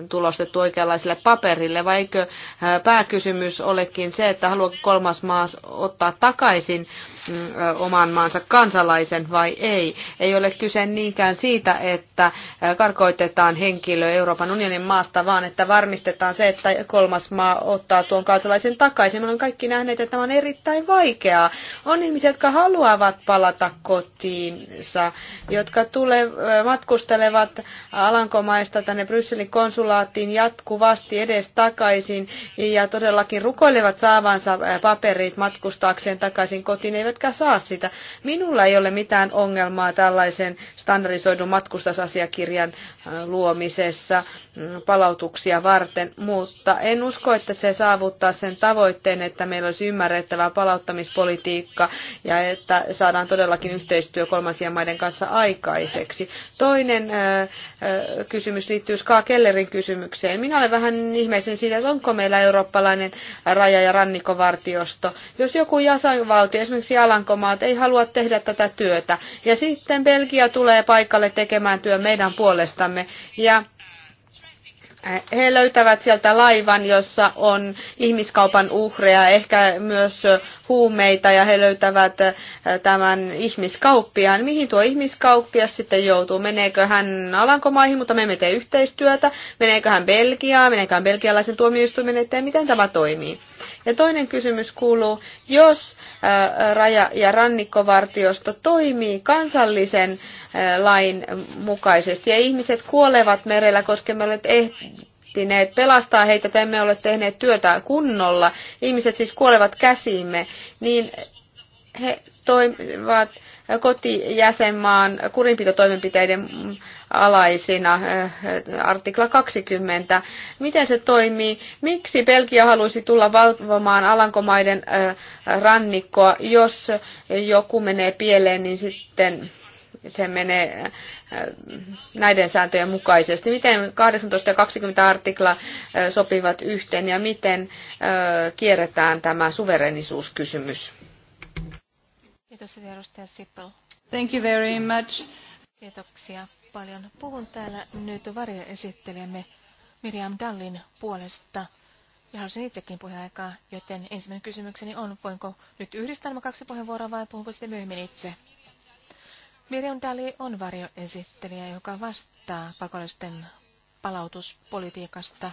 tulostettu oikeanlaiselle paperille, vai eikö äh, pääkysymys olekin se, että haluaako kolmas maa ottaa takaisin mm, oman maansa kansalaisen vai ei. Ei ole kyse niinkään siitä, että äh, karkoitetaan henkilö Euroopan unionin maasta, vaan että varmistetaan se, että kolmas maa ottaa tuon kansalaisen takaisin. Me olemme kaikki nähneet, että tämä on erittäin vaikeaa. On ihmisiä, jotka haluavat palata kotiin kotiinsa, jotka tule, matkustelevat Alankomaista tänne Brysselin konsulaattiin jatkuvasti edes takaisin ja todellakin rukoilevat saavansa paperit matkustaakseen takaisin kotiin, eivätkä saa sitä. Minulla ei ole mitään ongelmaa tällaisen standardisoidun matkustusasiakirjan luomisessa palautuksia varten, mutta en usko, että se saavuttaa sen tavoitteen, että meillä olisi ymmärrettävä palauttamispolitiikka ja että saadaan todellakin yhteistyö yhteistyö kolmansien maiden kanssa aikaiseksi. Toinen kysymys liittyy Ska Kellerin kysymykseen. Minä olen vähän ihmeisen siitä, että onko meillä eurooppalainen raja- ja rannikovartiosto. Jos joku jäsenvaltio, esimerkiksi Alankomaat, ei halua tehdä tätä työtä, ja sitten Belgia tulee paikalle tekemään työn meidän puolestamme, ja he löytävät sieltä laivan, jossa on ihmiskaupan uhreja, ehkä myös huumeita, ja he löytävät eh, tämän ihmiskauppiaan. Mihin tuo ihmiskauppias sitten joutuu? Meneekö hän Alankomaihin, mutta me emme tee yhteistyötä? Meneekö hän Belgiaan? Meneekö hän belgialaisen tuomioistuimen eteen? Miten tämä toimii? Ja toinen kysymys kuuluu, jos raja- ja rannikkovartiosto toimii kansallisen lain mukaisesti ja ihmiset kuolevat merellä, koska me olet ehtineet pelastaa heitä tai emme ole tehneet työtä kunnolla, ihmiset siis kuolevat käsiimme, niin he toimivat kotijäsenmaan kurinpitotoimenpiteiden alaisina, eh, artikla 20. Miten se toimii? Miksi Belgia haluaisi tulla valvomaan Alankomaiden eh, rannikkoa, jos joku menee pieleen, niin sitten se menee eh, näiden sääntöjen mukaisesti. Miten 18 ja 20 artikla sopivat yhteen ja miten kierretään tämä suverenisuuskysymys? Kiitos, edustaja Sippel. Thank you very much. Kiitoksia paljon. Puhun täällä nyt varjoesittelijämme Miriam Dallin puolesta. Ja haluaisin itsekin puheaikaa, joten ensimmäinen kysymykseni on, voinko nyt yhdistää nämä kaksi puheenvuoroa vai puhunko sitten myöhemmin itse? Miriam Dali on varjoesittelijä, joka vastaa pakolaisten palautuspolitiikasta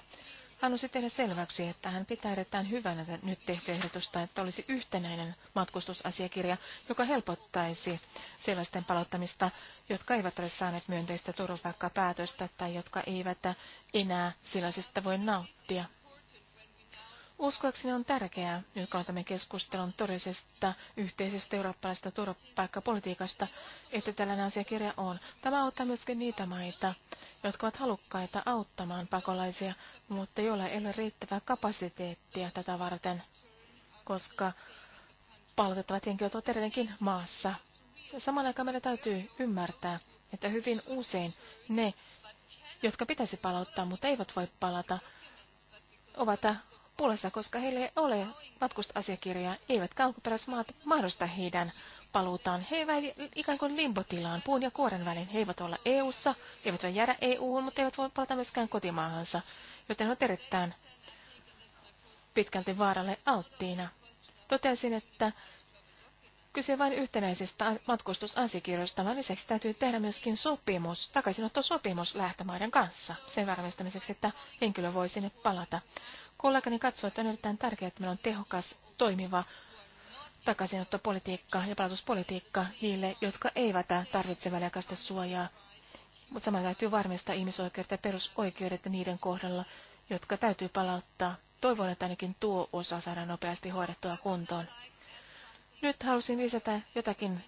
halusi tehdä selväksi, että hän pitää erittäin hyvänä nyt tehtyä ehdotusta, että olisi yhtenäinen matkustusasiakirja, joka helpottaisi sellaisten palauttamista, jotka eivät ole saaneet myönteistä turvapaikkapäätöstä tai jotka eivät enää sellaisesta voi nauttia. Uskoakseni on tärkeää, nyt kun keskustelun todellisesta yhteisestä eurooppalaisesta turvapaikkapolitiikasta, että tällainen asiakirja on. Tämä auttaa myöskin niitä maita, jotka ovat halukkaita auttamaan pakolaisia, mutta joilla ei ole riittävää kapasiteettia tätä varten, koska palautettavat henkilöt ovat tietenkin maassa. Samalla aikaan meidän täytyy ymmärtää, että hyvin usein ne, jotka pitäisi palauttaa, mutta eivät voi palata, ovat pulassa, koska heille ei ole eivät eivätkä alkuperäismaat mahdollista heidän paluutaan. He eivät ikään kuin limbotilaan puun ja kuoren väliin. He eivät olla EU-ssa, eivät voi jäädä EU-hun, mutta eivät voi palata myöskään kotimaahansa, joten on erittäin pitkälti vaaralle alttiina. Totesin, että kyse vain yhtenäisestä matkustusasiakirjoista, vaan lisäksi täytyy tehdä myöskin sopimus, sopimus lähtömaiden kanssa sen varmistamiseksi, että henkilö voi sinne palata. Kollegani katsoo, että on erittäin tärkeää, että meillä on tehokas, toimiva takaisinottopolitiikka ja palautuspolitiikka niille, jotka eivät tarvitse väliaikaista suojaa. Mutta samalla täytyy varmistaa ihmisoikeudet ja perusoikeudet niiden kohdalla, jotka täytyy palauttaa. Toivon, että ainakin tuo osa saadaan nopeasti hoidettua kuntoon. Nyt halusin lisätä jotakin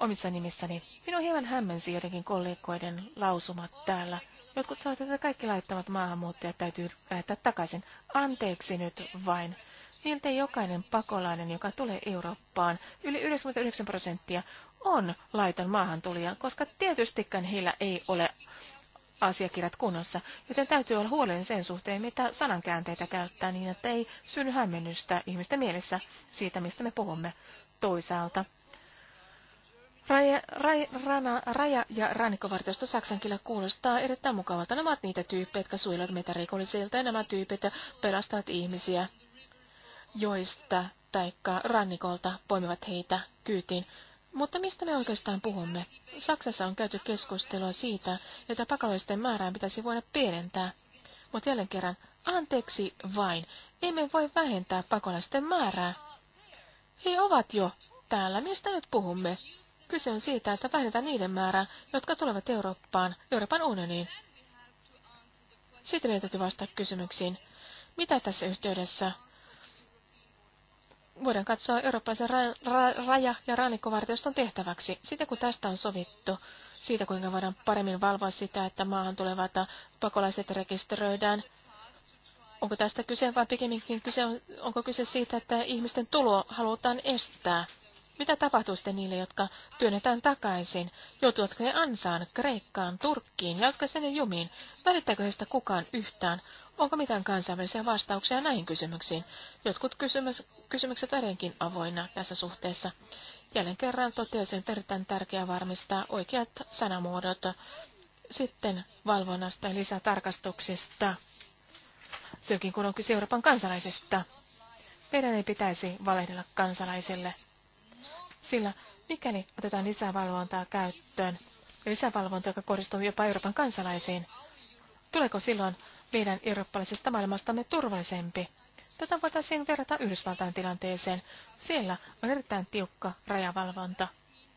omissa nimissäni. Minun hieman hämmensi joidenkin kollegoiden lausumat täällä. Jotkut sanoivat, että kaikki laittamat maahanmuuttajat täytyy lähettää takaisin. Anteeksi nyt vain. Niiltä jokainen pakolainen, joka tulee Eurooppaan, yli 99 prosenttia, on laiton maahantulija, koska tietystikään heillä ei ole asiakirjat kunnossa, joten täytyy olla huolellinen sen suhteen, mitä sanankäänteitä käyttää niin, että ei synny hämmennystä ihmisten mielessä siitä, mistä me puhumme. Toisaalta Raja, rana, raja ja rannikkovartiosto Saksan kyllä kuulostaa erittäin mukavalta. Nämä ovat niitä tyyppejä, jotka suojelevat meitä rikollisilta ja nämä tyypit pelastavat ihmisiä joista taikka rannikolta poimivat heitä kyytiin. Mutta mistä me oikeastaan puhumme? Saksassa on käyty keskustelua siitä, että pakolaisten määrää pitäisi voida pienentää. Mutta jälleen kerran, anteeksi vain, emme voi vähentää pakolaisten määrää. He ovat jo täällä, mistä nyt puhumme? Kyse on siitä, että vähennetään niiden määrää, jotka tulevat Eurooppaan, Euroopan unioniin. Sitten meidän täytyy vastata kysymyksiin. Mitä tässä yhteydessä voidaan katsoa eurooppalaisen ra- ra- raja- ja rannikkovartioston tehtäväksi. Sitä kun tästä on sovittu, siitä kuinka voidaan paremmin valvoa sitä, että maahan tulevat pakolaiset rekisteröidään. Onko tästä kyse vai pikemminkin kyse, onko kyse siitä, että ihmisten tulo halutaan estää? Mitä tapahtuu sitten niille, jotka työnnetään takaisin? Joutuvatko he ansaan, Kreikkaan, Turkkiin, jotka sinne jumiin? Välittääkö heistä kukaan yhtään? Onko mitään kansainvälisiä vastauksia näihin kysymyksiin? Jotkut kysymys, kysymykset edelleenkin avoinna tässä suhteessa. Jälleen kerran totesin, että erittäin tärkeää varmistaa oikeat sanamuodot sitten valvonnasta ja lisätarkastuksesta. Silläkin kun on kyse Euroopan kansalaisista. Meidän ei pitäisi valehdella kansalaisille. Sillä mikäli otetaan lisävalvontaa käyttöön, lisävalvonta, joka kohdistuu jopa Euroopan kansalaisiin, tuleeko silloin meidän eurooppalaisesta maailmastamme turvallisempi? Tätä voitaisiin verrata Yhdysvaltain tilanteeseen. Siellä on erittäin tiukka rajavalvonta.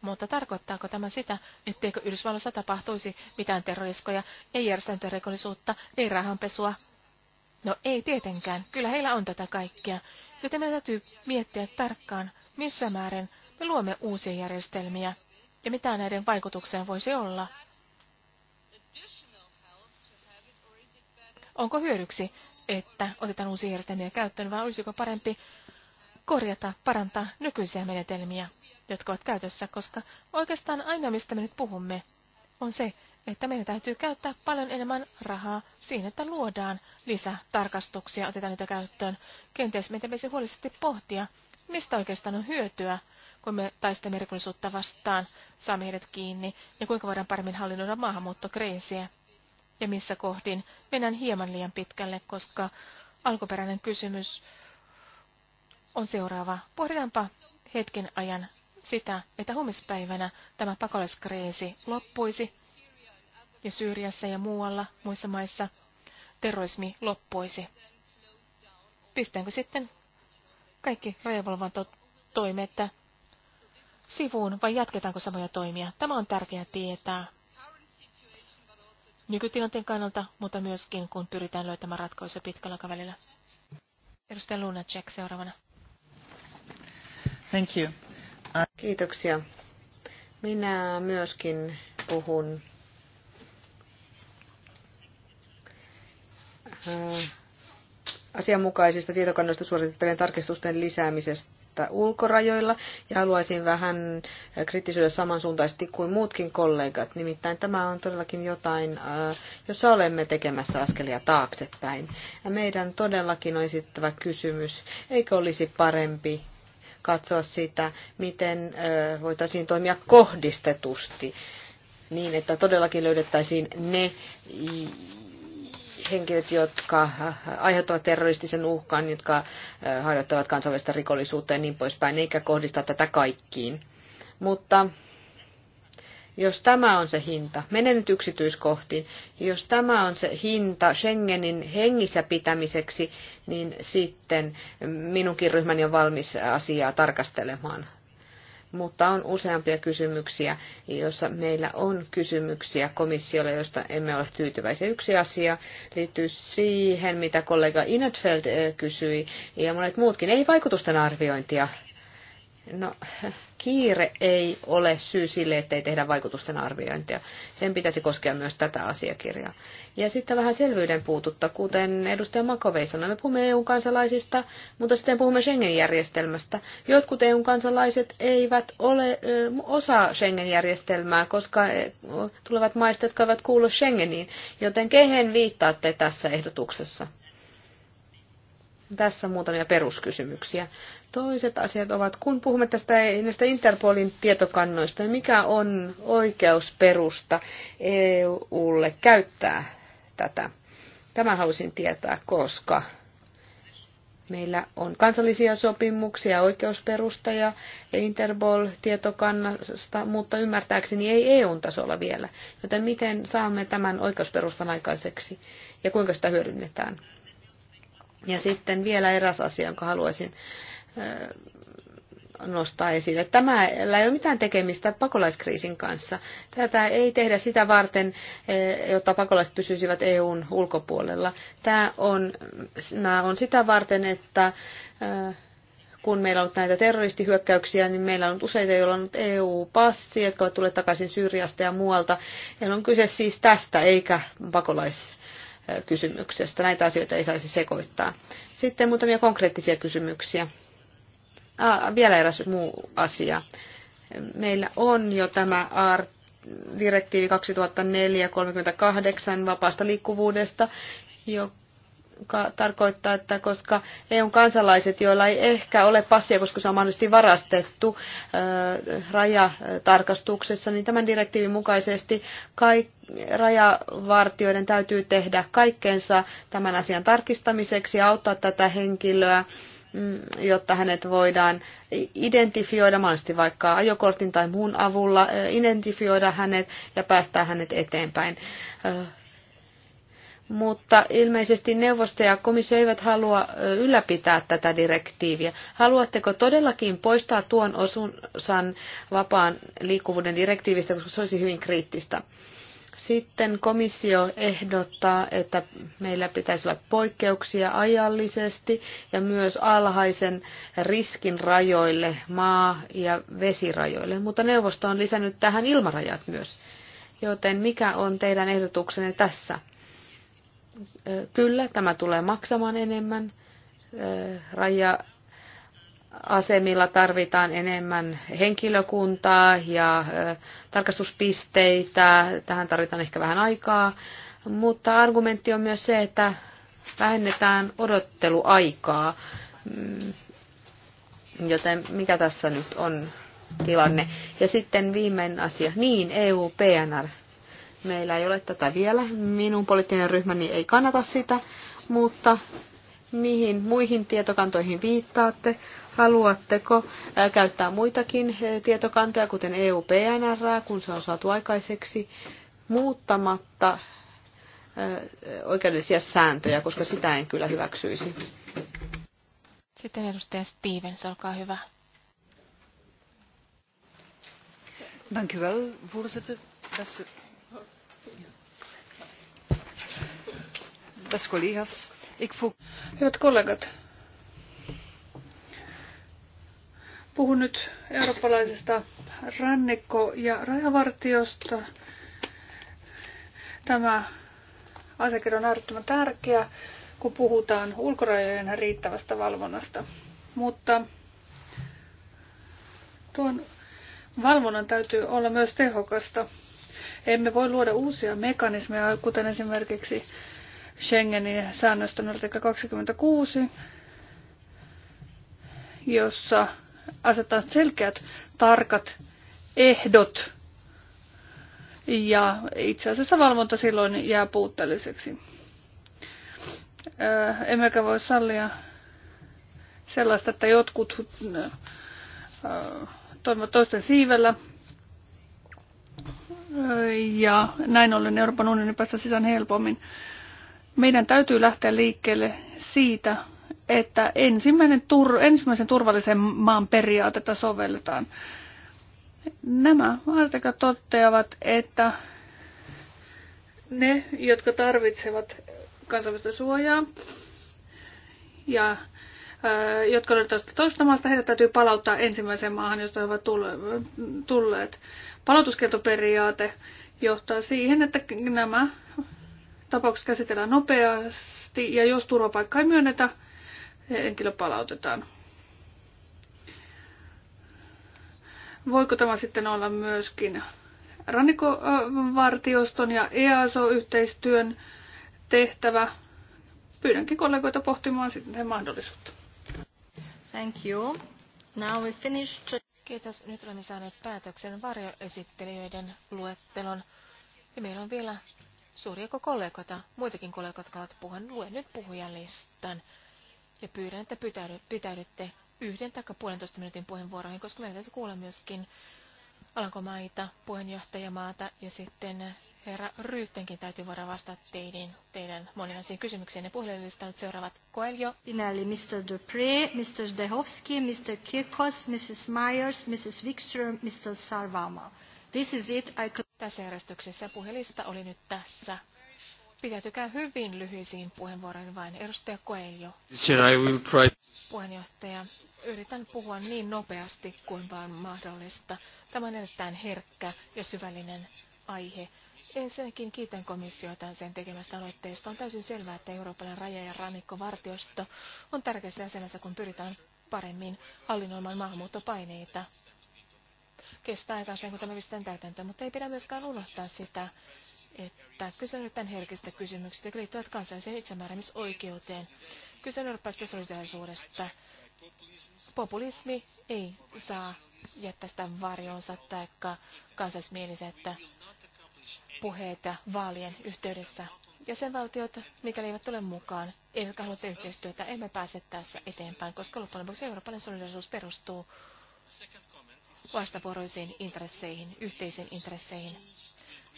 Mutta tarkoittaako tämä sitä, etteikö Yhdysvalloissa tapahtuisi mitään terroriskoja, ei järjestäntöä rikollisuutta, ei rahanpesua? No ei tietenkään, kyllä heillä on tätä kaikkea, joten meidän täytyy miettiä tarkkaan, missä määrin me luomme uusia järjestelmiä, ja mitä näiden vaikutukseen voisi olla? Onko hyödyksi, että otetaan uusia järjestelmiä käyttöön, vai olisiko parempi korjata, parantaa nykyisiä menetelmiä, jotka ovat käytössä, koska oikeastaan aina mistä me nyt puhumme, on se, että meidän täytyy käyttää paljon enemmän rahaa siinä, että luodaan lisätarkastuksia, otetaan niitä käyttöön. Kenties meitä pitäisi huolellisesti pohtia, mistä oikeastaan on hyötyä voimme taistella merkollisuutta vastaan, saamme heidät kiinni ja kuinka voidaan paremmin hallinnoida maahanmuuttokriisiä ja missä kohdin mennään hieman liian pitkälle, koska alkuperäinen kysymys on seuraava. Pohditaanpa hetken ajan sitä, että huomispäivänä tämä pakolaiskriisi loppuisi ja Syyriassa ja muualla muissa maissa terrorismi loppuisi. Pistäänkö sitten kaikki rajavalvontotoimet sivuun vai jatketaanko samoja toimia? Tämä on tärkeää tietää nykytilanteen kannalta, mutta myöskin kun pyritään löytämään ratkaisuja pitkällä aikavälillä. Edustaja check seuraavana. Thank you. Kiitoksia. Minä myöskin puhun äh, asianmukaisista tietokannoista suoritettavien tarkistusten lisäämisestä tilanteesta ulkorajoilla ja haluaisin vähän kritisoida samansuuntaisesti kuin muutkin kollegat. Nimittäin tämä on todellakin jotain, äh, jossa olemme tekemässä askelia taaksepäin. Ja meidän todellakin on esittävä kysymys, eikö olisi parempi katsoa sitä, miten äh, voitaisiin toimia kohdistetusti niin, että todellakin löydettäisiin ne henkilöt, jotka äh, aiheuttavat terroristisen uhkan, jotka äh, harjoittavat kansainvälistä rikollisuutta ja niin poispäin, eikä kohdistaa tätä kaikkiin. Mutta jos tämä on se hinta, menen nyt yksityiskohtiin, jos tämä on se hinta Schengenin hengissä pitämiseksi, niin sitten minunkin ryhmäni on valmis asiaa tarkastelemaan mutta on useampia kysymyksiä, joissa meillä on kysymyksiä komissiolle, joista emme ole tyytyväisiä. Yksi asia liittyy siihen, mitä kollega Inetfeld eh, kysyi ja monet muutkin. Ei vaikutusten arviointia No, kiire ei ole syy sille, ettei tehdä vaikutusten arviointia. Sen pitäisi koskea myös tätä asiakirjaa. Ja sitten vähän selvyyden puututta, kuten edustaja Makovei sanoi, me puhumme EU-kansalaisista, mutta sitten puhumme Schengen-järjestelmästä. Jotkut EU-kansalaiset eivät ole osa Schengen-järjestelmää, koska tulevat maista, jotka eivät kuulu Schengeniin, joten kehen viittaatte tässä ehdotuksessa? Tässä muutamia peruskysymyksiä. Toiset asiat ovat, kun puhumme tästä näistä Interpolin tietokannoista, niin mikä on oikeusperusta EUlle käyttää tätä? Tämä haluaisin tietää, koska meillä on kansallisia sopimuksia oikeusperusta ja Interpol-tietokannasta, mutta ymmärtääkseni ei EUn tasolla vielä. Joten miten saamme tämän oikeusperustan aikaiseksi ja kuinka sitä hyödynnetään? Ja sitten vielä eräs asia, jonka haluaisin nostaa esille. Tämä ei ole mitään tekemistä pakolaiskriisin kanssa. Tätä ei tehdä sitä varten, jotta pakolaiset pysyisivät EUn ulkopuolella. Tämä on, nämä on sitä varten, että kun meillä on ollut näitä terroristihyökkäyksiä, niin meillä on ollut useita, joilla on ollut EU-passi, jotka ovat tulleet takaisin Syyriasta ja muualta. Ja on kyse siis tästä, eikä pakolais kysymyksestä. Näitä asioita ei saisi sekoittaa. Sitten muutamia konkreettisia kysymyksiä. Ah, vielä eräs muu asia. Meillä on jo tämä art direktiivi 2004-38 vapaasta liikkuvuudesta, joka joka tarkoittaa, että koska EUn kansalaiset, joilla ei ehkä ole passia, koska se on mahdollisesti varastettu äh, rajatarkastuksessa, niin tämän direktiivin mukaisesti kaikki rajavartioiden täytyy tehdä kaikkeensa tämän asian tarkistamiseksi ja auttaa tätä henkilöä mm, jotta hänet voidaan identifioida mahdollisesti vaikka ajokortin tai muun avulla, äh, identifioida hänet ja päästää hänet eteenpäin. Äh, mutta ilmeisesti neuvosto ja komissio eivät halua ylläpitää tätä direktiiviä. Haluatteko todellakin poistaa tuon osan vapaan liikkuvuuden direktiivistä, koska se olisi hyvin kriittistä? Sitten komissio ehdottaa, että meillä pitäisi olla poikkeuksia ajallisesti ja myös alhaisen riskin rajoille, maa- ja vesirajoille, mutta neuvosto on lisännyt tähän ilmarajat myös. Joten mikä on teidän ehdotuksenne tässä? Kyllä, tämä tulee maksamaan enemmän. Raja asemilla tarvitaan enemmän henkilökuntaa ja tarkastuspisteitä. Tähän tarvitaan ehkä vähän aikaa. Mutta argumentti on myös se, että vähennetään odotteluaikaa. Mm, joten mikä tässä nyt on tilanne? Ja sitten viimeinen asia. Niin, EU-PNR. Meillä ei ole tätä vielä. Minun poliittinen ryhmäni ei kannata sitä, mutta mihin muihin tietokantoihin viittaatte? Haluatteko käyttää muitakin tietokantoja, kuten EU-PNR, kun se on saatu aikaiseksi, muuttamatta oikeudellisia sääntöjä, koska sitä en kyllä hyväksyisi. Sitten edustaja Stevens, olkaa hyvä. Dank u wel, voorzitter. Tässä Hyvät kollegat, puhun nyt eurooppalaisesta rannikko- ja rajavartiosta. Tämä asiakirja on äärettömän tärkeä, kun puhutaan ulkorajojen riittävästä valvonnasta. Mutta tuon valvonnan täytyy olla myös tehokasta. Emme voi luoda uusia mekanismeja, kuten esimerkiksi Schengenin säännöstön artikla 26, jossa asetetaan selkeät, tarkat ehdot ja itse asiassa valvonta silloin jää puutteelliseksi. Emmekä voi sallia sellaista, että jotkut toimivat toisten siivellä. Ja näin ollen Euroopan unioni päästä sisään helpommin meidän täytyy lähteä liikkeelle siitä, että ensimmäinen tur, ensimmäisen turvallisen maan periaatetta sovelletaan. Nämä artikat toteavat, että ne, jotka tarvitsevat kansainvälistä suojaa ja ää, jotka löytävät toista maasta, heidät täytyy palauttaa ensimmäiseen maahan, josta he ovat tulleet. Palautuskieltoperiaate johtaa siihen, että nämä tapaukset käsitellään nopeasti ja jos turvapaikka ei myönnetä, henkilö palautetaan. Voiko tämä sitten olla myöskin rannikovartioston ja EASO-yhteistyön tehtävä? Pyydänkin kollegoita pohtimaan sitten sen mahdollisuutta. Thank you. Now we finished. Kiitos. Nyt olemme saaneet päätöksen varjoesittelijöiden luettelon. Ja meillä on vielä suuri joko kollegoita, muitakin kollegoita, jotka ovat puhun, luen nyt listan. Ja pyydän, että pitäydy, pitäydytte yhden tai puolentoista minuutin puheenvuoroihin, koska meidän täytyy kuulla myöskin Alankomaita, puheenjohtajamaata ja sitten herra Ryyttenkin täytyy voida vastata teidän, teidän moninaisiin kysymyksiin. Ne puhelista nyt seuraavat Coelho. Pinelli, Mr. Dupré, Mr. Zdehovski, Mr. Kirkos, Mrs. Myers, Mrs. Wikström, Mr. Sarvama. This is it. I tässä järjestyksessä. Puhelista oli nyt tässä. Pitäytykää hyvin lyhyisiin puheenvuoroihin vain. Edustaja Coelho. Puheenjohtaja, yritän puhua niin nopeasti kuin vain mahdollista. Tämä on erittäin herkkä ja syvällinen aihe. Ensinnäkin kiitän komissiota sen tekemästä aloitteesta. On täysin selvää, että Euroopan raja- ja rannikkovartiosto on tärkeässä asemassa, kun pyritään paremmin hallinnoimaan maahanmuuttopaineita kestää sen, kun tämä pistetään täytäntöön, mutta ei pidä myöskään unohtaa sitä, että kyse on nyt tämän herkistä kysymyksistä, jotka liittyvät kansalliseen itsemääräämisoikeuteen. Kyse on eurooppalaisesta solidaarisuudesta. Populismi ei saa jättää sitä varjonsa tai kansallismieliset puheet vaalien yhteydessä. Jäsenvaltiot, mikäli eivät tule mukaan, eivätkä halua yhteistyötä, emme pääse tässä eteenpäin, koska loppujen lopuksi eurooppalainen solidaarisuus perustuu vastavuoroisiin intresseihin, yhteisiin intresseihin.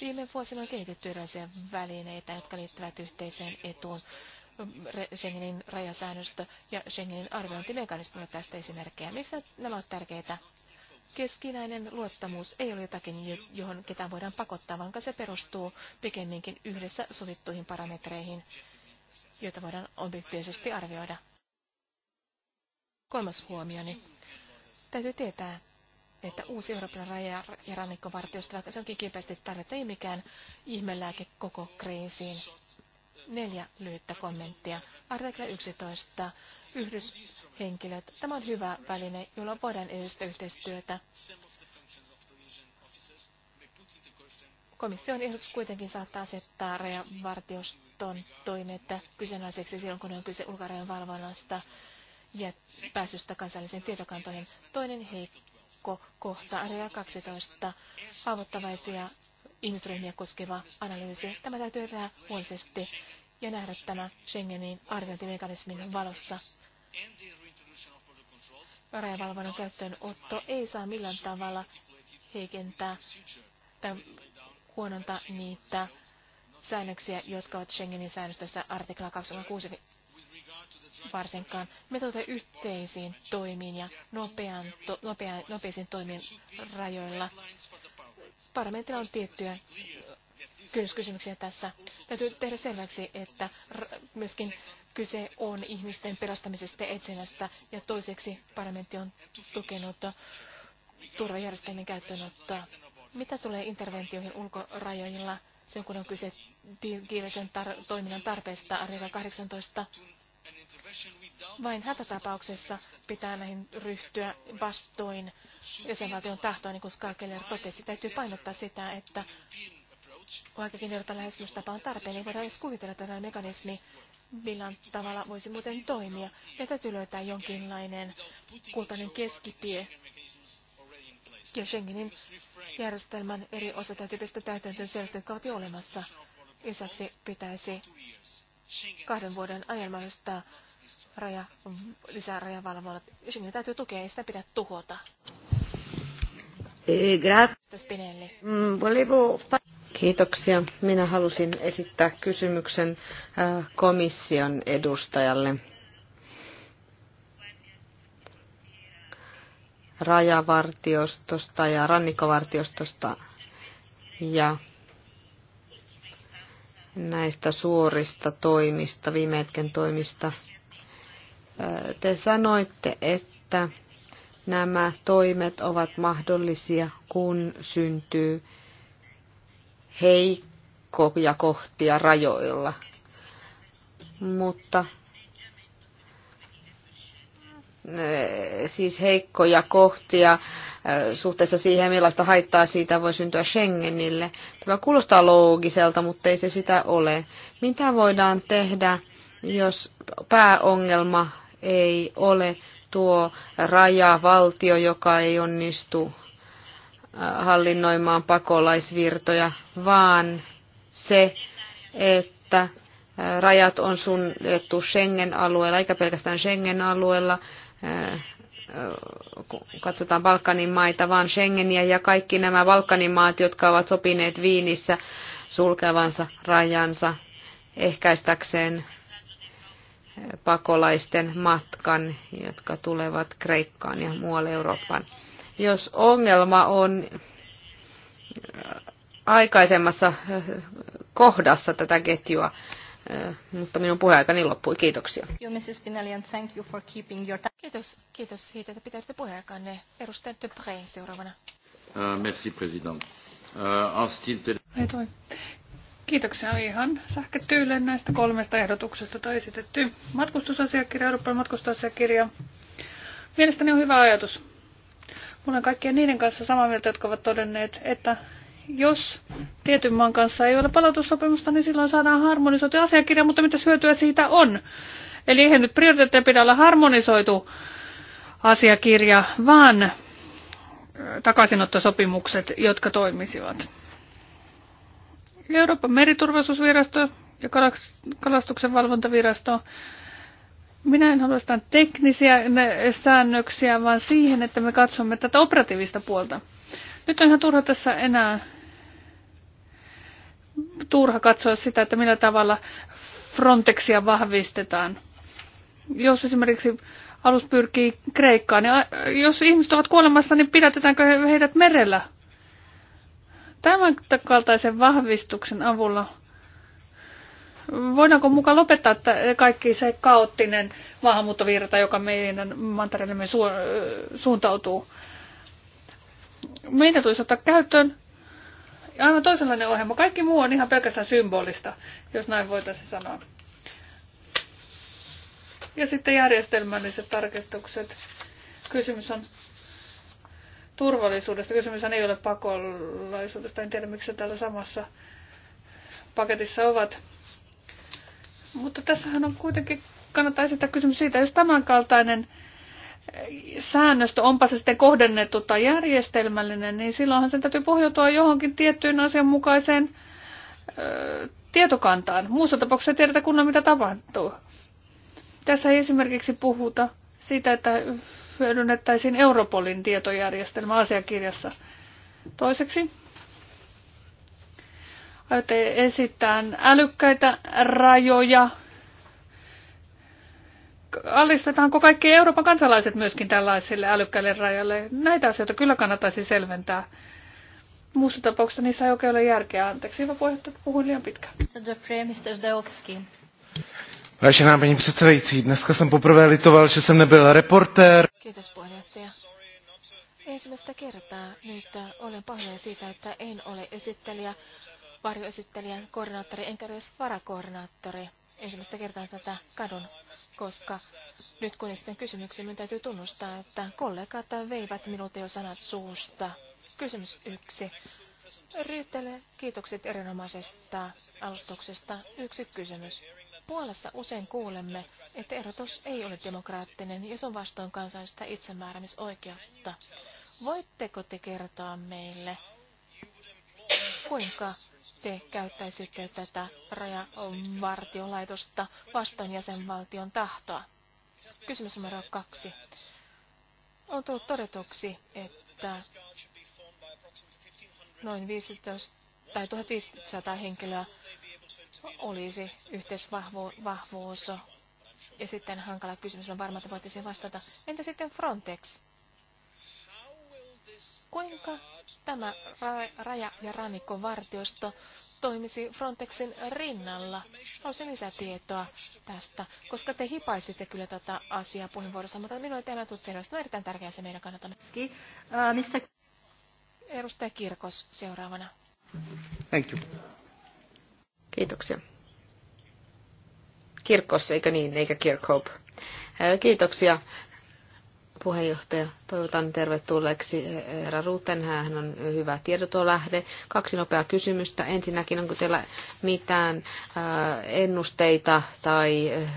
Viime vuosina on kehitetty erilaisia välineitä, jotka liittyvät yhteiseen etuun. Schengenin rajasäännöstö ja Schengenin arviointimekanismi ovat tästä esimerkkejä. Miksi nämä ovat tärkeitä? Keskinäinen luottamus ei ole jotakin, johon ketään voidaan pakottaa, vaan se perustuu pikemminkin yhdessä sovittuihin parametreihin, joita voidaan objektiivisesti arvioida. Kolmas huomioni. Täytyy tietää, että uusi Euroopan raja- ja rannikkovartiosta, vaikka se onkin kipeästi tarvetta, ei mikään ihmelääke koko kriisiin. Neljä lyhyttä kommenttia. Artikla 11. Yhdyshenkilöt. Tämä on hyvä väline, jolla voidaan edistää yhteistyötä. Komission ehdotus kuitenkin saattaa asettaa rajavartioston toimet kyseenalaiseksi silloin, kun on kyse ulkorajan valvonnasta ja pääsystä kansalliseen tiedokantoihin. Toinen heikko kohta, area 12, haavoittavaisia ihmisryhmiä koskeva analyysi. Tämä täytyy tehdä huolisesti ja nähdä tämä Schengenin arviointimekanismin valossa. Rajavalvonnan käyttöönotto ei saa millään tavalla heikentää tai huonontaa niitä säännöksiä, jotka ovat Schengenin säännöstössä artikla 26 varsinkaan. Me tuotamme yhteisiin toimiin ja nopean, to, nopean, nopeisiin toimiin rajoilla. Parlamentilla on tiettyjä kysymyksiä tässä. Täytyy tehdä selväksi, että myöskin kyse on ihmisten pelastamisesta ja etsinnästä, ja toiseksi parlamentti on tukenut turvajärjestelmien käyttöönottoa. Mitä tulee interventioihin ulkorajoilla, sen kun on kyse kiireisen tar- toiminnan tarpeesta, artikla 18 vain hätätapauksessa pitää näihin ryhtyä vastoin jäsenvaltion tahtoa, niin kuin Skakeler totesi. Täytyy painottaa sitä, että vaikkakin Euroopan lähestymistapa on tarpeen, niin voidaan edes kuvitella tällä mekanismi, millä tavalla voisi muuten toimia. Ja täytyy löytää jonkinlainen kultainen keskitie. Ja Schengenin järjestelmän eri osa täytyy pistää täytäntöön sellaiset, jotka ovat jo olemassa. Lisäksi pitäisi kahden vuoden ajan mahdollistaa raja, lisää jos Schengen täytyy tukea, ei sitä pidä tuhota. Eh, mm, Kiitoksia. Minä halusin esittää kysymyksen äh, komission edustajalle. rajavartiostosta ja rannikkovartiostosta ja näistä suorista toimista, viime hetken toimista. Te sanoitte, että nämä toimet ovat mahdollisia, kun syntyy heikkoja kohtia rajoilla. Mutta e, siis heikkoja kohtia e, suhteessa siihen, millaista haittaa siitä voi syntyä Schengenille. Tämä kuulostaa loogiselta, mutta ei se sitä ole. Mitä voidaan tehdä, jos pääongelma ei ole tuo rajavaltio, joka ei onnistu äh, hallinnoimaan pakolaisvirtoja, vaan se, että äh, rajat on suljettu Schengen-alueella, eikä pelkästään Schengen-alueella, äh, katsotaan Balkanin maita, vaan Schengeniä ja kaikki nämä Balkanin maat, jotka ovat sopineet Viinissä sulkevansa rajansa ehkäistäkseen pakolaisten matkan, jotka tulevat Kreikkaan ja muualle Eurooppaan. Jos ongelma on äh, aikaisemmassa äh, kohdassa tätä ketjua, äh, mutta minun puheaikani loppui. Kiitoksia. Kiitos, kiitos siitä, että pitäytte puheaikanne. Edustaja Töpreen seuraavana. Merci, president. Kiitoksia ihan sähkötyylle näistä kolmesta ehdotuksesta tai esitetty matkustusasiakirja, Euroopan matkustusasiakirja. Mielestäni on hyvä ajatus. Mulla on kaikkien niiden kanssa samaa mieltä, jotka ovat todenneet, että jos tietyn maan kanssa ei ole palautussopimusta, niin silloin saadaan harmonisoitu asiakirja, mutta mitä hyötyä siitä on? Eli eihän nyt prioriteetteja pidä olla harmonisoitu asiakirja, vaan takaisinottosopimukset, jotka toimisivat. Euroopan meriturvallisuusvirasto ja kalastuksen valvontavirasto. Minä en halua sitä teknisiä säännöksiä, vaan siihen, että me katsomme tätä operatiivista puolta. Nyt on ihan turha tässä enää turha katsoa sitä, että millä tavalla Frontexia vahvistetaan. Jos esimerkiksi alus pyrkii Kreikkaan, niin jos ihmiset ovat kuolemassa, niin pidätetäänkö heidät merellä Tämän kaltaisen vahvistuksen avulla voidaanko mukaan lopettaa että kaikki se kaoottinen maahanmuuttovirta, joka meidän mantereellemme su- suuntautuu? Meidän tulisi ottaa käyttöön aivan toisenlainen ohjelma. Kaikki muu on ihan pelkästään symbolista, jos näin voitaisiin sanoa. Ja sitten järjestelmälliset tarkistukset. Kysymys on turvallisuudesta. Kysymys ei ole pakolaisuudesta. En tiedä, miksi täällä samassa paketissa ovat. Mutta tässähän on kuitenkin, kannattaa esittää kysymys siitä, jos tämänkaltainen säännöstö, onpa se sitten kohdennettu tai järjestelmällinen, niin silloinhan sen täytyy pohjautua johonkin tiettyyn asianmukaiseen tietokantaan. Muussa tapauksessa ei tiedetä kunnolla, mitä tapahtuu. Tässä ei esimerkiksi puhuta siitä, että hyödynnettäisiin Europolin tietojärjestelmä asiakirjassa. Toiseksi aiotte esittää älykkäitä rajoja. Allistetaanko kaikki Euroopan kansalaiset myöskin tällaisille älykkäille rajoille? Näitä asioita kyllä kannattaisi selventää. Muussa tapauksessa niissä ei oikein ole järkeä. Anteeksi, hyvä puheenjohtaja, puhuin liian pitkään. Mr. Vážená paní předsedající, dneska jsem poprvé litoval, že jsem nebyl reportér. Kiitos puheenjohtaja. Ensimmäistä kertaa nyt olen pahoillani siitä, että en ole esittelijä, varjoesittelijän koordinaattori, enkä edes varakoordinaattori. Ensimmäistä kertaa tätä kadun, koska nyt kun esitän kysymyksen, minun täytyy tunnustaa, että kollegat veivät minulta jo sanat suusta. Kysymys yksi. Ryyttele, kiitokset erinomaisesta alustuksesta. Yksi kysymys. Puolassa usein kuulemme, että erotus ei ole demokraattinen ja se on vastoin kansallista itsemääräämisoikeutta. Voitteko te kertoa meille, kuinka te käyttäisitte tätä rajavartiolaitosta vastoin jäsenvaltion tahtoa? Kysymys numero kaksi. On tullut todetuksi, että noin 15 tai 1500 henkilöä olisi yhteisvahvuus. Ja sitten hankala kysymys on varma, että voitte siihen vastata. Entä sitten Frontex? Kuinka tämä raja- ja rannikkovartiosto toimisi Frontexin rinnalla? Haluaisin lisää tietoa tästä, koska te hipaisitte kyllä tätä asiaa puheenvuorossa, mutta minulle tämä tuli selvästi. On no, erittäin tärkeää se meidän kannatamme. Äh, Edustaja Kirkos seuraavana. Thank you. Kiitoksia. Kirkossa eikö niin, eikä Kirkhope. Kiitoksia puheenjohtaja. Toivotan tervetulleeksi herra Ruuten. Hän on hyvä tiedotolähde. Kaksi nopeaa kysymystä. Ensinnäkin, onko teillä mitään äh, ennusteita tai äh,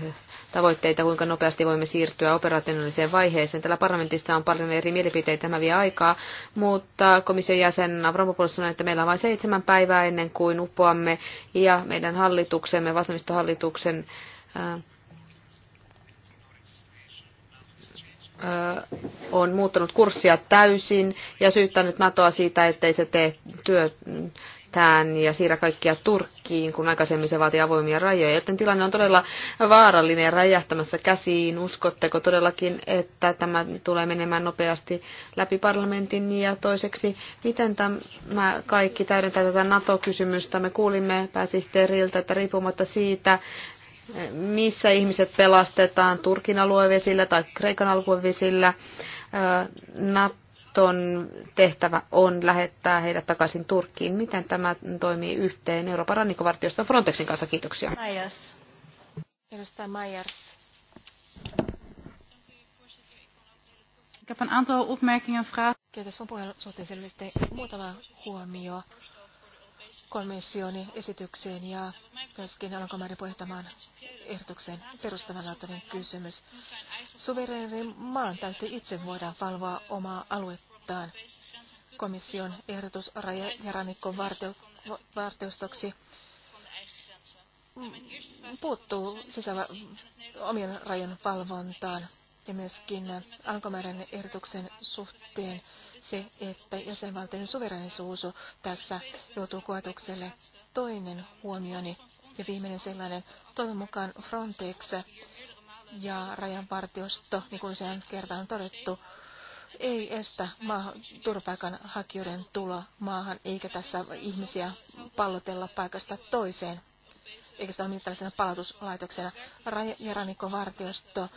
tavoitteita, kuinka nopeasti voimme siirtyä operationaaliseen vaiheeseen. Tällä parlamentissa on paljon eri mielipiteitä, tämä vie aikaa, mutta komission jäsen Avramopoulos sanoi, että meillä on vain seitsemän päivää ennen kuin upoamme ja meidän hallituksemme, vasemmistohallituksen äh, on muuttanut kurssia täysin ja syyttänyt NATOa siitä, ettei se tee työtään ja siirrä kaikkia Turkkiin, kun aikaisemmin se vaati avoimia rajoja. Joten tilanne on todella vaarallinen ja räjähtämässä käsiin. Uskotteko todellakin, että tämä tulee menemään nopeasti läpi parlamentin? Ja toiseksi, miten tämä kaikki täydentää tätä NATO-kysymystä? Me kuulimme pääsihteeriltä, että riippumatta siitä, missä ihmiset pelastetaan Turkin aluevesillä tai Kreikan aluevesillä. Naton tehtävä on lähettää heidät takaisin Turkkiin. Miten tämä toimii yhteen Euroopan rannikkovartioston Frontexin kanssa? Kiitoksia. Majers. Edustaja Majers. Ik heb een aantal opmerkingen en vragen. Kiitos. Minun puheenjohtajan muutama huomio. Komission esitykseen ja myöskin Alankomaiden puheenjohtamaan ehdotuksen perustavanlaatuinen kysymys. Suvereenin maan täytyy itse voida valvoa omaa aluettaan. Komission ehdotus raja- ja rannikon varteustoksi puuttuu sisävä omien rajan valvontaan ja myöskin Alankomaiden ehdotuksen suhteen se, että jäsenvaltioiden suverenisuus tässä joutuu koetukselle. Toinen huomioni ja viimeinen sellainen, toivon mukaan Frontex ja rajanvartiosto, niin kuin sen kertaan on todettu, ei estä maahan, turvapaikanhakijoiden tulo maahan, eikä tässä ihmisiä pallotella paikasta toiseen, eikä sitä ole mitään palautuslaitoksena. Raja- ja rannikkovartiosto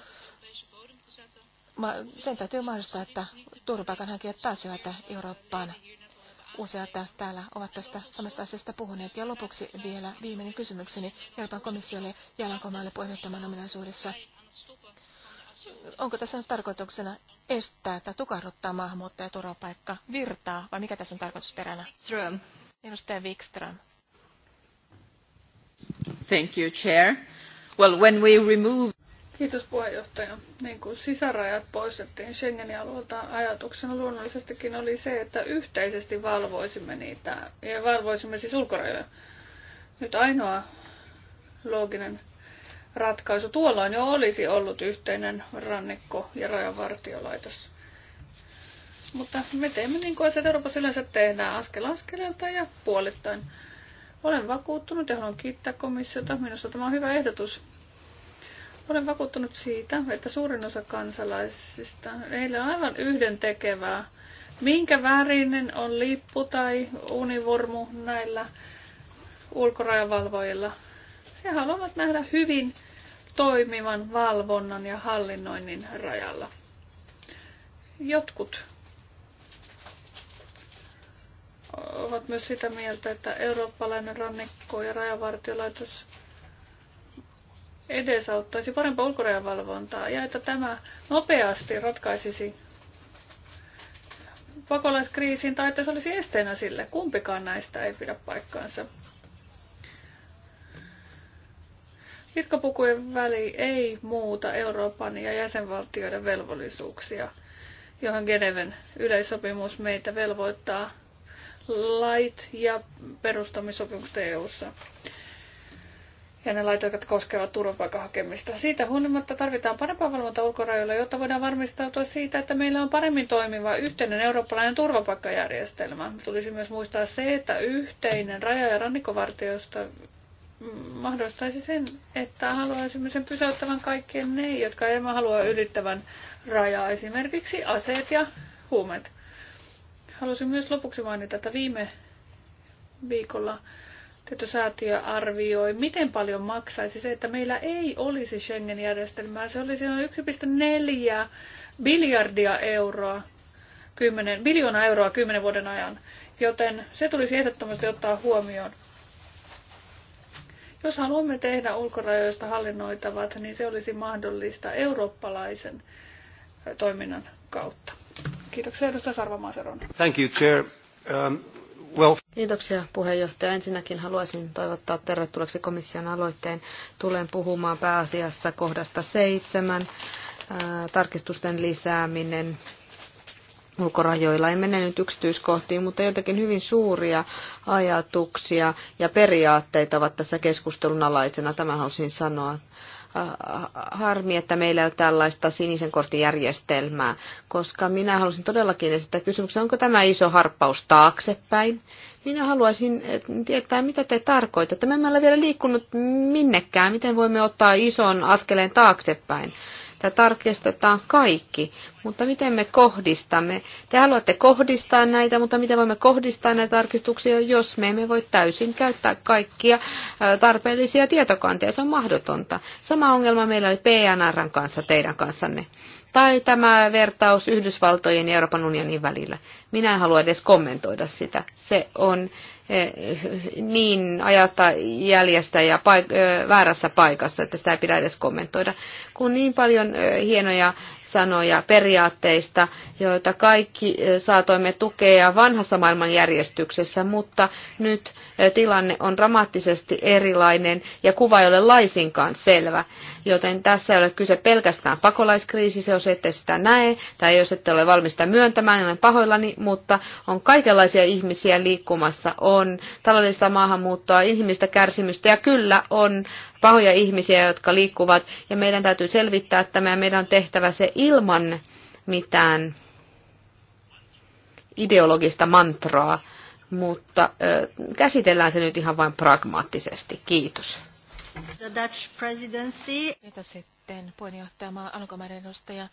sen täytyy mahdollistaa, että turvapaikanhakijat pääsevät Eurooppaan. Useat täällä ovat tästä samasta asiasta puhuneet. Ja lopuksi vielä viimeinen kysymykseni Euroopan komissiolle jalankomaalle puheenjohtajan ominaisuudessa. Onko tässä nyt tarkoituksena estää tai tukahduttaa maahanmuuttaja ja turvapaikka virtaa, vai mikä tässä on tarkoitusperänä? Ström. Edustaja Wikström. Thank you, Chair. Well, when we remove... Kiitos puheenjohtaja. Niin kuin sisärajat poistettiin Schengenin alueelta, ajatuksena luonnollisestikin oli se, että yhteisesti valvoisimme niitä ja valvoisimme siis ulkorajoja. Nyt ainoa looginen ratkaisu tuolloin jo olisi ollut yhteinen rannikko- ja rajavartiolaitos. Mutta me teemme niin kuin Euroopassa yleensä tehdään askel askeleelta ja puolittain. Olen vakuuttunut ja haluan kiittää komissiota. Minusta tämä on hyvä ehdotus olen vakuuttunut siitä, että suurin osa kansalaisista, heillä on aivan yhden tekevää, minkä värinen on lippu tai univormu näillä ulkorajavalvojilla. He haluavat nähdä hyvin toimivan valvonnan ja hallinnoinnin rajalla. Jotkut ovat myös sitä mieltä, että eurooppalainen rannikko- ja rajavartiolaitos edesauttaisi parempaa ulkorajan valvontaa ja että tämä nopeasti ratkaisisi pakolaiskriisin tai että se olisi esteenä sille. Kumpikaan näistä ei pidä paikkaansa. Pitkäpukujen väli ei muuta Euroopan ja jäsenvaltioiden velvollisuuksia, johon Geneven yleissopimus meitä velvoittaa lait ja perustamisopimukset EU-ssa ja ne lait, jotka koskevat turvapaikkahakemista. Siitä huolimatta tarvitaan parempaa valvontaa ulkorajoilla, jotta voidaan varmistautua siitä, että meillä on paremmin toimiva yhteinen eurooppalainen turvapaikkajärjestelmä. Tulisi myös muistaa se, että yhteinen raja- ja rannikkovartiosta mahdollistaisi sen, että haluaisimme sen pysäyttävän kaikkien ne, jotka emme halua ylittävän rajaa, esimerkiksi aseet ja huumeet. Haluaisin myös lopuksi mainita, että viime viikolla Tätä säätiö arvioi, miten paljon maksaisi se, että meillä ei olisi Schengen-järjestelmää. Se olisi noin 1,4 biljardia euroa, 10, biljoona euroa kymmenen vuoden ajan. Joten se tulisi ehdottomasti ottaa huomioon. Jos haluamme tehdä ulkorajoista hallinnoitavat, niin se olisi mahdollista eurooppalaisen toiminnan kautta. Kiitoksia edustaja Sarvamaa Thank you, Chair. Um... Kiitoksia puheenjohtaja. Ensinnäkin haluaisin toivottaa tervetulleeksi komission aloitteen. Tulen puhumaan pääasiassa kohdasta seitsemän, tarkistusten lisääminen ulkorajoilla. En mene nyt yksityiskohtiin, mutta jotakin hyvin suuria ajatuksia ja periaatteita ovat tässä keskustelun alaisena. Tämän halusin sanoa harmi, että meillä ei ole tällaista sinisen kortin järjestelmää, koska minä halusin todellakin esittää kysymyksen, onko tämä iso harppaus taaksepäin. Minä haluaisin tietää, mitä te tarkoitatte. Me emme ole vielä liikkunut minnekään. Miten voimme ottaa ison askeleen taaksepäin? että tarkistetaan kaikki, mutta miten me kohdistamme? Te haluatte kohdistaa näitä, mutta miten voimme kohdistaa näitä tarkistuksia, jos me emme voi täysin käyttää kaikkia tarpeellisia tietokantia? Se on mahdotonta. Sama ongelma meillä oli PNRn kanssa teidän kanssanne. Tai tämä vertaus Yhdysvaltojen ja Euroopan unionin välillä. Minä en halua edes kommentoida sitä. Se on Eh, niin ajasta jäljestä ja paik- väärässä paikassa, että sitä ei pidä edes kommentoida. Kun niin paljon hienoja sanoja periaatteista, joita kaikki saatoimme tukea vanhassa maailmanjärjestyksessä, mutta nyt tilanne on dramaattisesti erilainen ja kuva ei ole laisinkaan selvä. Joten tässä ei ole kyse pelkästään pakolaiskriisistä, jos ette sitä näe tai jos ette ole valmista myöntämään, olen pahoillani, mutta on kaikenlaisia ihmisiä liikkumassa. On taloudellista maahanmuuttoa, ihmistä kärsimystä ja kyllä on pahoja ihmisiä, jotka liikkuvat ja meidän täytyy selvittää tämä ja meidän on tehtävä se ilman mitään ideologista mantraa mutta käsitellään se nyt ihan vain pragmaattisesti. Kiitos. The Dutch presidency. Kiitos sitten puheenjohtaja, alkomaiden edustaja.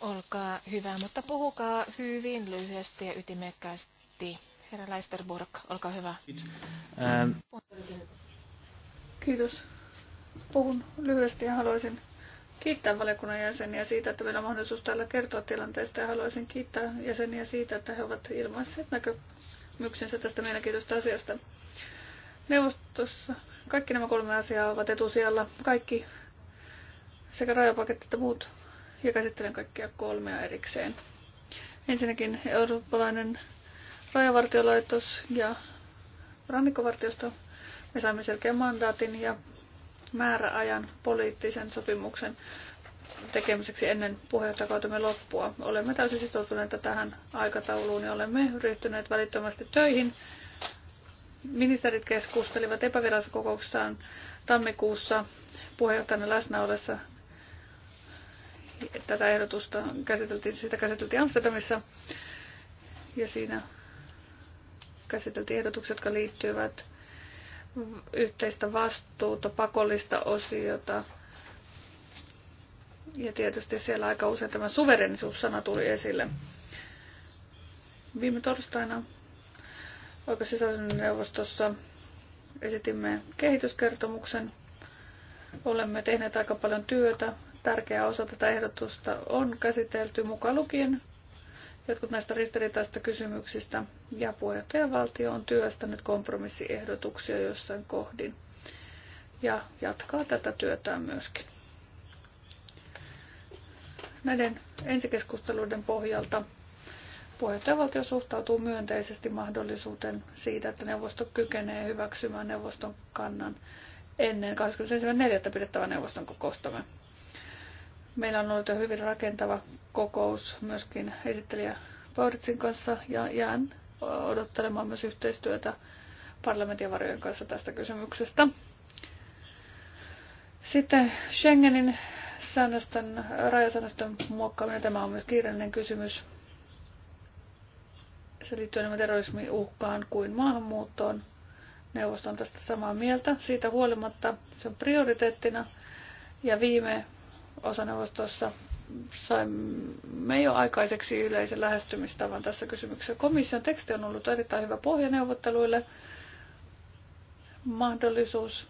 Olkaa hyvä, mutta puhukaa hyvin lyhyesti ja ytimekkäästi. Herra Leisterburg, olkaa hyvä. Kiitos. Puhun lyhyesti ja haluaisin kiittää valiokunnan jäseniä siitä, että meillä on mahdollisuus täällä kertoa tilanteesta ja haluaisin kiittää jäseniä siitä, että he ovat ilmaisseet näkemyksensä tästä mielenkiintoista asiasta. Neuvostossa kaikki nämä kolme asiaa ovat etusijalla. Kaikki sekä rajapaketti että muut ja käsittelen kaikkia kolmea erikseen. Ensinnäkin eurooppalainen rajavartiolaitos ja rannikkovartiosto. Me saimme selkeän mandaatin ja määräajan poliittisen sopimuksen tekemiseksi ennen puheenjohtajakautemme loppua. Olemme täysin sitoutuneita tähän aikatauluun ja olemme ryhtyneet välittömästi töihin. Ministerit keskustelivat epävirallisessa kokouksessaan tammikuussa puheenjohtajana läsnä ollessa. Tätä ehdotusta käsiteltiin, sitä käsiteltiin Amsterdamissa ja siinä käsiteltiin ehdotukset, jotka liittyvät yhteistä vastuuta, pakollista osiota. Ja tietysti siellä aika usein tämä suverenisuussana tuli esille. Viime torstaina oikeusisäisen neuvostossa esitimme kehityskertomuksen. Olemme tehneet aika paljon työtä. Tärkeä osa tätä ehdotusta on käsitelty mukaan lukien jotkut näistä ristiriitaisista kysymyksistä ja puheenjohtajavaltio on työstänyt kompromissiehdotuksia jossain kohdin ja jatkaa tätä työtään myöskin. Näiden ensikeskusteluiden pohjalta puheenjohtajavaltio suhtautuu myönteisesti mahdollisuuteen siitä, että neuvosto kykenee hyväksymään neuvoston kannan ennen 21.4. pidettävää neuvoston kokoustamme. Meillä on ollut jo hyvin rakentava kokous myöskin esittelijä Pauritsin kanssa ja jään odottelemaan myös yhteistyötä parlamentin varjojen kanssa tästä kysymyksestä. Sitten Schengenin säännöstön, rajasäännöstön muokkaaminen, tämä on myös kiireellinen kysymys. Se liittyy enemmän terrorismin uhkaan kuin maahanmuuttoon. Neuvosto on tästä samaa mieltä. Siitä huolimatta se on prioriteettina. Ja viime osaneuvostossa saimme jo aikaiseksi yleisen lähestymistavan tässä kysymyksessä. Komission teksti on ollut erittäin hyvä pohja neuvotteluille. Mahdollisuus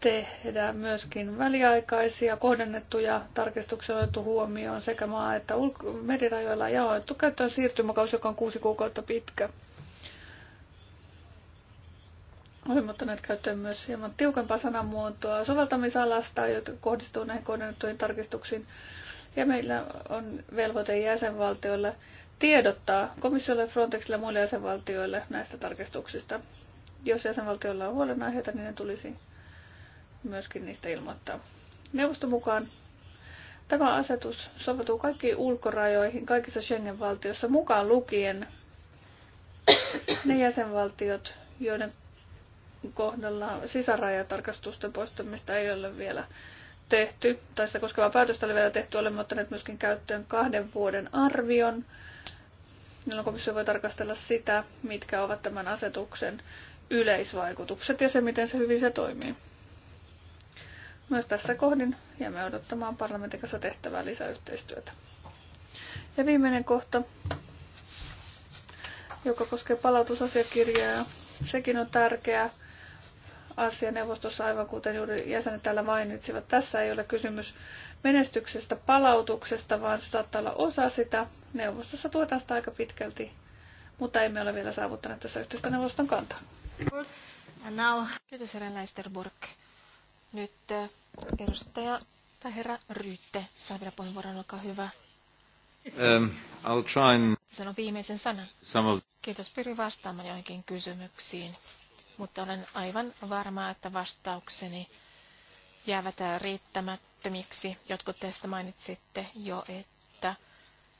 tehdä myöskin väliaikaisia, kohdennettuja tarkistuksia otettu huomioon sekä maa- että ulko- merirajoilla ja otettu käyttöön siirtymäkaus, joka on kuusi kuukautta pitkä. Olemme ottanut käyttöön myös hieman tiukempaa sanamuotoa soveltamisalasta, joka kohdistuu näihin kohdennettuihin tarkistuksiin. Ja meillä on velvoite jäsenvaltioilla tiedottaa komissiolle, Frontexille ja muille jäsenvaltioille näistä tarkistuksista. Jos jäsenvaltioilla on huolenaiheita, niin ne tulisi myöskin niistä ilmoittaa. Neuvoston mukaan tämä asetus soveltuu kaikkiin ulkorajoihin kaikissa Schengen-valtioissa mukaan lukien ne jäsenvaltiot, joiden kohdalla sisärajatarkastusten poistamista ei ole vielä tehty, tai sitä koskevaa päätöstä oli vielä tehty, olemme ottaneet myöskin käyttöön kahden vuoden arvion, jolloin komissio voi tarkastella sitä, mitkä ovat tämän asetuksen yleisvaikutukset ja se, miten se hyvin se toimii. Myös tässä kohdin jäämme odottamaan parlamentin kanssa tehtävää lisäyhteistyötä. Ja viimeinen kohta, joka koskee palautusasiakirjaa, sekin on tärkeää asianeuvostossa, aivan kuten juuri jäsenet täällä mainitsivat. Tässä ei ole kysymys menestyksestä, palautuksesta, vaan se saattaa olla osa sitä. Neuvostossa tuetaan sitä aika pitkälti, mutta emme ole vielä saavuttaneet tässä yhteistä neuvoston kantaa. Now. Kiitos, herra Leisterburg. Nyt eh, edustaja tai herra Ryytte saa vielä puheenvuoron, olkaa hyvä. Um, I'll try and... Sano viimeisen sanan. Some of... Kiitos, pyrin vastaamaan joihinkin kysymyksiin mutta olen aivan varma, että vastaukseni jäävät riittämättömiksi. Jotkut teistä mainitsitte jo, että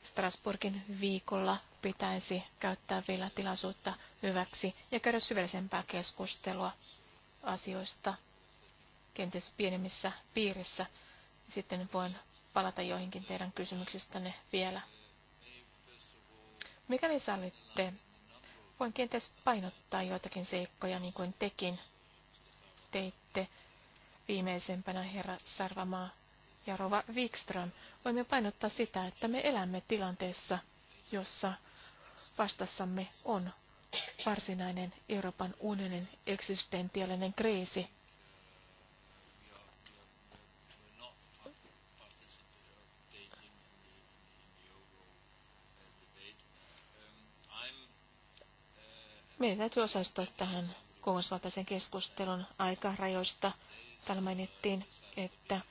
Strasburgin viikolla pitäisi käyttää vielä tilaisuutta hyväksi ja käydä syvällisempää keskustelua asioista kenties pienemmissä piirissä. Sitten voin palata joihinkin teidän kysymyksistänne vielä. Mikäli sallitte, Voin kenties painottaa joitakin seikkoja, niin kuin tekin teitte viimeisempänä herra Sarvamaa ja Rova Wikström. Voimme painottaa sitä, että me elämme tilanteessa, jossa vastassamme on varsinainen Euroopan unionin eksistentiaalinen kriisi – Meidän täytyy osallistua tähän kokonaisvaltaisen keskustelun aikarajoista. Täällä mainittiin, että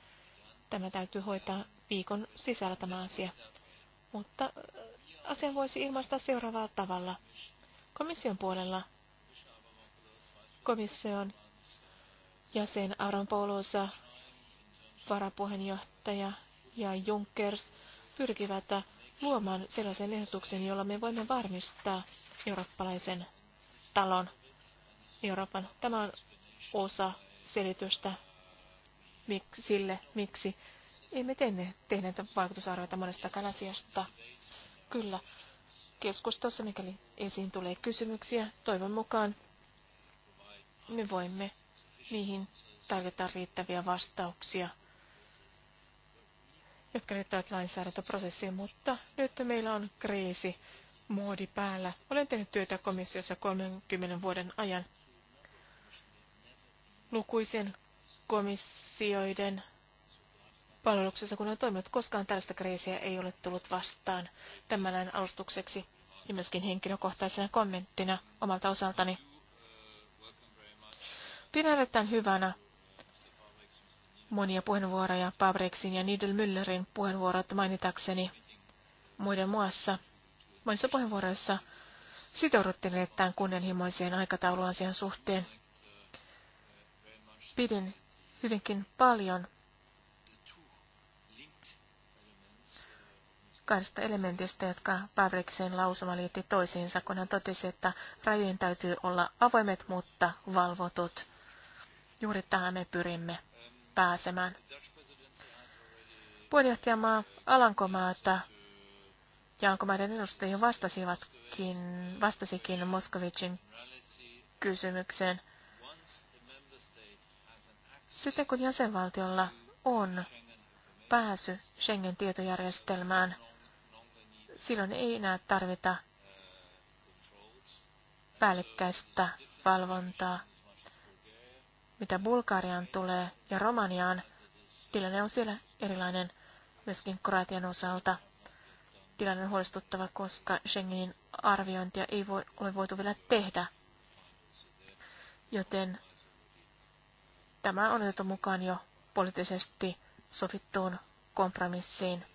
tämä täytyy hoitaa viikon sisällä tämä asia. Mutta äh, asian voisi ilmaista seuraavalla tavalla. Komission puolella komission jäsen Aron Poulosa, varapuheenjohtaja ja Junkers pyrkivät luomaan sellaisen ehdotuksen, jolla me voimme varmistaa eurooppalaisen talon Euroopan. Tämä on osa selitystä miksi, sille, miksi emme tehneet, tehneet vaikutusarvoita monestakaan asiasta. Kyllä, keskustossa, mikäli esiin tulee kysymyksiä, toivon mukaan me voimme niihin tarjota riittäviä vastauksia, jotka liittyvät lainsäädäntöprosessiin, mutta nyt meillä on kriisi muodi päällä. Olen tehnyt työtä komissiossa 30 vuoden ajan lukuisien komissioiden palveluksessa, kun olen toiminut. Koskaan tällaista kriisiä ei ole tullut vastaan tämän alustukseksi ja myöskin henkilökohtaisena kommenttina omalta osaltani. Pidän erittäin hyvänä monia puheenvuoroja Pabreksin ja Nidel Müllerin puheenvuorot mainitakseni muiden muassa monissa puheenvuoroissa sitouduttiin tämän kunnianhimoiseen aikatauluasian suhteen. Pidin hyvinkin paljon kahdesta elementistä, jotka Pavriksen lausuma liitti toisiinsa, kun hän totesi, että rajojen täytyy olla avoimet, mutta valvotut. Juuri tähän me pyrimme pääsemään. Puheenjohtajamaa Alankomaata ja Alankomaiden edustajia vastasivatkin, vastasikin Moskovicin kysymykseen. Sitten kun jäsenvaltiolla on pääsy Schengen-tietojärjestelmään, silloin ei enää tarvita päällekkäistä valvontaa. Mitä Bulgariaan tulee ja Romaniaan, tilanne on siellä erilainen myöskin Kroatian osalta tilanne on huolestuttava, koska Schengenin arviointia ei voi, ole voitu vielä tehdä. Joten tämä on otettu mukaan jo poliittisesti sovittuun kompromissiin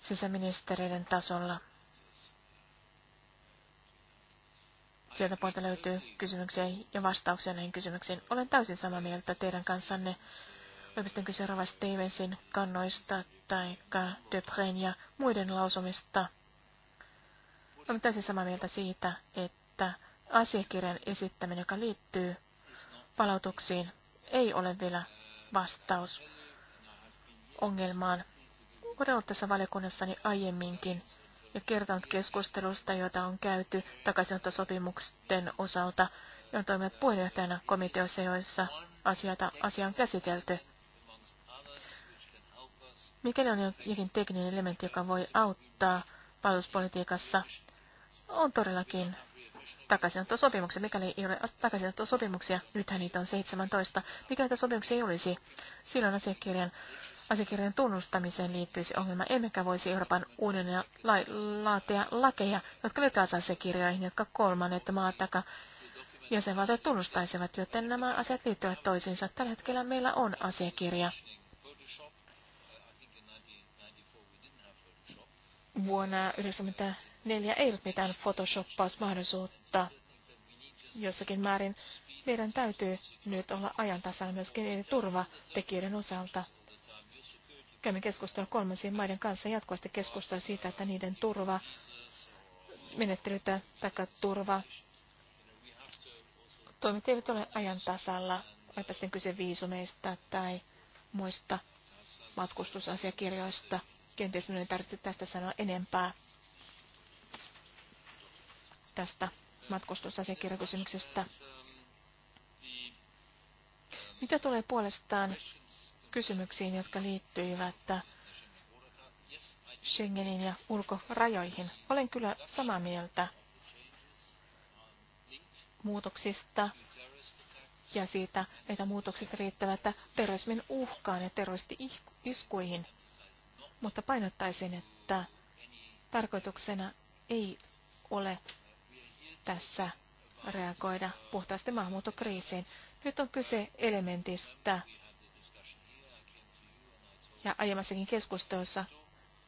sisäministeriöiden tasolla. Sieltä puolta löytyy kysymyksiä ja vastauksia näihin kysymyksiin. Olen täysin samaa mieltä teidän kanssanne Yliopiston seuraava Stevensin kannoista tai Debren ja muiden lausumista. Olen täysin samaa mieltä siitä, että asiakirjan esittäminen, joka liittyy palautuksiin, ei ole vielä vastaus ongelmaan. Olen ollut tässä valiokunnassani aiemminkin ja kertonut keskustelusta, jota on käyty takaisinottosopimusten osalta, ja on toiminut puheenjohtajana komiteoissa, joissa asiata, on käsitelty. Mikäli on jokin tekninen elementti, joka voi auttaa palveluspolitiikassa, on todellakin takaisinottosopimuksia. Mikäli ei ole takaisinottosopimuksia, nythän niitä on 17. Mikäli niitä sopimuksia ei olisi, silloin asiakirjan, asiakirjan tunnustamiseen liittyisi ongelma. Emmekä voisi Euroopan unionia la, laatia lakeja, jotka liittyvät asiakirjoihin, jotka kolmannet maat taka jäsenvaltiot tunnustaisivat, joten nämä asiat liittyvät toisiinsa. Tällä hetkellä meillä on asiakirja. vuonna 1994 ei ollut mitään photoshoppausmahdollisuutta jossakin määrin. Meidän täytyy nyt olla ajan tasalla myöskin eri turvatekijöiden osalta. Käymme keskustelua kolmansien maiden kanssa jatkuvasti keskustaa siitä, että niiden turva menettelytä tai turva toimet eivät ole ajan tasalla, olipa sitten kyse viisumeista tai muista matkustusasiakirjoista. Kenties minun ei tarvitse tästä sanoa enempää tästä matkustusasiakirjakysymyksestä. Mitä tulee puolestaan kysymyksiin, jotka liittyivät Schengenin ja ulkorajoihin? Olen kyllä samaa mieltä muutoksista ja siitä, että muutokset riittävät terrorismin uhkaan ja terroristi-iskuihin mutta painottaisin, että tarkoituksena ei ole tässä reagoida puhtaasti maahanmuuttokriisiin. Nyt on kyse elementistä. Ja aiemmassakin keskustelussa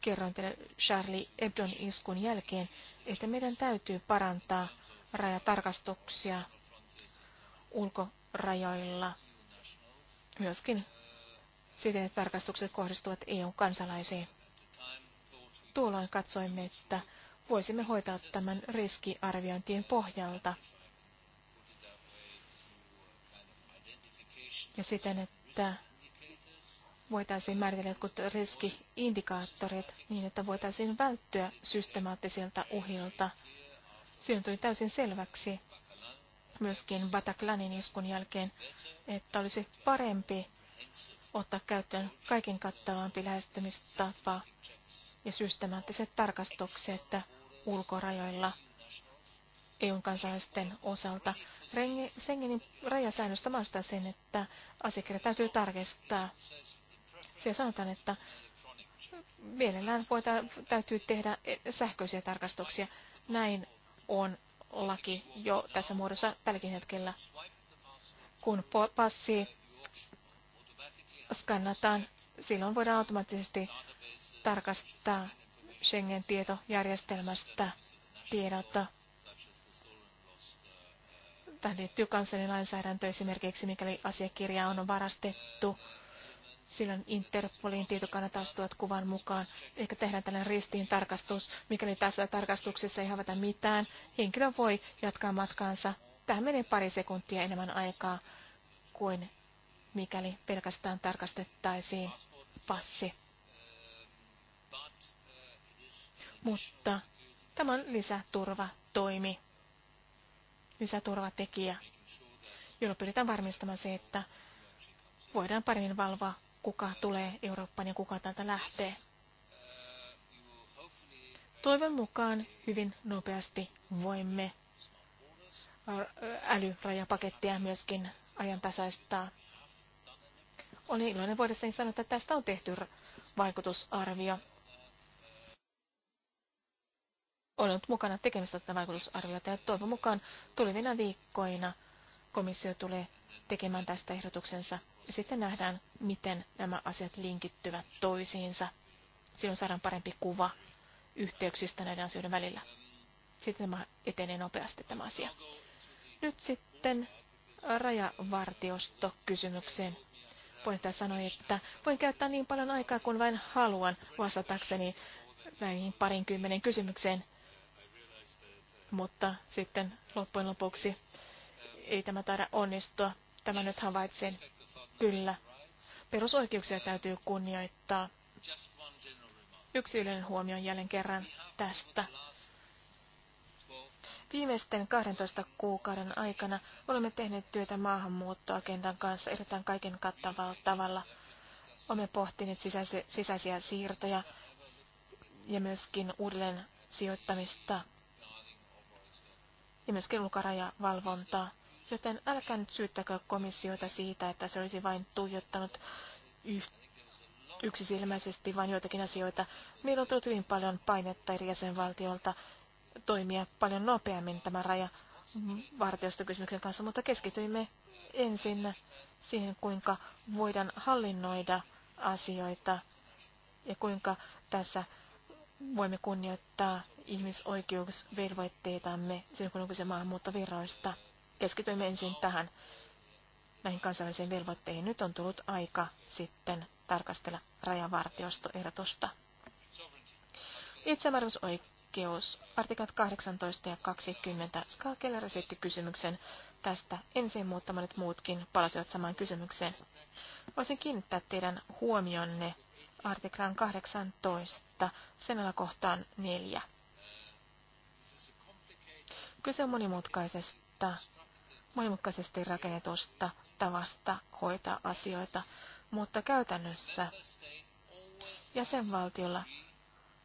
kerroin teille Charlie Hebdon iskun jälkeen, että meidän täytyy parantaa rajatarkastuksia ulkorajoilla myöskin siten, että tarkastukset kohdistuvat EU-kansalaisiin. Tuolloin katsoimme, että voisimme hoitaa tämän riskiarviointien pohjalta. Ja siten, että voitaisiin määritellä jotkut riskiindikaattorit niin, että voitaisiin välttyä systemaattisilta uhilta. Siinä tuli täysin selväksi myöskin Bataclanin iskun jälkeen, että olisi parempi ottaa käyttöön kaiken kattavampi lähestymistapa ja systemaattiset tarkastukset ulkorajoilla EUn kansalaisten osalta. Sengenin rajasäännöstä maastaa sen, että asiakirja täytyy tarkistaa. Siellä sanotaan, että mielellään voita, täytyy tehdä sähköisiä tarkastuksia. Näin on laki jo tässä muodossa tälläkin hetkellä. Kun passi skannataan, silloin voidaan automaattisesti tarkastaa Schengen-tietojärjestelmästä tiedot. Tähän liittyy kansallinen lainsäädäntö esimerkiksi, mikäli asiakirja on varastettu. Silloin Interpolin tietokannat astuvat kuvan mukaan. Ehkä tehdään tällainen ristiin tarkastus. Mikäli tässä tarkastuksessa ei havaita mitään, henkilö voi jatkaa matkaansa. Tähän menee pari sekuntia enemmän aikaa kuin mikäli pelkästään tarkastettaisiin passi. Mutta tämä on lisäturvatoimi, lisäturvatekijä, jolla pyritään varmistamaan se, että voidaan paremmin valvoa, kuka tulee Eurooppaan ja kuka täältä lähtee. Toivon mukaan hyvin nopeasti voimme älyrajapakettia myöskin ajantasaistaa olen iloinen voidessani sanoa, että tästä on tehty vaikutusarvio. Olen ollut mukana tekemässä tätä vaikutusarviota ja toivon mukaan tulevina viikkoina komissio tulee tekemään tästä ehdotuksensa. Ja sitten nähdään, miten nämä asiat linkittyvät toisiinsa. Silloin saadaan parempi kuva yhteyksistä näiden asioiden välillä. Sitten tämä etenee nopeasti tämä asia. Nyt sitten rajavartiosto kysymykseen puheenjohtaja sanoi, että voin käyttää niin paljon aikaa kuin vain haluan vastatakseni näihin parinkymmenen kysymykseen. Mutta sitten loppujen lopuksi ei tämä taida onnistua. Tämä nyt havaitsen. Kyllä. Perusoikeuksia täytyy kunnioittaa. Yksi yleinen huomio jälleen kerran tästä. Viimeisten 12 kuukauden aikana olemme tehneet työtä maahanmuuttoagendan kanssa erittäin kaiken kattavalla tavalla. Olemme pohtineet sisäisiä, sisäisiä siirtoja ja myöskin uudelleen sijoittamista ja myöskin ulkorajavalvontaa. Joten älkää nyt syyttäkö komissiota siitä, että se olisi vain tuijottanut yhteen yksisilmäisesti vain joitakin asioita. Meillä on tullut hyvin paljon painetta eri jäsenvaltiolta toimia paljon nopeammin tämän rajavartiostokysymyksen kanssa, mutta keskityimme ensin siihen, kuinka voidaan hallinnoida asioita ja kuinka tässä voimme kunnioittaa ihmisoikeusvelvoitteitamme silloin, kun on kyse maahanmuuttovirroista. Keskityimme ensin tähän näihin kansainvälisiin velvoitteihin. Nyt on tullut aika sitten tarkastella rajavartiostoehdotusta. Itsemääräämisoikeus oikeus, artikat 18 ja 20. Skakeler esitti kysymyksen tästä. Ensin muuttamat muutkin palasivat samaan kysymykseen. Voisin kiinnittää teidän huomionne artiklaan 18, sen alakohtaan 4. Kyse on monimutkaisesta, monimutkaisesti rakennetusta tavasta hoitaa asioita, mutta käytännössä jäsenvaltiolla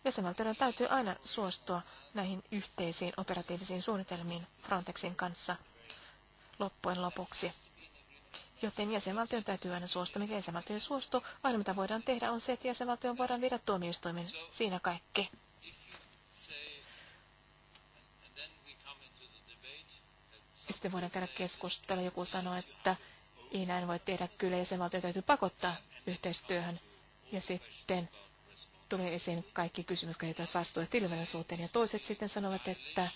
Jäsenvaltioiden täytyy aina suostua näihin yhteisiin operatiivisiin suunnitelmiin Frontexin kanssa loppujen lopuksi. Joten jäsenvaltion täytyy aina suostua, mikä jäsenvaltio suostu. Aina mitä voidaan tehdä on se, että jäsenvaltion voidaan viedä tuomioistuimen. Siinä kaikki. Ja sitten voidaan käydä keskustella. Joku sanoo, että ei näin voi tehdä. Kyllä jäsenvaltio täytyy pakottaa yhteistyöhön. Ja sitten tulee esiin kaikki kysymykset, jotka liittyvät vastuutilvellisuuteen, ja toiset sitten sanovat, että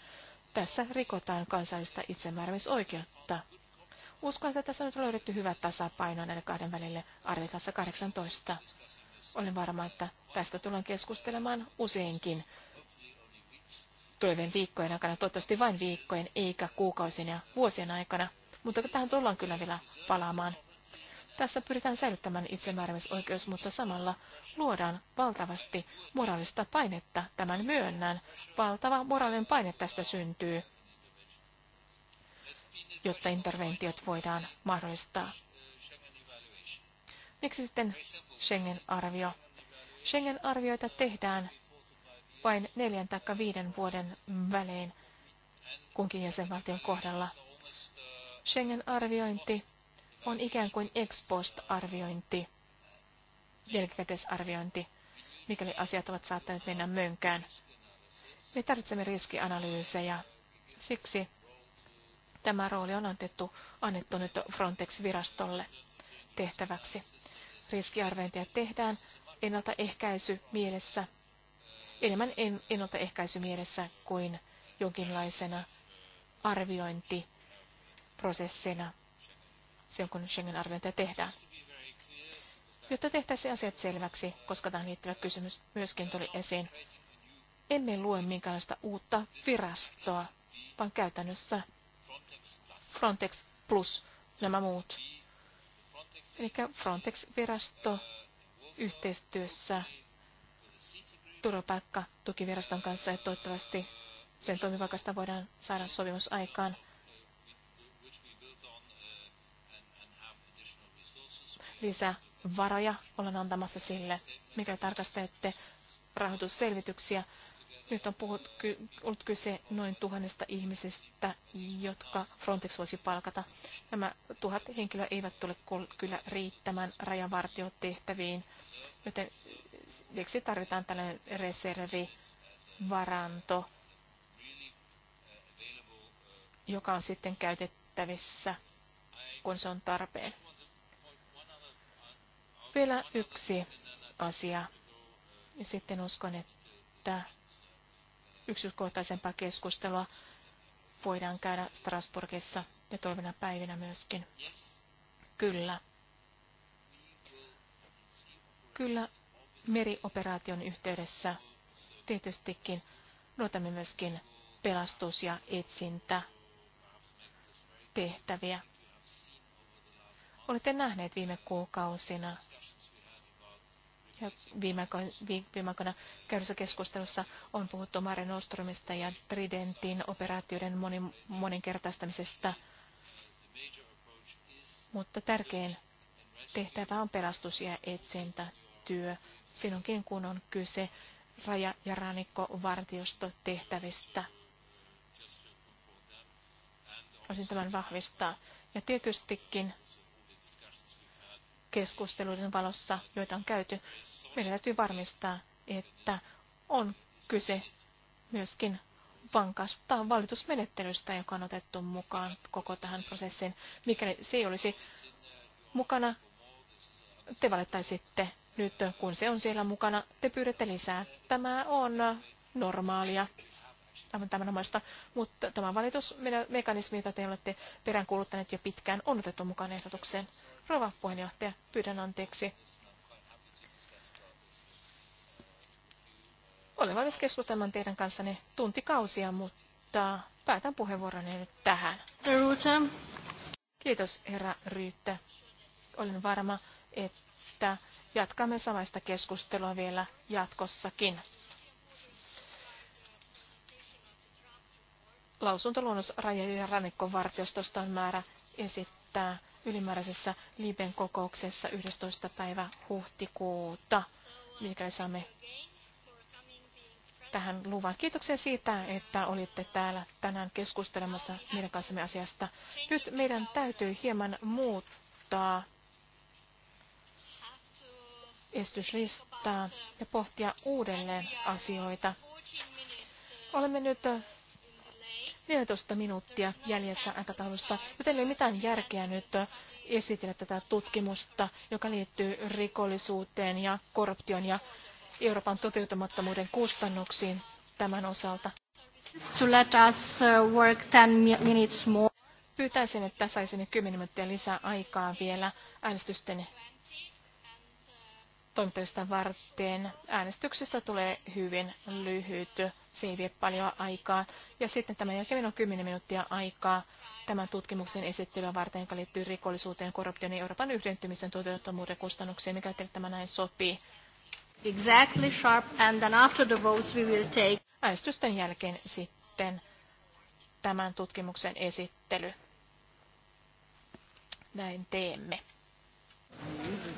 tässä rikotaan kansallista itsemääräämisoikeutta. Uskon, että tässä nyt on löydetty hyvä tasapaino näiden kahden välille artikassa 18. Olen varma, että tästä tullaan keskustelemaan useinkin tulevien viikkojen aikana, toivottavasti vain viikkojen eikä kuukausien ja vuosien aikana. Mutta tähän tullaan kyllä vielä palaamaan. Tässä pyritään säilyttämään itsemääräämisoikeus, mutta samalla luodaan valtavasti moraalista painetta. Tämän myönnän. Valtava moraalinen paine tästä syntyy, jotta interventiot voidaan mahdollistaa. Miksi sitten Schengen-arvio? Schengen-arvioita tehdään vain neljän tai viiden vuoden välein kunkin jäsenvaltion kohdalla. Schengen-arviointi on ikään kuin ex post-arviointi, jälkikäteisarviointi, mikäli asiat ovat saattaneet mennä mönkään. Me tarvitsemme riskianalyysejä. Siksi tämä rooli on annettu, annettu nyt Frontex-virastolle tehtäväksi. Riskiarviointia tehdään ennaltaehkäisy mielessä, enemmän ennaltaehkäisy mielessä kuin jonkinlaisena arviointiprosessina silloin, kun Schengen-arviointia tehdään. Jotta tehtäisiin asiat selväksi, koska tähän liittyvä kysymys myöskin tuli esiin, emme lue minkäänlaista uutta virastoa, vaan käytännössä Frontex plus nämä muut. Eli Frontex-virasto yhteistyössä turvapaikka tukiviraston kanssa ja toivottavasti sen toimivakasta voidaan saada sopimus aikaan. lisävaroja olen antamassa sille, mikä tarkastatte rahoitusselvityksiä. Nyt on puhut, ky, ollut kyse noin tuhannesta ihmisestä, jotka Frontex voisi palkata. Nämä tuhat henkilöä eivät tule kyllä riittämään rajavartiotehtäviin, joten siksi tarvitaan tällainen reservivaranto, joka on sitten käytettävissä, kun se on tarpeen. Vielä yksi asia. Ja sitten uskon, että yksityiskohtaisempaa keskustelua voidaan käydä Strasburgissa ja tulevina päivinä myöskin. Kyllä. Kyllä merioperaation yhteydessä tietystikin luotamme myöskin pelastus- ja etsintätehtäviä olette nähneet viime kuukausina ja viime, viime aikoina käydyssä keskustelussa on puhuttu Mare Nostromista ja Tridentin operaatioiden monin, moninkertaistamisesta. Mutta tärkein tehtävä on pelastus- ja etsintätyö, Sinunkin kun on kyse raja- ja rannikkovartiostotehtävistä. Osin tämän vahvistaa. Ja tietystikin keskusteluiden valossa, joita on käyty, meidän täytyy varmistaa, että on kyse myöskin vankasta valitusmenettelystä, joka on otettu mukaan koko tähän prosessiin. Mikäli se ei olisi mukana, te valittaisitte nyt, kun se on siellä mukana, te pyydätte lisää. Tämä on normaalia tämän, tämän omasta, mutta tämä valitusmekanismi, jota te olette peräänkuuluttaneet jo pitkään, on otettu mukaan ehdotukseen. Rova puheenjohtaja, pyydän anteeksi. Olen valmis keskustelemaan teidän kanssanne tuntikausia, mutta päätän puheenvuoroni nyt tähän. Kiitos, herra Ryyttä. Olen varma, että jatkamme samaista keskustelua vielä jatkossakin. Lausuntoluonnos rajojen ja rannikkovartiostosta on määrä esittää ylimääräisessä Liben kokouksessa 11. päivä huhtikuuta, mikäli saamme tähän luvan. Kiitoksia siitä, että olitte täällä tänään keskustelemassa meidän kanssamme asiasta. Nyt meidän täytyy hieman muuttaa esityslistaa ja pohtia uudelleen asioita. Olemme nyt 14 minuuttia jäljessä aikataulusta, joten ei ole mitään järkeä nyt esitellä tätä tutkimusta, joka liittyy rikollisuuteen ja korruption ja Euroopan toteutumattomuuden kustannuksiin tämän osalta. Uh, Pyytäisin, että saisin 10 minuuttia lisää aikaa vielä äänestysten toimittamista varten. Äänestyksestä tulee hyvin lyhyt, se ei vie paljon aikaa. Ja sitten tämän jälkeen meillä on 10 minuuttia aikaa tämän tutkimuksen esittelyä varten, joka liittyy rikollisuuteen, korruptioon ja Euroopan yhdentymisen toteuttamuuden kustannuksiin, mikä teille tämä näin sopii. Exactly sharp, and then after the votes we will take... Äänestysten jälkeen sitten tämän tutkimuksen esittely. Näin teemme. Mm-hmm.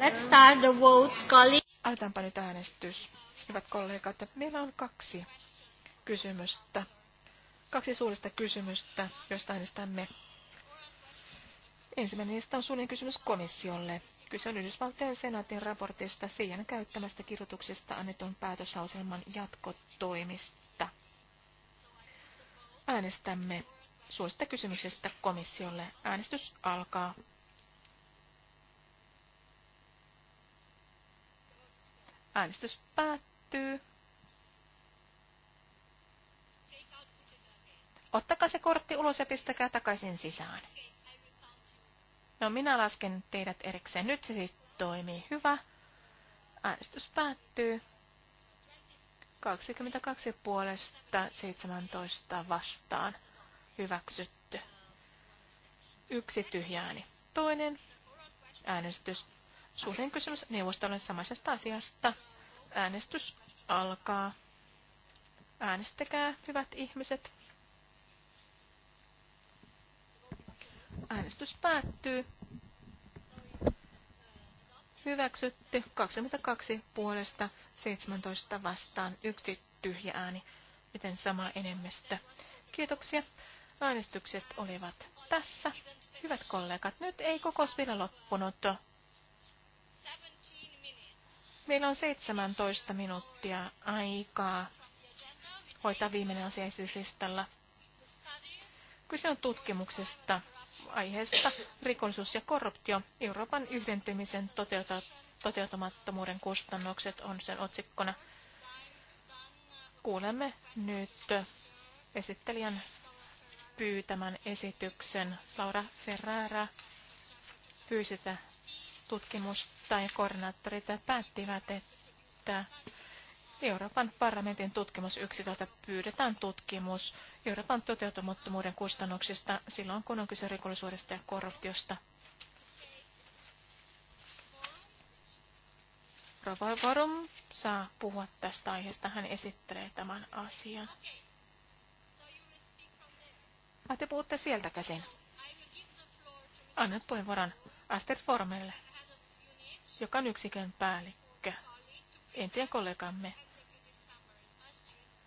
Let's start the vote, colleagues. Aletaanpa nyt äänestys. Hyvät kollegat, meillä on kaksi kysymystä. Kaksi suurista kysymystä, joista äänestämme. Ensimmäinen niistä on suullinen kysymys komissiolle. Kyse on Yhdysvaltojen senaatin raportista CIAN käyttämästä kirjoituksesta annetun päätöslauselman jatkotoimista. Äänestämme suosista kysymyksestä komissiolle. Äänestys alkaa. Äänestys päättyy. Ottakaa se kortti ulos ja pistäkää takaisin sisään. No minä lasken teidät erikseen. Nyt se siis toimii. Hyvä. Äänestys päättyy. 22 puolesta 17 vastaan. Hyväksytty. Yksi tyhjääni. Toinen äänestys Suurin kysymys neuvostolle samaisesta asiasta. Äänestys alkaa. Äänestäkää, hyvät ihmiset. Äänestys päättyy. Hyväksytty 22 puolesta 17 vastaan yksi tyhjä ääni, miten sama enemmistö. Kiitoksia. Äänestykset olivat tässä. Hyvät kollegat, nyt ei kokous vielä loppunut. Meillä on 17 minuuttia aikaa hoitaa viimeinen asia esityslistalla. Kyse on tutkimuksesta aiheesta rikollisuus ja korruptio. Euroopan yhdentymisen toteuta, toteutumattomuuden kustannukset on sen otsikkona. Kuulemme nyt esittelijän pyytämän esityksen. Laura Ferrara pyysi tutkimus- tai koordinaattorit päättivät, että Euroopan parlamentin tutkimusyksiköltä pyydetään tutkimus Euroopan toteutumattomuuden kustannuksista silloin, kun on kyse rikollisuudesta ja korruptiosta. Rovorum saa puhua tästä aiheesta. Hän esittelee tämän asian. Ah, te puhutte sieltä käsin. Annat puheenvuoron Aster Formelle joka on yksikön päällikkö, entinen kollegamme.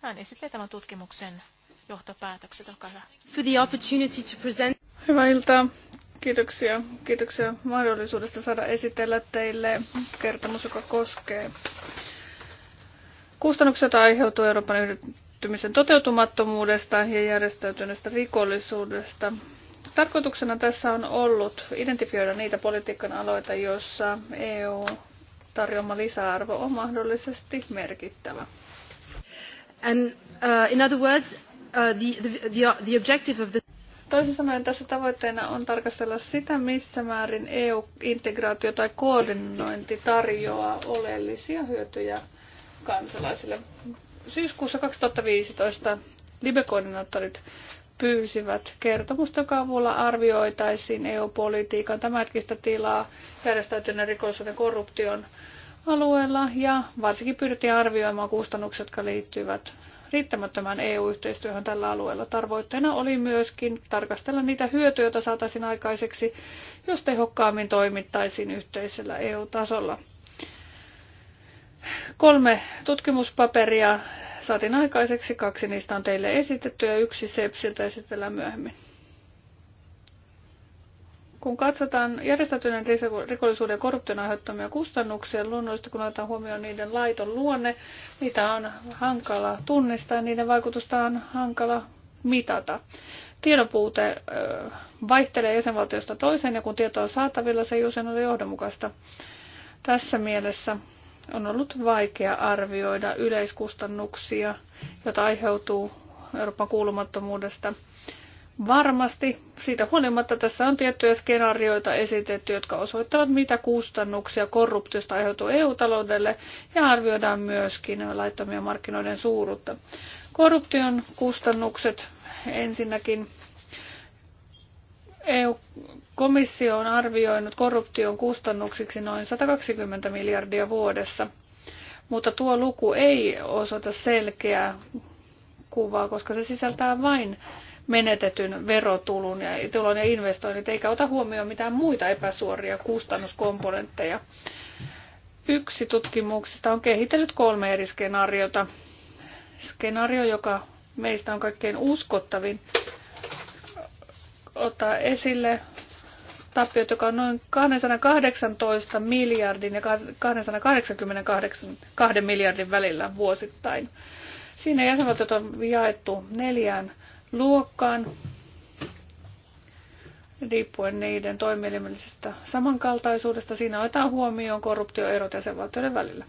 Hän esittelee tämän tutkimuksen johtopäätökset, olkaa Hyvää iltaa. Kiitoksia. Kiitoksia mahdollisuudesta saada esitellä teille kertomus, joka koskee kustannukset aiheutuu Euroopan yhdistymisen toteutumattomuudesta ja järjestäytyneestä rikollisuudesta Tarkoituksena tässä on ollut identifioida niitä politiikan aloita, joissa EU tarjoama lisäarvo on mahdollisesti merkittävä. And, uh, in other words, uh, the, the, the, objective of the Toisin sanoen tässä tavoitteena on tarkastella sitä, missä määrin EU-integraatio tai koordinointi tarjoaa oleellisia hyötyjä kansalaisille. Syyskuussa 2015 LIBE-koordinaattorit pyysivät kertomusta, jonka avulla arvioitaisiin EU-politiikan tämänhetkistä tilaa järjestäytyneen rikollisuuden korruption alueella ja varsinkin pyydettiin arvioimaan kustannukset, jotka liittyvät riittämättömään EU-yhteistyöhön tällä alueella. Tarvoitteena oli myöskin tarkastella niitä hyötyjä, joita saataisiin aikaiseksi, jos tehokkaammin toimittaisiin yhteisellä EU-tasolla. Kolme tutkimuspaperia saatiin aikaiseksi, kaksi niistä on teille esitetty ja yksi SEPSiltä esitellään myöhemmin. Kun katsotaan järjestäytyneen rikollisuuden ja korruption aiheuttamia kustannuksia, luonnollisesti kun otetaan huomioon niiden laiton luonne, niitä on hankala tunnistaa ja niiden vaikutusta on hankala mitata. Tiedonpuute vaihtelee jäsenvaltiosta toiseen ja kun tietoa on saatavilla, se ei usein ole johdonmukaista. Tässä mielessä on ollut vaikea arvioida yleiskustannuksia, joita aiheutuu Euroopan kuulumattomuudesta. Varmasti, siitä huolimatta tässä on tiettyjä skenaarioita esitetty, jotka osoittavat, mitä kustannuksia korruptiosta aiheutuu EU-taloudelle ja arvioidaan myöskin laittomien markkinoiden suuruutta. Korruption kustannukset ensinnäkin EU-komissio on arvioinut korruption kustannuksiksi noin 120 miljardia vuodessa, mutta tuo luku ei osoita selkeää kuvaa, koska se sisältää vain menetetyn verotulun ja tulon ja investoinnit, eikä ota huomioon mitään muita epäsuoria kustannuskomponentteja. Yksi tutkimuksista on kehitellyt kolme eri skenaariota. Skenaario, joka meistä on kaikkein uskottavin, ottaa esille tappiot, joka on noin 218 miljardin ja 282 miljardin välillä vuosittain. Siinä jäsenvaltiot on jaettu neljään luokkaan riippuen niiden toimielimellisestä samankaltaisuudesta. Siinä otetaan huomioon korruptioerot jäsenvaltioiden välillä.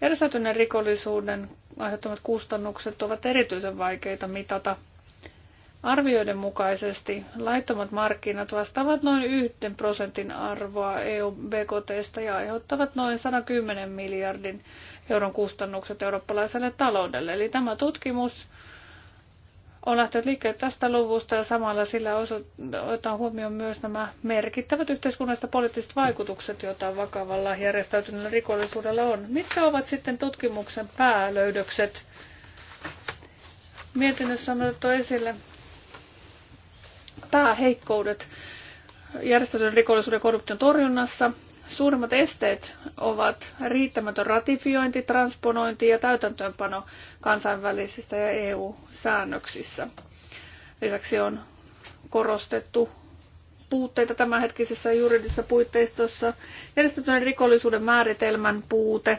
Järjestäytyneen rikollisuuden aiheuttamat kustannukset ovat erityisen vaikeita mitata – Arvioiden mukaisesti laittomat markkinat vastaavat noin 1 prosentin arvoa EU-BKTstä ja aiheuttavat noin 110 miljardin euron kustannukset eurooppalaiselle taloudelle. Eli tämä tutkimus on lähtenyt liikkeelle tästä luvusta ja samalla sillä otetaan huomioon myös nämä merkittävät yhteiskunnalliset poliittiset vaikutukset, joita vakavalla järjestäytyneellä rikollisuudella on. Mitkä ovat sitten tutkimuksen päälöydökset? Mietinnössä on otettu esille pääheikkoudet järjestetyn rikollisuuden ja korruption torjunnassa. Suurimmat esteet ovat riittämätön ratifiointi, transponointi ja täytäntöönpano kansainvälisistä ja EU-säännöksissä. Lisäksi on korostettu puutteita tämänhetkisessä juridisessa puitteistossa, järjestetyn rikollisuuden määritelmän puute,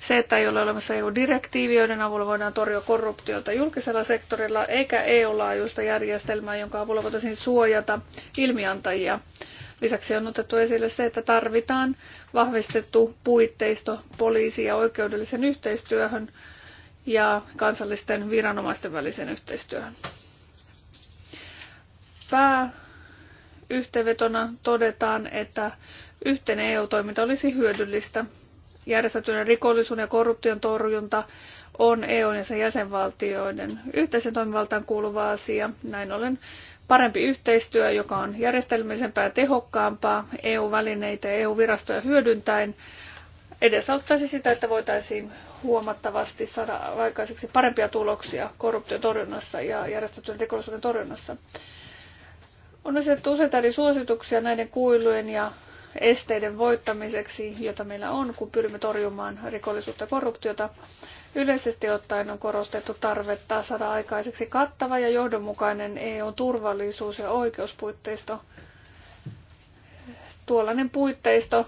se, että ei ole olemassa EU-direktiivioiden avulla voidaan torjua korruptiota julkisella sektorilla, eikä EU-laajuista järjestelmää, jonka avulla voitaisiin suojata ilmiantajia. Lisäksi on otettu esille se, että tarvitaan vahvistettu puitteisto poliisi- ja oikeudellisen yhteistyöhön ja kansallisten viranomaisten välisen yhteistyöhön. Pääyhteenvetona todetaan, että yhteinen EU-toiminta olisi hyödyllistä järjestäytyneen rikollisuuden ja korruption torjunta on EUn ja sen jäsenvaltioiden yhteisen toimivaltaan kuuluva asia. Näin ollen parempi yhteistyö, joka on järjestelmällisempää ja tehokkaampaa EU-välineitä ja EU-virastoja hyödyntäen, edesauttaisi sitä, että voitaisiin huomattavasti saada aikaiseksi parempia tuloksia korruption torjunnassa ja järjestäytyneen rikollisuuden torjunnassa. On esitetty useita eri suosituksia näiden kuilujen ja esteiden voittamiseksi, jota meillä on, kun pyrimme torjumaan rikollisuutta ja korruptiota. Yleisesti ottaen on korostettu tarvetta saada aikaiseksi kattava ja johdonmukainen EU-turvallisuus- ja oikeuspuitteisto. Tuollainen puitteisto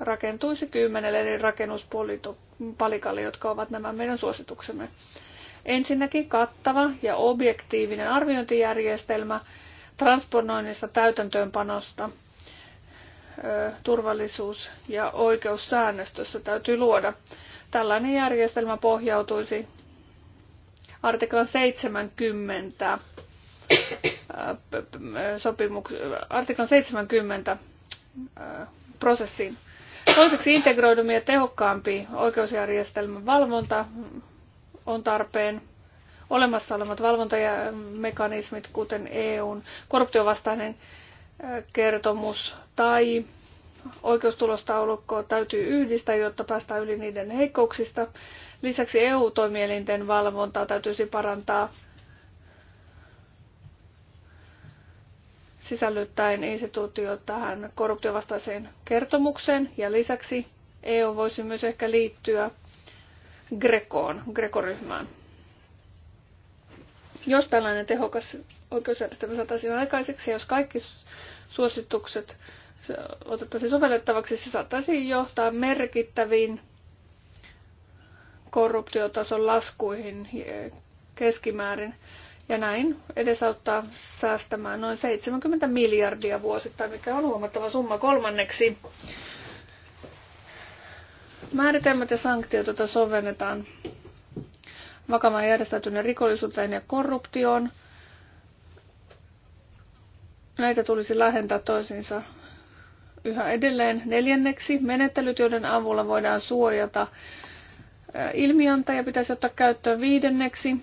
rakentuisi kymmenelle eri rakennuspalikalle, jotka ovat nämä meidän suosituksemme. Ensinnäkin kattava ja objektiivinen arviointijärjestelmä transponoinnista täytäntöönpanosta – turvallisuus- ja oikeussäännöstössä täytyy luoda. Tällainen järjestelmä pohjautuisi artiklan 70 sopimuks- artiklan 70 prosessiin. Toiseksi integroiduminen ja tehokkaampi oikeusjärjestelmän valvonta on tarpeen. Olemassa olevat valvontamekanismit, kuten EUn korruptiovastainen kertomus tai oikeustulostaulukko täytyy yhdistää, jotta päästään yli niiden heikkouksista. Lisäksi EU-toimielinten valvontaa täytyisi parantaa sisällyttäen instituutio tähän korruptiovastaiseen kertomukseen ja lisäksi EU voisi myös ehkä liittyä Grekoon, Grekoryhmään. Jos tällainen tehokas oikeusjärjestelmä saataisiin aikaiseksi, jos kaikki suositukset otettaisiin sovellettavaksi, se saattaisi johtaa merkittäviin korruptiotason laskuihin keskimäärin ja näin edesauttaa säästämään noin 70 miljardia vuosittain, mikä on huomattava summa kolmanneksi. Määritelmät ja sanktiot, joita sovennetaan vakavaan järjestäytyneen rikollisuuteen ja korruptioon, Näitä tulisi lähentää toisiinsa yhä edelleen. Neljänneksi, menettelyt, joiden avulla voidaan suojata ilmiantaja, pitäisi ottaa käyttöön. Viidenneksi,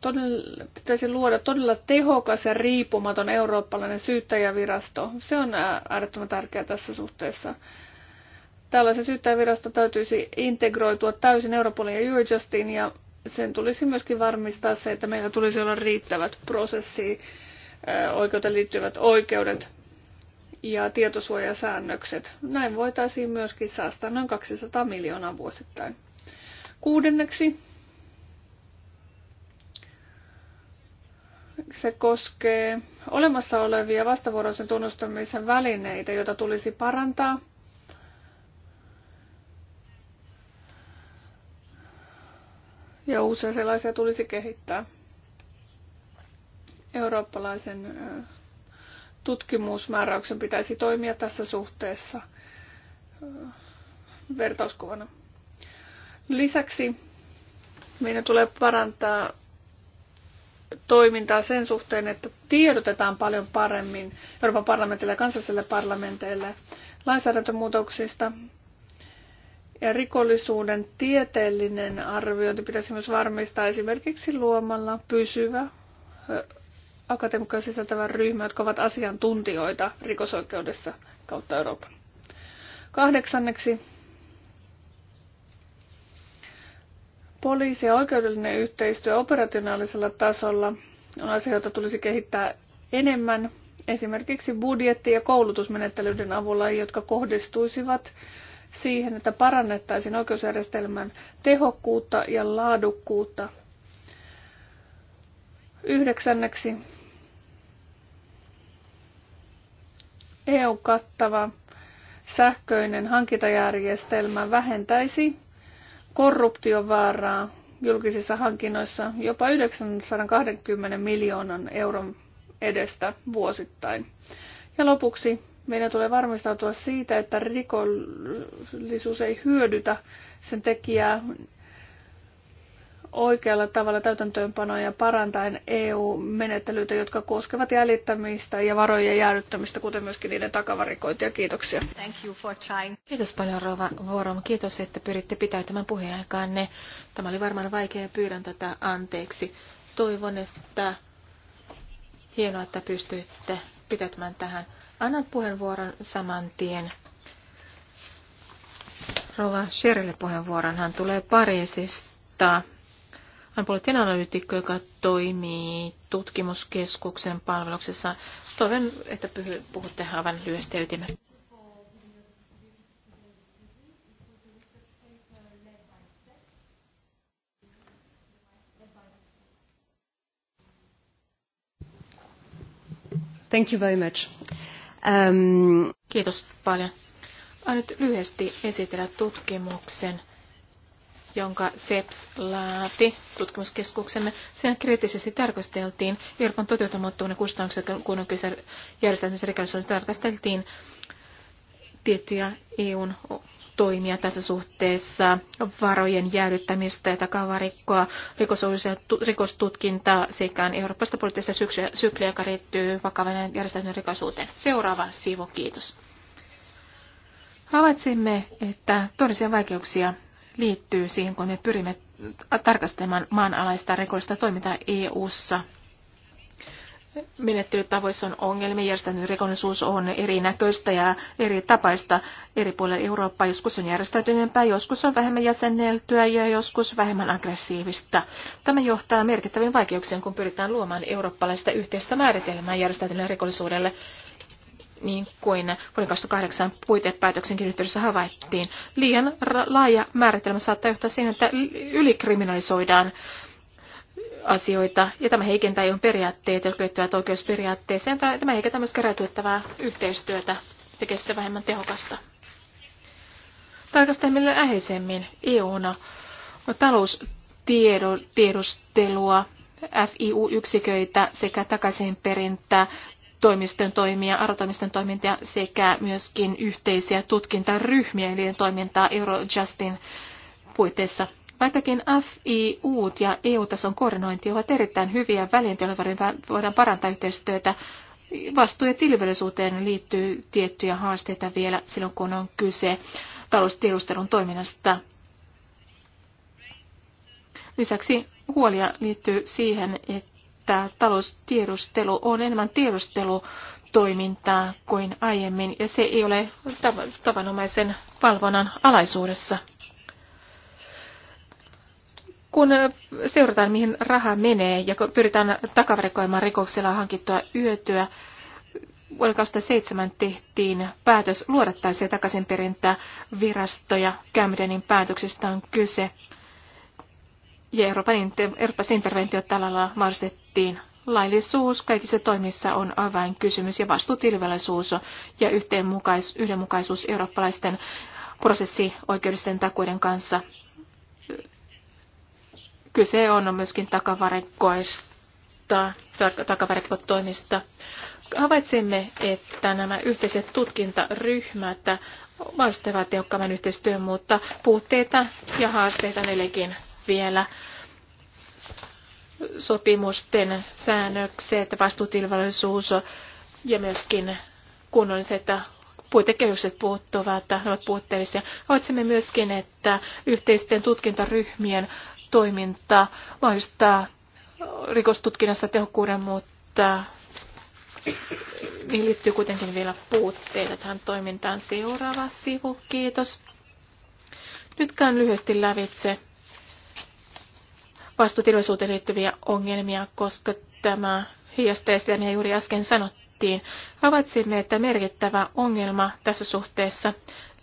todella, pitäisi luoda todella tehokas ja riippumaton eurooppalainen syyttäjävirasto. Se on äärettömän tärkeää tässä suhteessa. Tällaisen syyttäjäviraston täytyisi integroitua täysin Europolin ja Eurojustin ja sen tulisi myöskin varmistaa se, että meillä tulisi olla riittävät prosessi oikeuteen liittyvät oikeudet ja tietosuojasäännökset. Näin voitaisiin myöskin säästää noin 200 miljoonaa vuosittain. Kuudenneksi se koskee olemassa olevia vastavuoroisen tunnustamisen välineitä, joita tulisi parantaa. Ja uusia sellaisia tulisi kehittää eurooppalaisen tutkimusmääräyksen pitäisi toimia tässä suhteessa vertauskuvana. Lisäksi meidän tulee parantaa toimintaa sen suhteen, että tiedotetaan paljon paremmin Euroopan parlamentille ja kansalliselle parlamenteille lainsäädäntömuutoksista. Ja rikollisuuden tieteellinen arviointi pitäisi myös varmistaa esimerkiksi luomalla pysyvä akateemikkoja sisältävän ryhmän, jotka ovat asiantuntijoita rikosoikeudessa kautta Euroopan. Kahdeksanneksi poliisi- ja oikeudellinen yhteistyö operationaalisella tasolla on asia, jota tulisi kehittää enemmän esimerkiksi budjetti- ja koulutusmenettelyiden avulla, jotka kohdistuisivat siihen, että parannettaisiin oikeusjärjestelmän tehokkuutta ja laadukkuutta. Yhdeksänneksi EU-kattava sähköinen hankintajärjestelmä vähentäisi vaaraa julkisissa hankinnoissa jopa 920 miljoonan euron edestä vuosittain. Ja lopuksi meidän tulee varmistautua siitä, että rikollisuus ei hyödytä sen tekijää oikealla tavalla täytäntöönpanoja ja parantaen EU-menettelyitä, jotka koskevat jäljittämistä ja varojen jäädyttämistä, kuten myöskin niiden takavarikointia. Kiitoksia. Thank you for trying. Kiitos paljon Rova Vuorom. Kiitos, että pyritte pitäytymään puheenaikaanne. Tämä oli varmaan vaikea ja pyydän tätä anteeksi. Toivon, että hienoa, että pystyitte pitäytymään tähän. Annan puheenvuoron saman tien. Rova Sherille puheenvuoron. Hän tulee Pariisista hän poliittinen analyytikko, joka toimii tutkimuskeskuksen palveluksessa. Toivon, että puhutte aivan lyhyesti ja ytimen. Thank you very much. Um... Kiitos paljon. Aion nyt lyhyesti esitellä tutkimuksen, jonka SEPS laati tutkimuskeskuksemme. Sen kriittisesti tarkasteltiin Euroopan toteutumattomuuden kustannukset, kun on kyse järjestäytymisrikollisuudesta, tarkasteltiin tiettyjä EUn toimia tässä suhteessa, varojen jäädyttämistä ja takavarikkoa, rikostutkintaa sekä Euroopasta poliittista sykliä, joka liittyy vakavainen järjestäytyneen rikollisuuteen. Seuraava sivu, kiitos. Havaitsimme, että todellisia vaikeuksia liittyy siihen, kun me pyrimme tarkastelemaan maanalaista rikollista toimintaa EU-ssa. Menettelytavoissa on ongelmia, järjestäytynyt rikollisuus on erinäköistä ja eri tapaista eri puolilla Eurooppaa. Joskus on järjestäytyneempää, joskus on vähemmän jäsenneltyä ja joskus vähemmän aggressiivista. Tämä johtaa merkittäviin vaikeuksiin, kun pyritään luomaan eurooppalaista yhteistä määritelmää järjestäytyneen rikollisuudelle niin kuin vuoden 2008 puitepäätöksen yhteydessä havaittiin. Liian laaja määritelmä saattaa johtaa siihen, että ylikriminalisoidaan asioita, ja tämä heikentää jo periaatteita, jotka liittyvät oikeusperiaatteeseen, tai tämä heikentää myös keräytyttävää yhteistyötä, tekee sitä vähemmän tehokasta. Tarkastelemme läheisemmin EUna taloustiedustelua, FIU-yksiköitä sekä takaisinperintää toimiston toimia, arvotoimiston toimintaa sekä myöskin yhteisiä tutkintaryhmiä ja niiden toimintaa Eurojustin puitteissa. Vaikkakin FIU ja EU-tason koordinointi ovat erittäin hyviä välineitä, joilla voidaan parantaa yhteistyötä, vastuu- ja tilivelvollisuuteen liittyy tiettyjä haasteita vielä silloin, kun on kyse taloustiedustelun toiminnasta. Lisäksi huolia liittyy siihen, että että taloustiedustelu on enemmän tiedustelutoimintaa kuin aiemmin, ja se ei ole tavanomaisen valvonnan alaisuudessa. Kun seurataan, mihin raha menee ja pyritään takavarikoimaan rikoksella hankittua yötyä, vuonna 2007 tehtiin päätös luodattaisiin takaisinperintää virastoja. Camdenin päätöksestä on kyse ja Euroopan, Euroopan interventio tällä lailla mahdollistettiin. Laillisuus kaikissa toimissa on avainkysymys ja vastuutilvallisuus ja yhdenmukaisuus eurooppalaisten prosessioikeudisten takuiden kanssa. Kyse on myöskin takavarikoista, takavarikkotoimista. Havaitsimme, että nämä yhteiset tutkintaryhmät mahdollistavat tehokkaamman yhteistyön, mutta puutteita ja haasteita nekin vielä sopimusten säännökset, vastuutilvallisuus ja myöskin kunnolliset puitekehykset puuttuvat, ne ovat puutteellisia. Havaitsemme myöskin, että yhteisten tutkintaryhmien toiminta mahdollistaa rikostutkinnassa tehokkuuden, mutta niin liittyy kuitenkin vielä puutteita tähän toimintaan. Seuraava sivu, kiitos. Nyt käyn lyhyesti lävitse vastuutilaisuuteen liittyviä ongelmia, koska tämä heijastaa mitä juuri äsken sanottiin. Havaitsimme, että merkittävä ongelma tässä suhteessa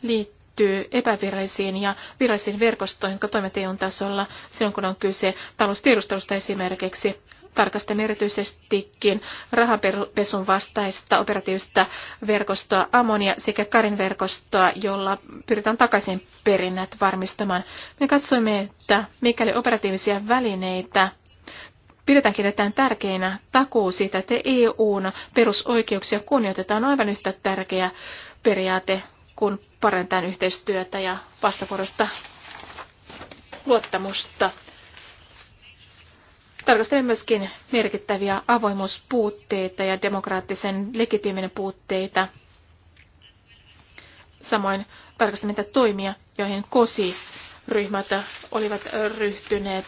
liittyy epävirallisiin ja virallisiin verkostoihin, jotka toimivat eu tasolla silloin, kun on kyse taloustiedustelusta esimerkiksi tarkastamme erityisestikin rahapesun vastaista operatiivista verkostoa Amonia sekä Karin verkostoa, jolla pyritään takaisin perinnät varmistamaan. Me katsoimme, että mikäli operatiivisia välineitä pidetäänkin erittäin tärkeinä takuu siitä, että EUn perusoikeuksia kunnioitetaan on aivan yhtä tärkeä periaate, kun parantaa yhteistyötä ja vastavuorosta luottamusta Tarkastelen myöskin merkittäviä avoimuuspuutteita ja demokraattisen legitiiminen puutteita. Samoin tarkastelen niitä toimia, joihin kosi ryhmät olivat ryhtyneet.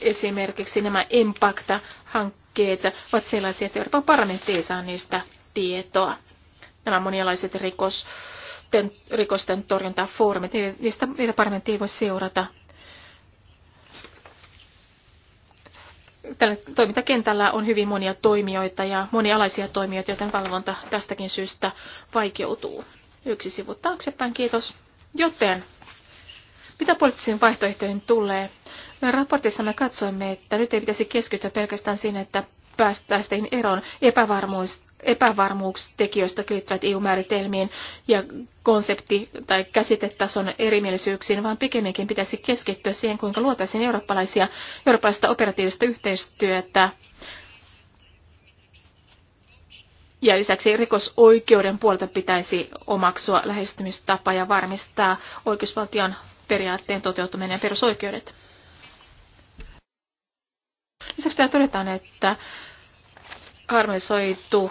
Esimerkiksi nämä Impacta-hankkeet ovat sellaisia, että Euroopan parlamentti ei saa niistä tietoa. Nämä monialaiset rikosten, rikosten torjuntafoorumit, niistä, niitä parlamentti ei voi seurata tällä toimintakentällä on hyvin monia toimijoita ja monialaisia toimijoita, joten valvonta tästäkin syystä vaikeutuu. Yksi sivu taaksepäin, kiitos. Joten, mitä poliittisiin vaihtoehtoihin tulee? Me raportissa me katsoimme, että nyt ei pitäisi keskittyä pelkästään siihen, että päästäisiin eroon epävarmuista epävarmuustekijöistä liittyvät EU-määritelmiin ja konsepti- tai käsitetason erimielisyyksiin, vaan pikemminkin pitäisi keskittyä siihen, kuinka luotaisiin eurooppalaisia, eurooppalaista operatiivista yhteistyötä ja lisäksi rikosoikeuden puolta pitäisi omaksua lähestymistapa ja varmistaa oikeusvaltion periaatteen toteutuminen ja perusoikeudet. Lisäksi täällä todetaan, että harmonisoitu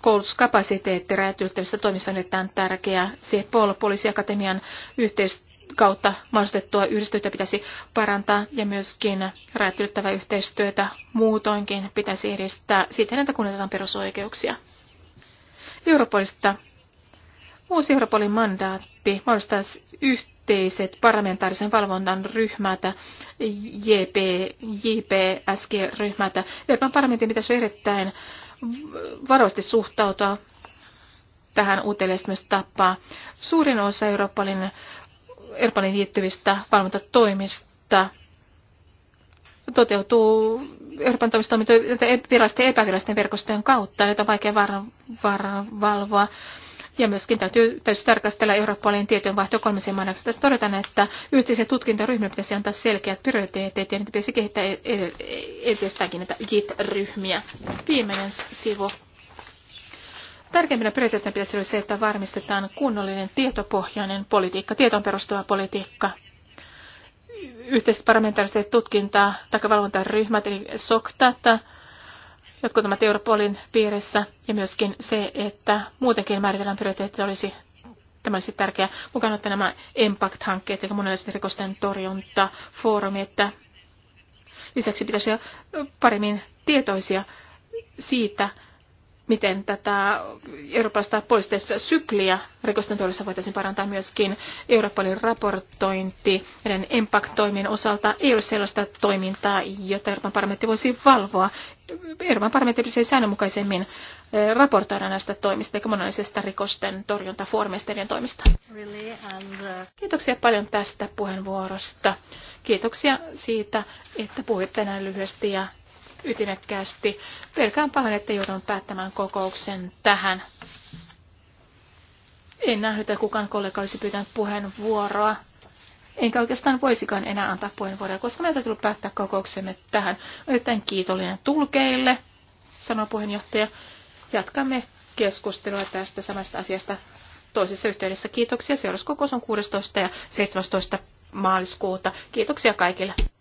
koulutuskapasiteetti rajat ylittävissä toimissa on erittäin tärkeää. CEPOL, poliisiakatemian yhteiskautta mahdollistettua yhdistyötä pitäisi parantaa ja myöskin rajat ylittävää yhteistyötä muutoinkin pitäisi edistää siten, että kunnioitetaan perusoikeuksia. Europolista. Uusi Europolin mandaatti yhteistyötä yhteiset parlamentaarisen valvonnan ryhmät, JP, JPSG-ryhmät. Euroopan parlamentin pitäisi erittäin varovasti suhtautua tähän tapaa. Suurin osa Euroopan, Euroopan liittyvistä valvontatoimista toteutuu Euroopan toimistoimintojen virallisten ja epävirallisten verkostojen kautta. joita on vaikea var, var, valvoa. Ja myöskin täytyy, täytyy tarkastella Eurooppalainen tietojenvaihto kolmisen maanaksi. Tässä todetaan, että yhteisen tutkintaryhmän pitäisi antaa selkeät prioriteetit ja niitä pitäisi kehittää e- e- entisestäänkin näitä JIT-ryhmiä. Viimeinen sivu. Tärkeimpänä prioriteettina pitäisi olla se, että varmistetaan kunnollinen tietopohjainen politiikka, tietoon perustuva politiikka, yhteiset parlamentaariset tutkintaa tai valvontaryhmät, eli SOKTAT, jotkut ovat Europolin piirissä ja myöskin se, että muutenkin määritellään prioriteetti olisi Tämä olisi tärkeää mukaan ottaa nämä Impact-hankkeet ja monenlaisten rikosten torjuntafoorumi, että lisäksi pitäisi olla paremmin tietoisia siitä, miten tätä eurooppalaista poisteista sykliä rikosten torjunnassa voitaisiin parantaa myöskin Europolin raportointi ja impact-toimien osalta ei ole sellaista toimintaa, jota Euroopan parlamentti voisi valvoa. Euroopan parlamentti pitäisi säännönmukaisemmin eh, raportoida näistä toimista ja monenlaisista rikosten torjunta, ja toimista. Uh, Kiitoksia paljon tästä puheenvuorosta. Kiitoksia siitä, että puhuitte näin lyhyesti ja ytimekkäästi. Pelkään pahoin, että joudun päättämään kokouksen tähän. En nähnyt, että kukaan kollega olisi pyytänyt puheenvuoroa. Enkä oikeastaan voisikaan enää antaa puheenvuoroa, koska meiltä tullut päättää kokouksemme tähän. Olen kiitollinen tulkeille, sanoi puheenjohtaja. Jatkamme keskustelua tästä samasta asiasta toisessa yhteydessä. Kiitoksia. Seuraavassa kokous on 16. ja 17. maaliskuuta. Kiitoksia kaikille.